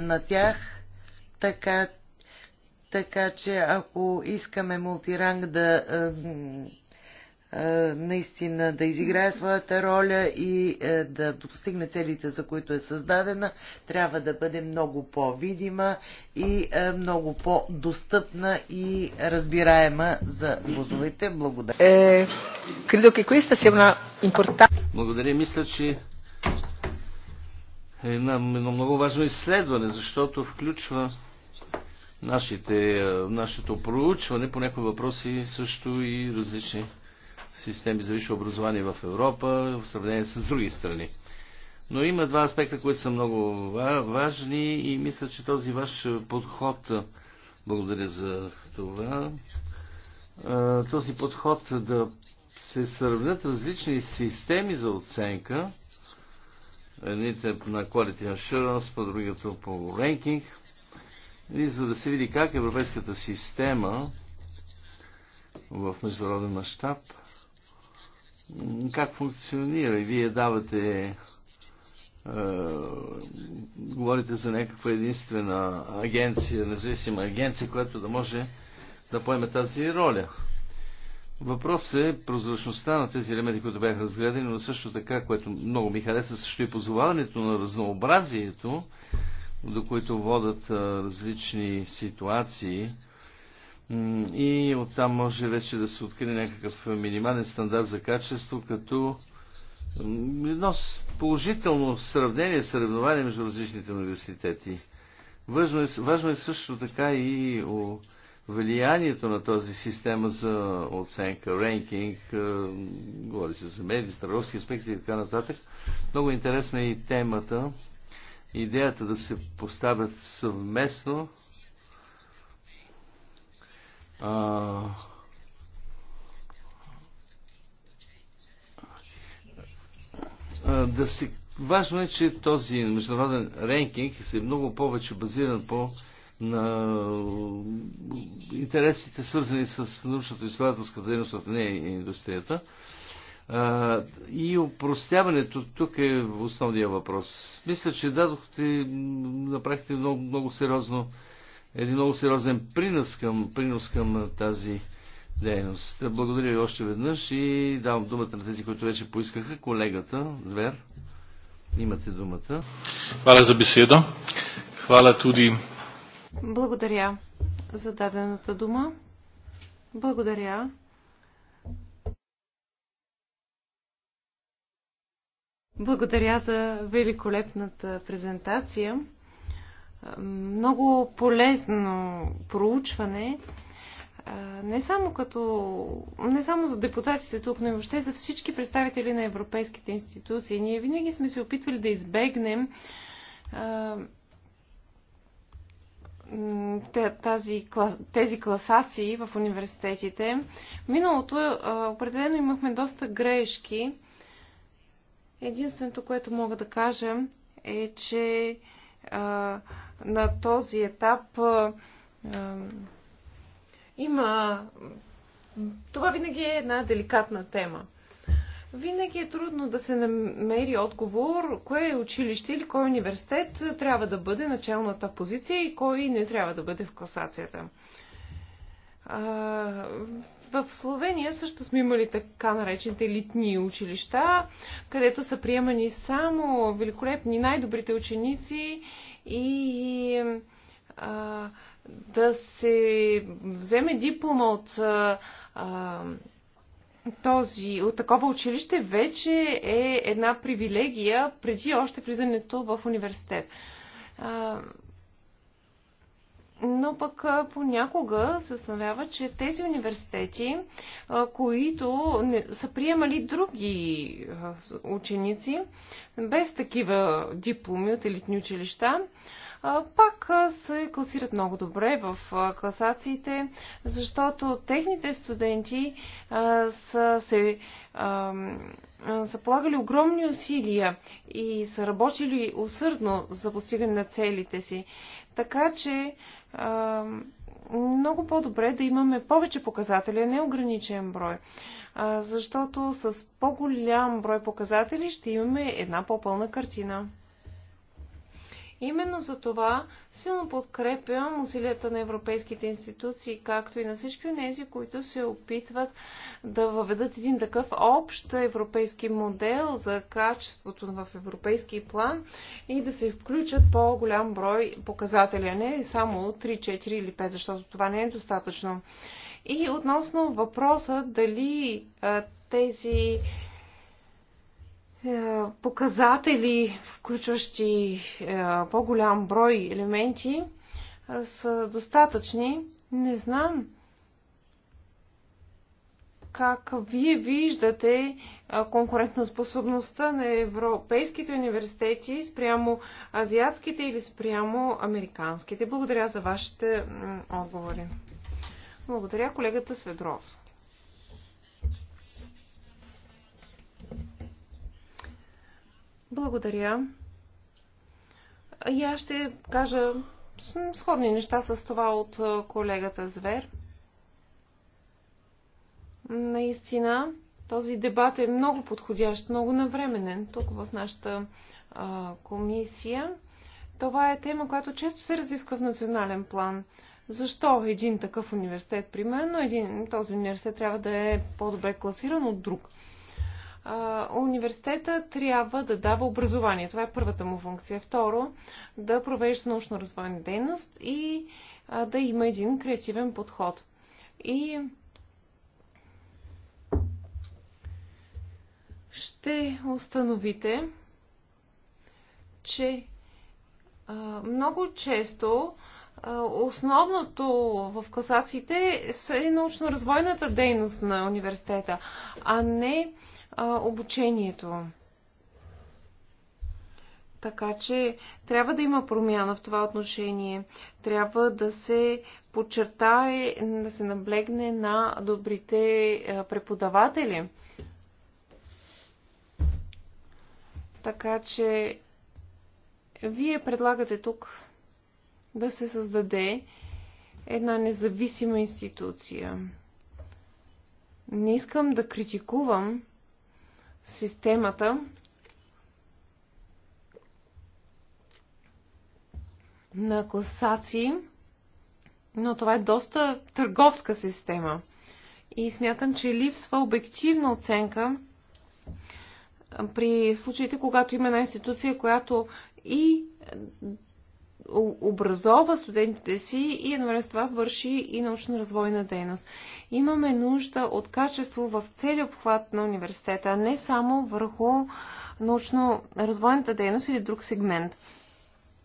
на тях, така, така че ако искаме мултиранг да а, наистина да изиграе своята роля и да достигне целите, за които е създадена, трябва да бъде много по-видима и много по-достъпна и разбираема за вузовете. Благодаря. Е, Благодаря. Мисля, че е едно много важно изследване, защото включва нашите, нашето проучване по някои въпроси също и различни системи за висше образование в Европа в сравнение с други страни. Но има два аспекта, които са много важни и мисля, че този ваш подход, благодаря за това, този подход да се сравнят различни системи за оценка, едните на Quality Assurance, по другото по ренкинг, и за да се види как европейската система в международен мащаб как функционира. И вие давате е, говорите за някаква единствена агенция, независима агенция, която да може да поеме тази роля. Въпрос е прозрачността на тези елементи, които бяха разгледани, но също така, което много ми хареса, също и позоваването на разнообразието, до които водат различни ситуации, и оттам може вече да се открие някакъв минимален стандарт за качество, като едно положително сравнение, съревнование между различните университети. Важно е, важно е също така и о влиянието на този система за оценка, рейнкинг, говори се за меди, старовски аспекти и така нататък. Много интересна е и темата, идеята да се поставят съвместно а, да се... Важно е, че този международен ренкинг се е много повече базиран по на интересите, свързани с научната и изследователската дейност в нея и индустрията. А, и упростяването тук е основния въпрос. Мисля, че дадохте, направихте много, много сериозно един много сериозен принос към, принос към тази дейност. Благодаря ви още веднъж и давам думата на тези, които вече поискаха. Колегата Звер, имате думата. Хваля за беседа. Хваля туди. Благодаря за дадената дума. Благодаря. Благодаря за великолепната презентация много полезно проучване, не само, като, не само за депутатите тук, но и въобще за всички представители на европейските институции. Ние винаги сме се опитвали да избегнем тази, тези класации в университетите. Миналото определено имахме доста грешки. Единственото, което мога да кажа е, че на този етап има. Това винаги е една деликатна тема. Винаги е трудно да се намери отговор кое е училище или кой университет трябва да бъде началната позиция и кой не трябва да бъде в класацията. В Словения също сме имали така наречените елитни училища, където са приемани само великолепни най-добрите ученици и а, да се вземе диплома от а, този, от такова училище вече е една привилегия преди още влизането в университет. А, но пък понякога се установява, че тези университети, които не, са приемали други ученици без такива дипломи от елитни училища, пак се класират много добре в класациите, защото техните студенти са се са полагали огромни усилия и са работили усърдно за постигане на целите си. Така че много по-добре да имаме повече показатели, а не ограничен брой. Защото с по-голям брой показатели ще имаме една по-пълна картина. Именно за това силно подкрепям усилията на европейските институции, както и на всички тези, които се опитват да въведат един такъв общ европейски модел за качеството в европейски план и да се включат по-голям брой показатели, а не само 3, 4 или 5, защото това не е достатъчно. И относно въпроса дали тези е, показатели, включващи е, по-голям брой елементи, е, са достатъчни. Не знам как вие виждате конкурентоспособността на европейските университети спрямо азиатските или спрямо американските. Благодаря за вашите отговори. Благодаря колегата Сведров. Благодаря. И аз ще кажа сходни неща с това от колегата Звер. Наистина, този дебат е много подходящ, много навременен тук в нашата а, комисия. Това е тема, която често се разисква в национален план. Защо един такъв университет, примерно, един, този университет трябва да е по-добре класиран от друг? университета трябва да дава образование. Това е първата му функция. Второ, да провежда научно-развойна дейност и да има един креативен подход. И ще установите, че много често основното в класациите е научно-развойната дейност на университета, а не а, а, обучението. Така че трябва да има промяна в това отношение. Трябва да се подчертае, да се наблегне на добрите преподаватели. Така че вие предлагате тук да се създаде една независима институция. Не искам да критикувам системата на класации, но това е доста търговска система. И смятам, че липсва обективна оценка при случаите, когато има една институция, която и образова студентите си и едновременно с това върши и научно-развойна дейност. Имаме нужда от качество в целия обхват на университета, а не само върху научно-развойната дейност или друг сегмент.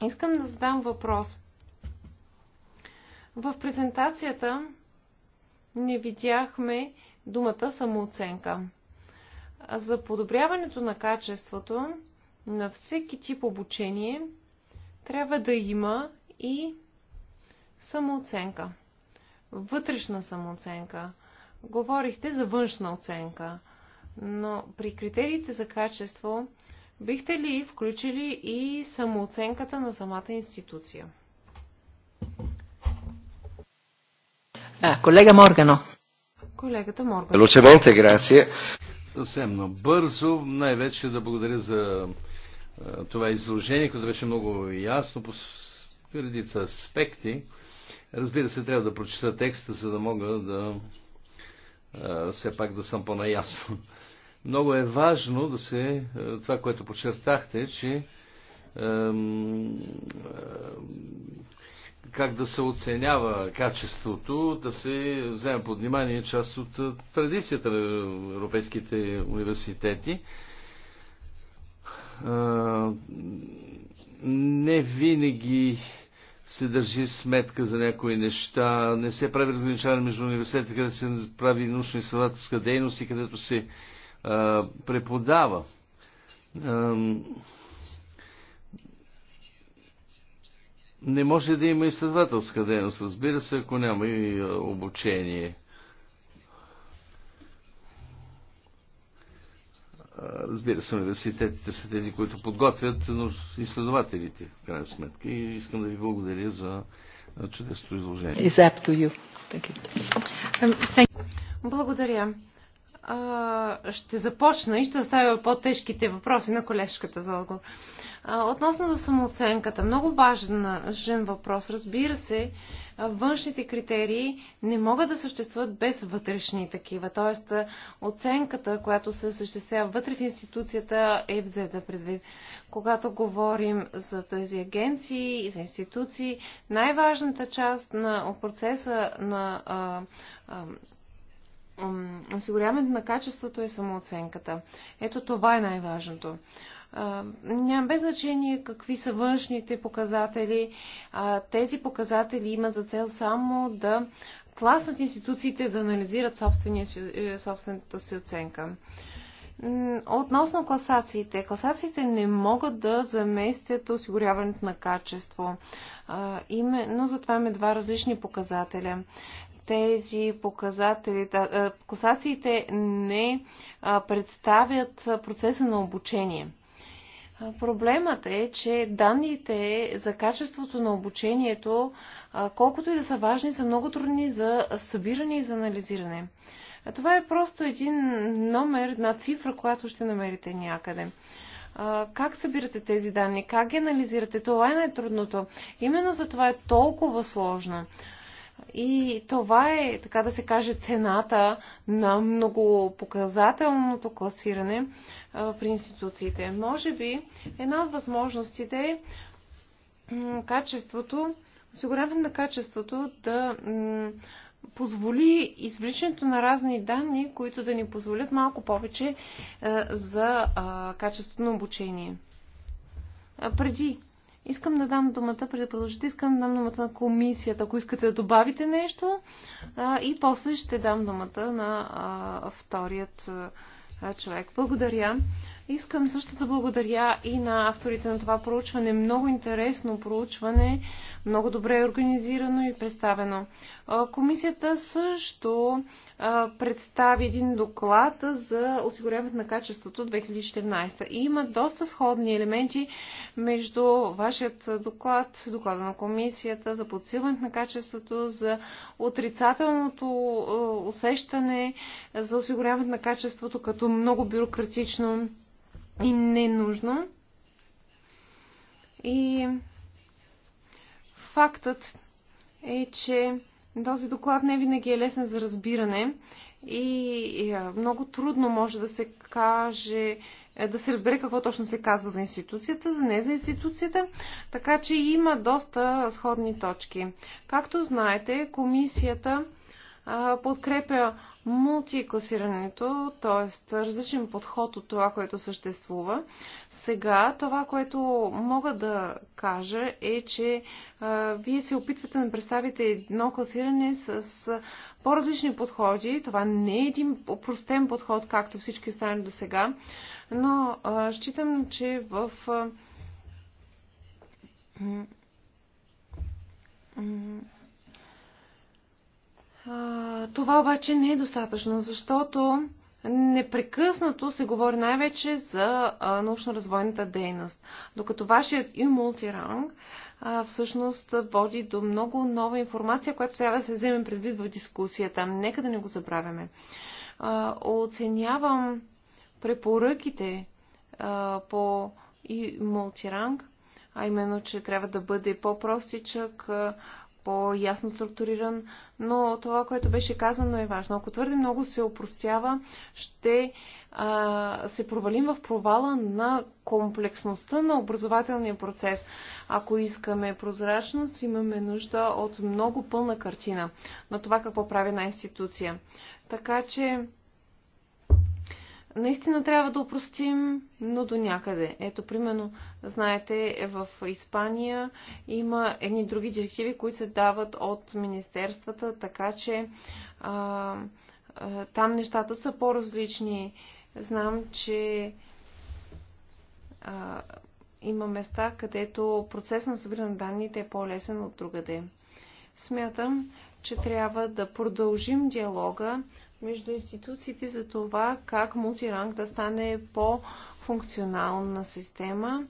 Искам да задам въпрос. В презентацията не видяхме думата самооценка. За подобряването на качеството на всеки тип обучение – трябва да има и самооценка. Вътрешна самооценка. Говорихте за външна оценка, но при критериите за качество бихте ли включили и самооценката на самата институция? А, колега Моргано. Колегата Моргано. Лучевонте, грация. Съвсем бързо, най-вече да благодаря за е, това изложение, което беше много ясно по редица аспекти. Разбира се, трябва да прочета текста, за да мога да е, все пак да съм по-наясно. Много е важно да се, е, това, което подчертахте, че как да се оценява качеството, да се вземе под внимание част от традицията на европейските университети не винаги се държи сметка за някои неща, не се прави разграничаване между университетите, където се прави научно-изследователска дейност и където се а, преподава. А, не може да има изследователска дейност, разбира се, ако няма и обучение. Разбира се, университетите са тези, които подготвят, но изследователите, в крайна сметка. И искам да ви благодаря за чудесното изложение. Благодаря. ще започна и ще оставя по-тежките въпроси на колежката за отговор. Относно за самооценката, много важен, жен въпрос. Разбира се, външните критерии не могат да съществуват без вътрешни такива. Тоест, оценката, която се съществява вътре в институцията, е взета предвид. Когато говорим за тези агенции и за институции, най-важната част на процеса на осигуряването на качеството е самооценката. Ето това е най-важното. Няма без значение какви са външните показатели. Тези показатели имат за цел само да тласнат институциите да анализират е, собствената си оценка. Относно класациите. Класациите не могат да заместят осигуряването на качество. Но затова имаме два различни показателя тези показатели, е, класациите не представят процеса на обучение. Проблемът е, че данните за качеството на обучението, колкото и да са важни, са много трудни за събиране и за анализиране. това е просто един номер, една цифра, която ще намерите някъде. как събирате тези данни? Как ги анализирате? Това е най-трудното. Именно за това е толкова сложно. И това е, така да се каже, цената на многопоказателното класиране, при институциите. Може би една от възможностите е качеството, осигуряване на качеството да позволи извличането на разни данни, които да ни позволят малко повече за качеството на обучение. Преди Искам да дам думата, преди да продължите, искам да дам думата на комисията, ако искате да добавите нещо. и после ще дам думата на вторият човек. Благодаря. Искам също да благодаря и на авторите на това проучване. Много интересно проучване, много добре е организирано и представено. Комисията също представи един доклад за осигуряването на качеството 2014. И има доста сходни елементи между вашият доклад, доклада на комисията за подсилването на качеството, за отрицателното усещане, за осигуряването на качеството като много бюрократично и ненужно. И Фактът е, че този доклад не винаги е лесен за разбиране и много трудно може да се каже, е, да се разбере какво точно се казва за институцията, за не за институцията, така че има доста сходни точки. Както знаете, комисията подкрепя мултикласирането, т.е. различен подход от това, което съществува. Сега това, което мога да кажа е, че а, вие се опитвате да представите едно класиране с, а, по-различни подходи. Това не е един простен подход, както всички останали до сега, но а, считам, че в. А, това обаче не е достатъчно, защото непрекъснато се говори най-вече за научно-развойната дейност. Докато вашият и мултиранг всъщност води до много нова информация, която трябва да се вземе предвид в дискусията. Нека да не го забравяме. Оценявам препоръките по и мултиранг, а именно, че трябва да бъде по-простичък, по-ясно структуриран, но това, което беше казано е важно. Ако твърде много се опростява, ще а, се провалим в провала на комплексността на образователния процес. Ако искаме прозрачност, имаме нужда от много пълна картина на това какво прави една институция. Така че Наистина трябва да упростим, но до някъде. Ето, примерно, знаете, в Испания има едни други директиви, които се дават от министерствата, така че а, а, там нещата са по-различни. Знам, че а, има места, където процес на събиране на данните е по-лесен от другаде. Смятам, че трябва да продължим диалога, между институциите за това как мултиранг да стане по-функционална система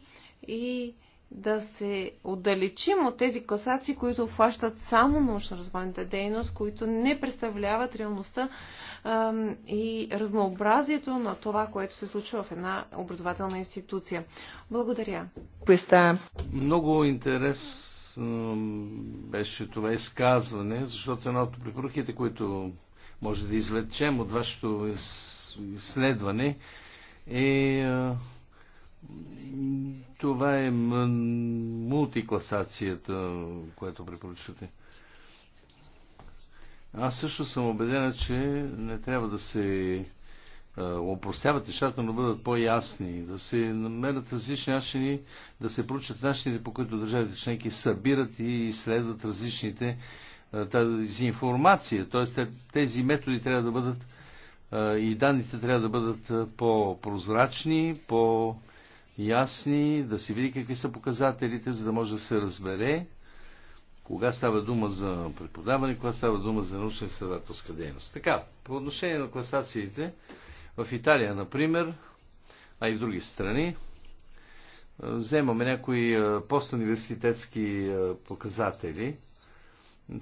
и да се отдалечим от тези класации, които обхващат само научно-развойната дейност, които не представляват реалността и разнообразието на това, което се случва в една образователна институция. Благодаря. Много интерес беше това изказване, защото една от препоръките, които може да извлечем от вашето изследване е това е мултикласацията, която препоръчвате. Аз също съм убедена, че не трябва да се опростяват нещата, но бъдат по-ясни, да се намерят различни начини, да се проучат начините, по които държавите членки събират и изследват различните е, тази информация. Т.е. тези методи трябва да бъдат е, и данните трябва да бъдат е, по-прозрачни, по-ясни, да се види какви са показателите, за да може да се разбере кога става дума за преподаване, кога става дума за научна изследователска дейност. Така, по отношение на класациите, в Италия, например, а и в други страни, вземаме някои постуниверситетски показатели –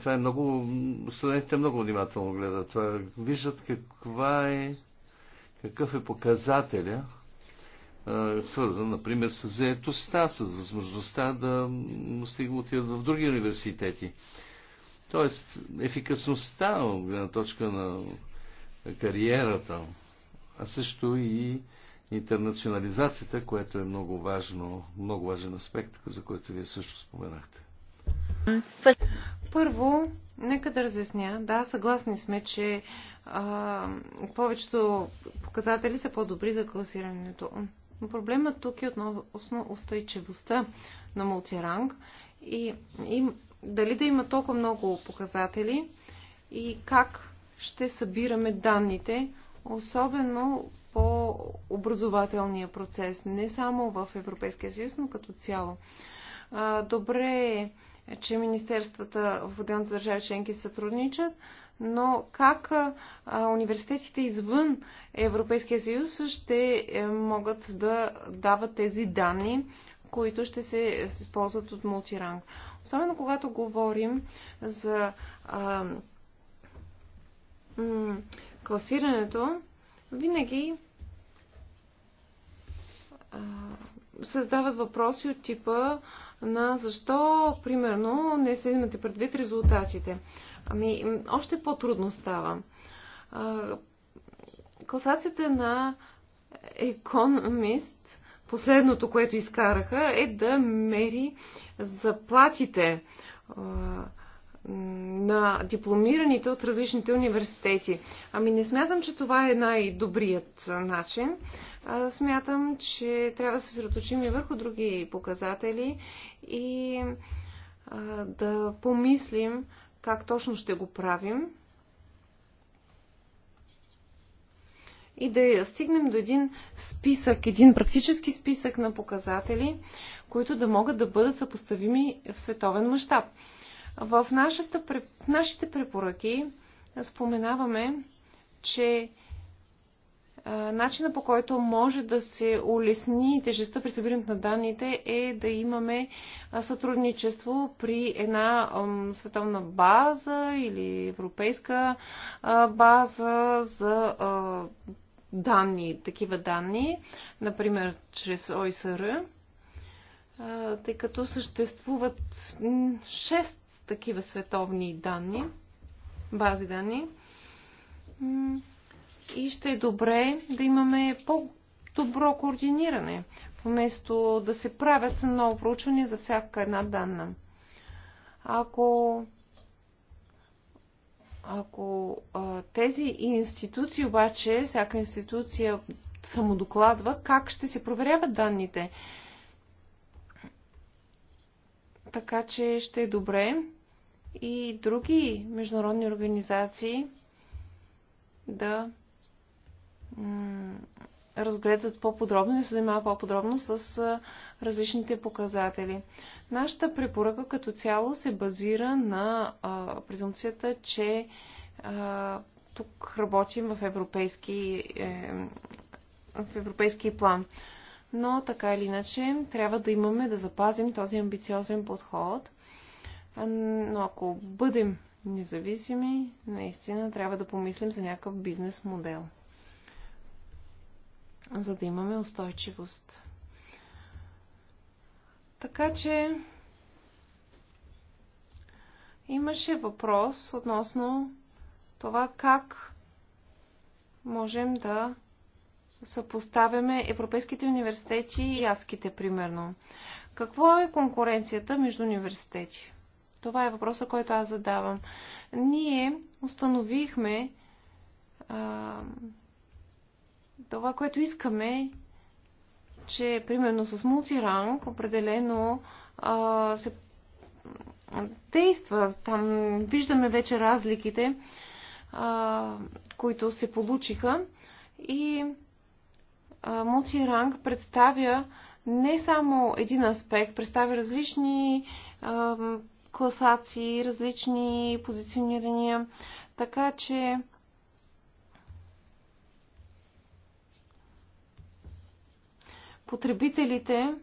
това е много... Студентите много внимателно гледат това. Е, виждат каква е... Какъв е показателя, свързан, например, с заетостта, с възможността да стигнат в други университети. Тоест, ефикасността от гледна точка на кариерата, а също и интернационализацията, което е много важно, много важен аспект, за който вие също споменахте. Първо, нека да разясня. Да, съгласни сме, че а, повечето показатели са по-добри за класирането. но Проблемът тук е относно устойчивостта на мултиранг и, и дали да има толкова много показатели и как ще събираме данните, особено по образователния процес, не само в Европейския съюз, но като цяло. Добре е е, че министерствата в отделните държави членки сътрудничат, но как университетите извън Европейския съюз ще е, могат да дават тези данни, които ще се използват от мултиранг. Особено когато говорим за а, класирането, винаги а, създават въпроси от типа на защо, примерно, не се имате предвид резултатите. Ами, още по-трудно става. Класацията на економист, последното, което изкараха, е да мери заплатите на дипломираните от различните университети. Ами не смятам, че това е най-добрият начин смятам, че трябва да се средоточим и върху други показатели и да помислим как точно ще го правим и да стигнем до един списък, един практически списък на показатели, които да могат да бъдат съпоставими в световен мащаб. В нашата, нашите препоръки споменаваме, че начина по който може да се улесни тежестта при събирането на данните е да имаме сътрудничество при една световна база или европейска база за данни, такива данни, например чрез ОСР, тъй като съществуват 6 такива световни данни, бази данни и ще е добре да имаме по-добро координиране, вместо да се правят много проучвания за всяка една данна. Ако ако а, тези институции обаче, всяка институция самодокладва, как ще се проверяват данните? Така че ще е добре и други международни организации да разгледат по-подробно и се занимава по-подробно с различните показатели. Нашата препоръка като цяло се базира на а, презумцията, че а, тук работим в европейски, е, в европейски план. Но така или иначе трябва да имаме да запазим този амбициозен подход. Но ако бъдем независими, наистина трябва да помислим за някакъв бизнес модел за да имаме устойчивост. Така че имаше въпрос относно това как можем да съпоставяме европейските университети и азките, примерно. Какво е конкуренцията между университети? Това е въпроса, който аз задавам. Ние установихме а, това, което искаме, че примерно с мултиранг определено а, се действа. Там виждаме вече разликите, а, които се получиха. И мултиранг представя не само един аспект, представя различни а, класации, различни позиционирания. Така че потребителите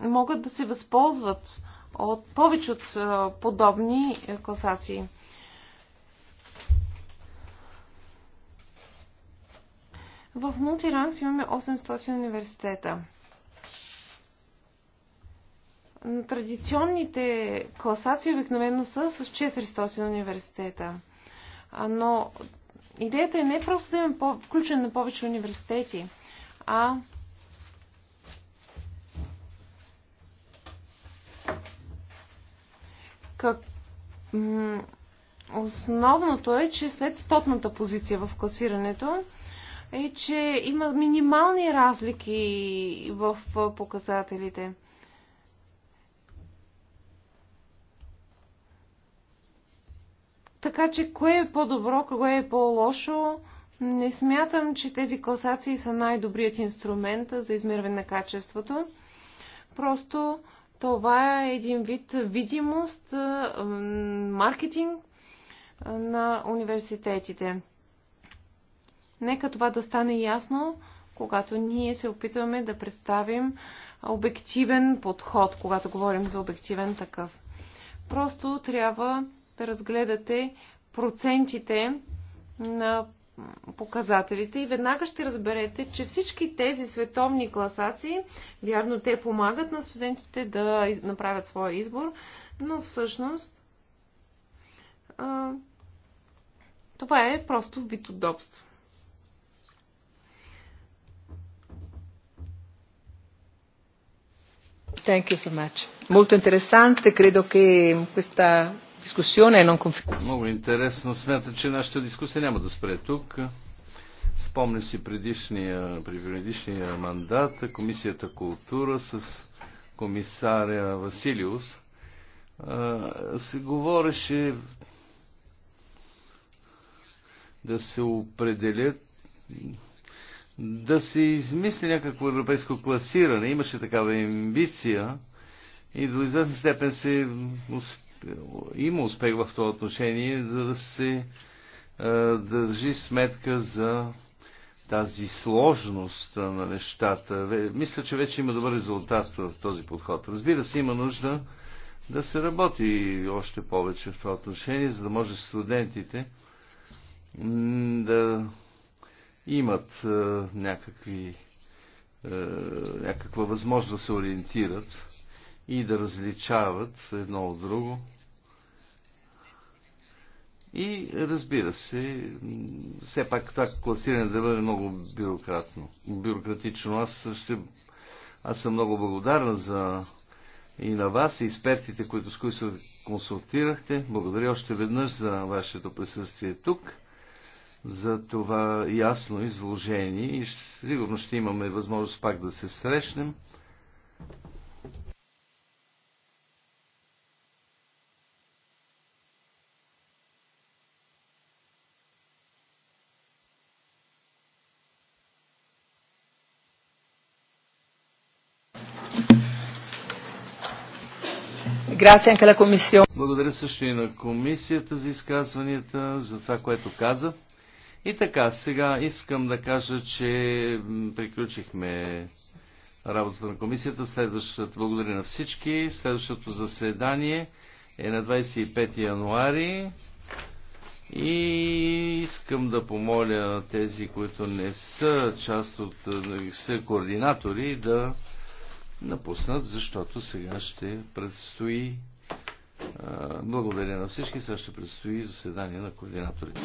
могат да се възползват от повече от подобни е, класации. В Мултиранс имаме 800 университета. Традиционните класации обикновено са с 400 университета. Но идеята е не просто да имаме включен на повече университети – а как... основното е, че след стотната позиция в класирането е, че има минимални разлики в показателите. Така че кое е по-добро, кое е по-лошо, не смятам, че тези класации са най-добрият инструмент за измерване на качеството. Просто това е един вид видимост, маркетинг на университетите. Нека това да стане ясно, когато ние се опитваме да представим обективен подход, когато говорим за обективен такъв. Просто трябва да разгледате процентите на показателите и веднага ще разберете, че всички тези световни класации, вярно, те помагат на студентите да направят своя избор, но всъщност а, това е просто вид удобство. Thank you so much. Molto interessante, credo che questa дискусионе е нон-конфликт. Много интересно. Смята, че нашата дискусия няма да спре тук. Спомня си предишния, при предишния мандат Комисията култура с комисаря Василиус се говореше да се определят да се измисли някакво европейско класиране. Имаше такава амбиция и до известна степен се има успех в това отношение, за да се държи сметка за тази сложност на нещата. Мисля, че вече има добър резултат в този подход. Разбира се, има нужда да се работи още повече в това отношение, за да може студентите да имат някакви, някаква възможност да се ориентират и да различават едно от друго. И разбира се, все пак това класиране да бъде много бюрократно, бюрократично. Аз, ще, аз съм много благодарна за и на вас, и експертите, които с които се консултирахте. Благодаря още веднъж за вашето присъствие тук, за това ясно изложение и сигурно ще имаме възможност пак да се срещнем. Благодаря също и на комисията за изказванията, за това, което каза. И така, сега искам да кажа, че приключихме работата на комисията. Следващото, благодаря на всички. Следващото заседание е на 25 януари. И искам да помоля тези, които не са част от, са координатори, да напуснат, защото сега ще предстои. Благодаря на всички. Сега ще предстои заседание на координаторите.